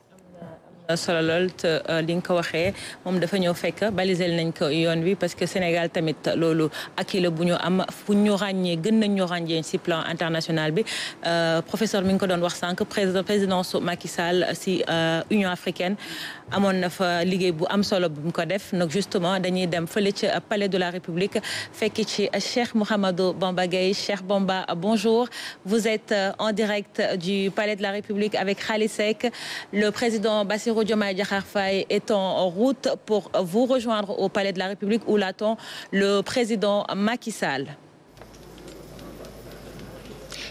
solo lool euh, li nga ko waxee moom dafa ñëw fekk nañ ko wi parce que Sénégal tamit loolu ak la am gën nañ ñu si plan international bi euh, professeur mi ngi ko doon wax président de Macky Sall si euh, Union africaine amon na fa liggéey bu am solo bu ko def donc justement dañuy dem fële ci palais de la République fekk ci Cheikh Mouhamadou Bamba Cheikh Bamba bonjour vous êtes en direct du palais de la République avec Khalisek, le président Bassirou Bassirou Diomaye est en route pour vous rejoindre au Palais de la République où l'attend le président Macky Sall.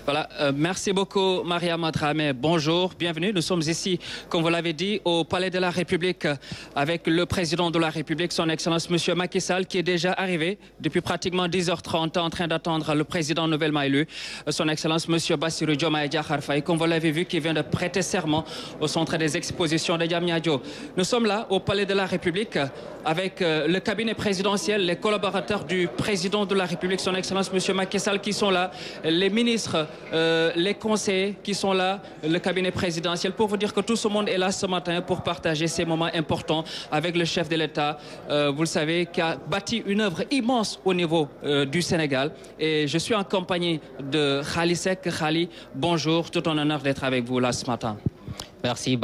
Voilà, euh, merci beaucoup Maria Madrame. Bonjour, bienvenue. Nous sommes ici, comme vous l'avez dit, au Palais de la République euh, avec le président de la République, son Excellence Monsieur Macky Sall, qui est déjà arrivé depuis pratiquement 10h30 en train d'attendre le président nouvellement élu, euh, son Excellence Monsieur Bassirou Diomaye comme vous l'avez vu, qui vient de prêter serment au centre des expositions de Diamniadio. Nous sommes là au Palais de la République avec le cabinet présidentiel, les collaborateurs du président de la République, son Excellence Monsieur Macky Sall, qui sont là, les ministres euh, les conseils qui sont là, le cabinet présidentiel, pour vous dire que tout ce monde est là ce matin pour partager ces moments importants avec le chef de l'État, euh, vous le savez, qui a bâti une œuvre immense au niveau euh, du Sénégal. Et je suis en compagnie de Khalisek Sek. Khali, bonjour, tout en honneur d'être avec vous là ce matin. Merci,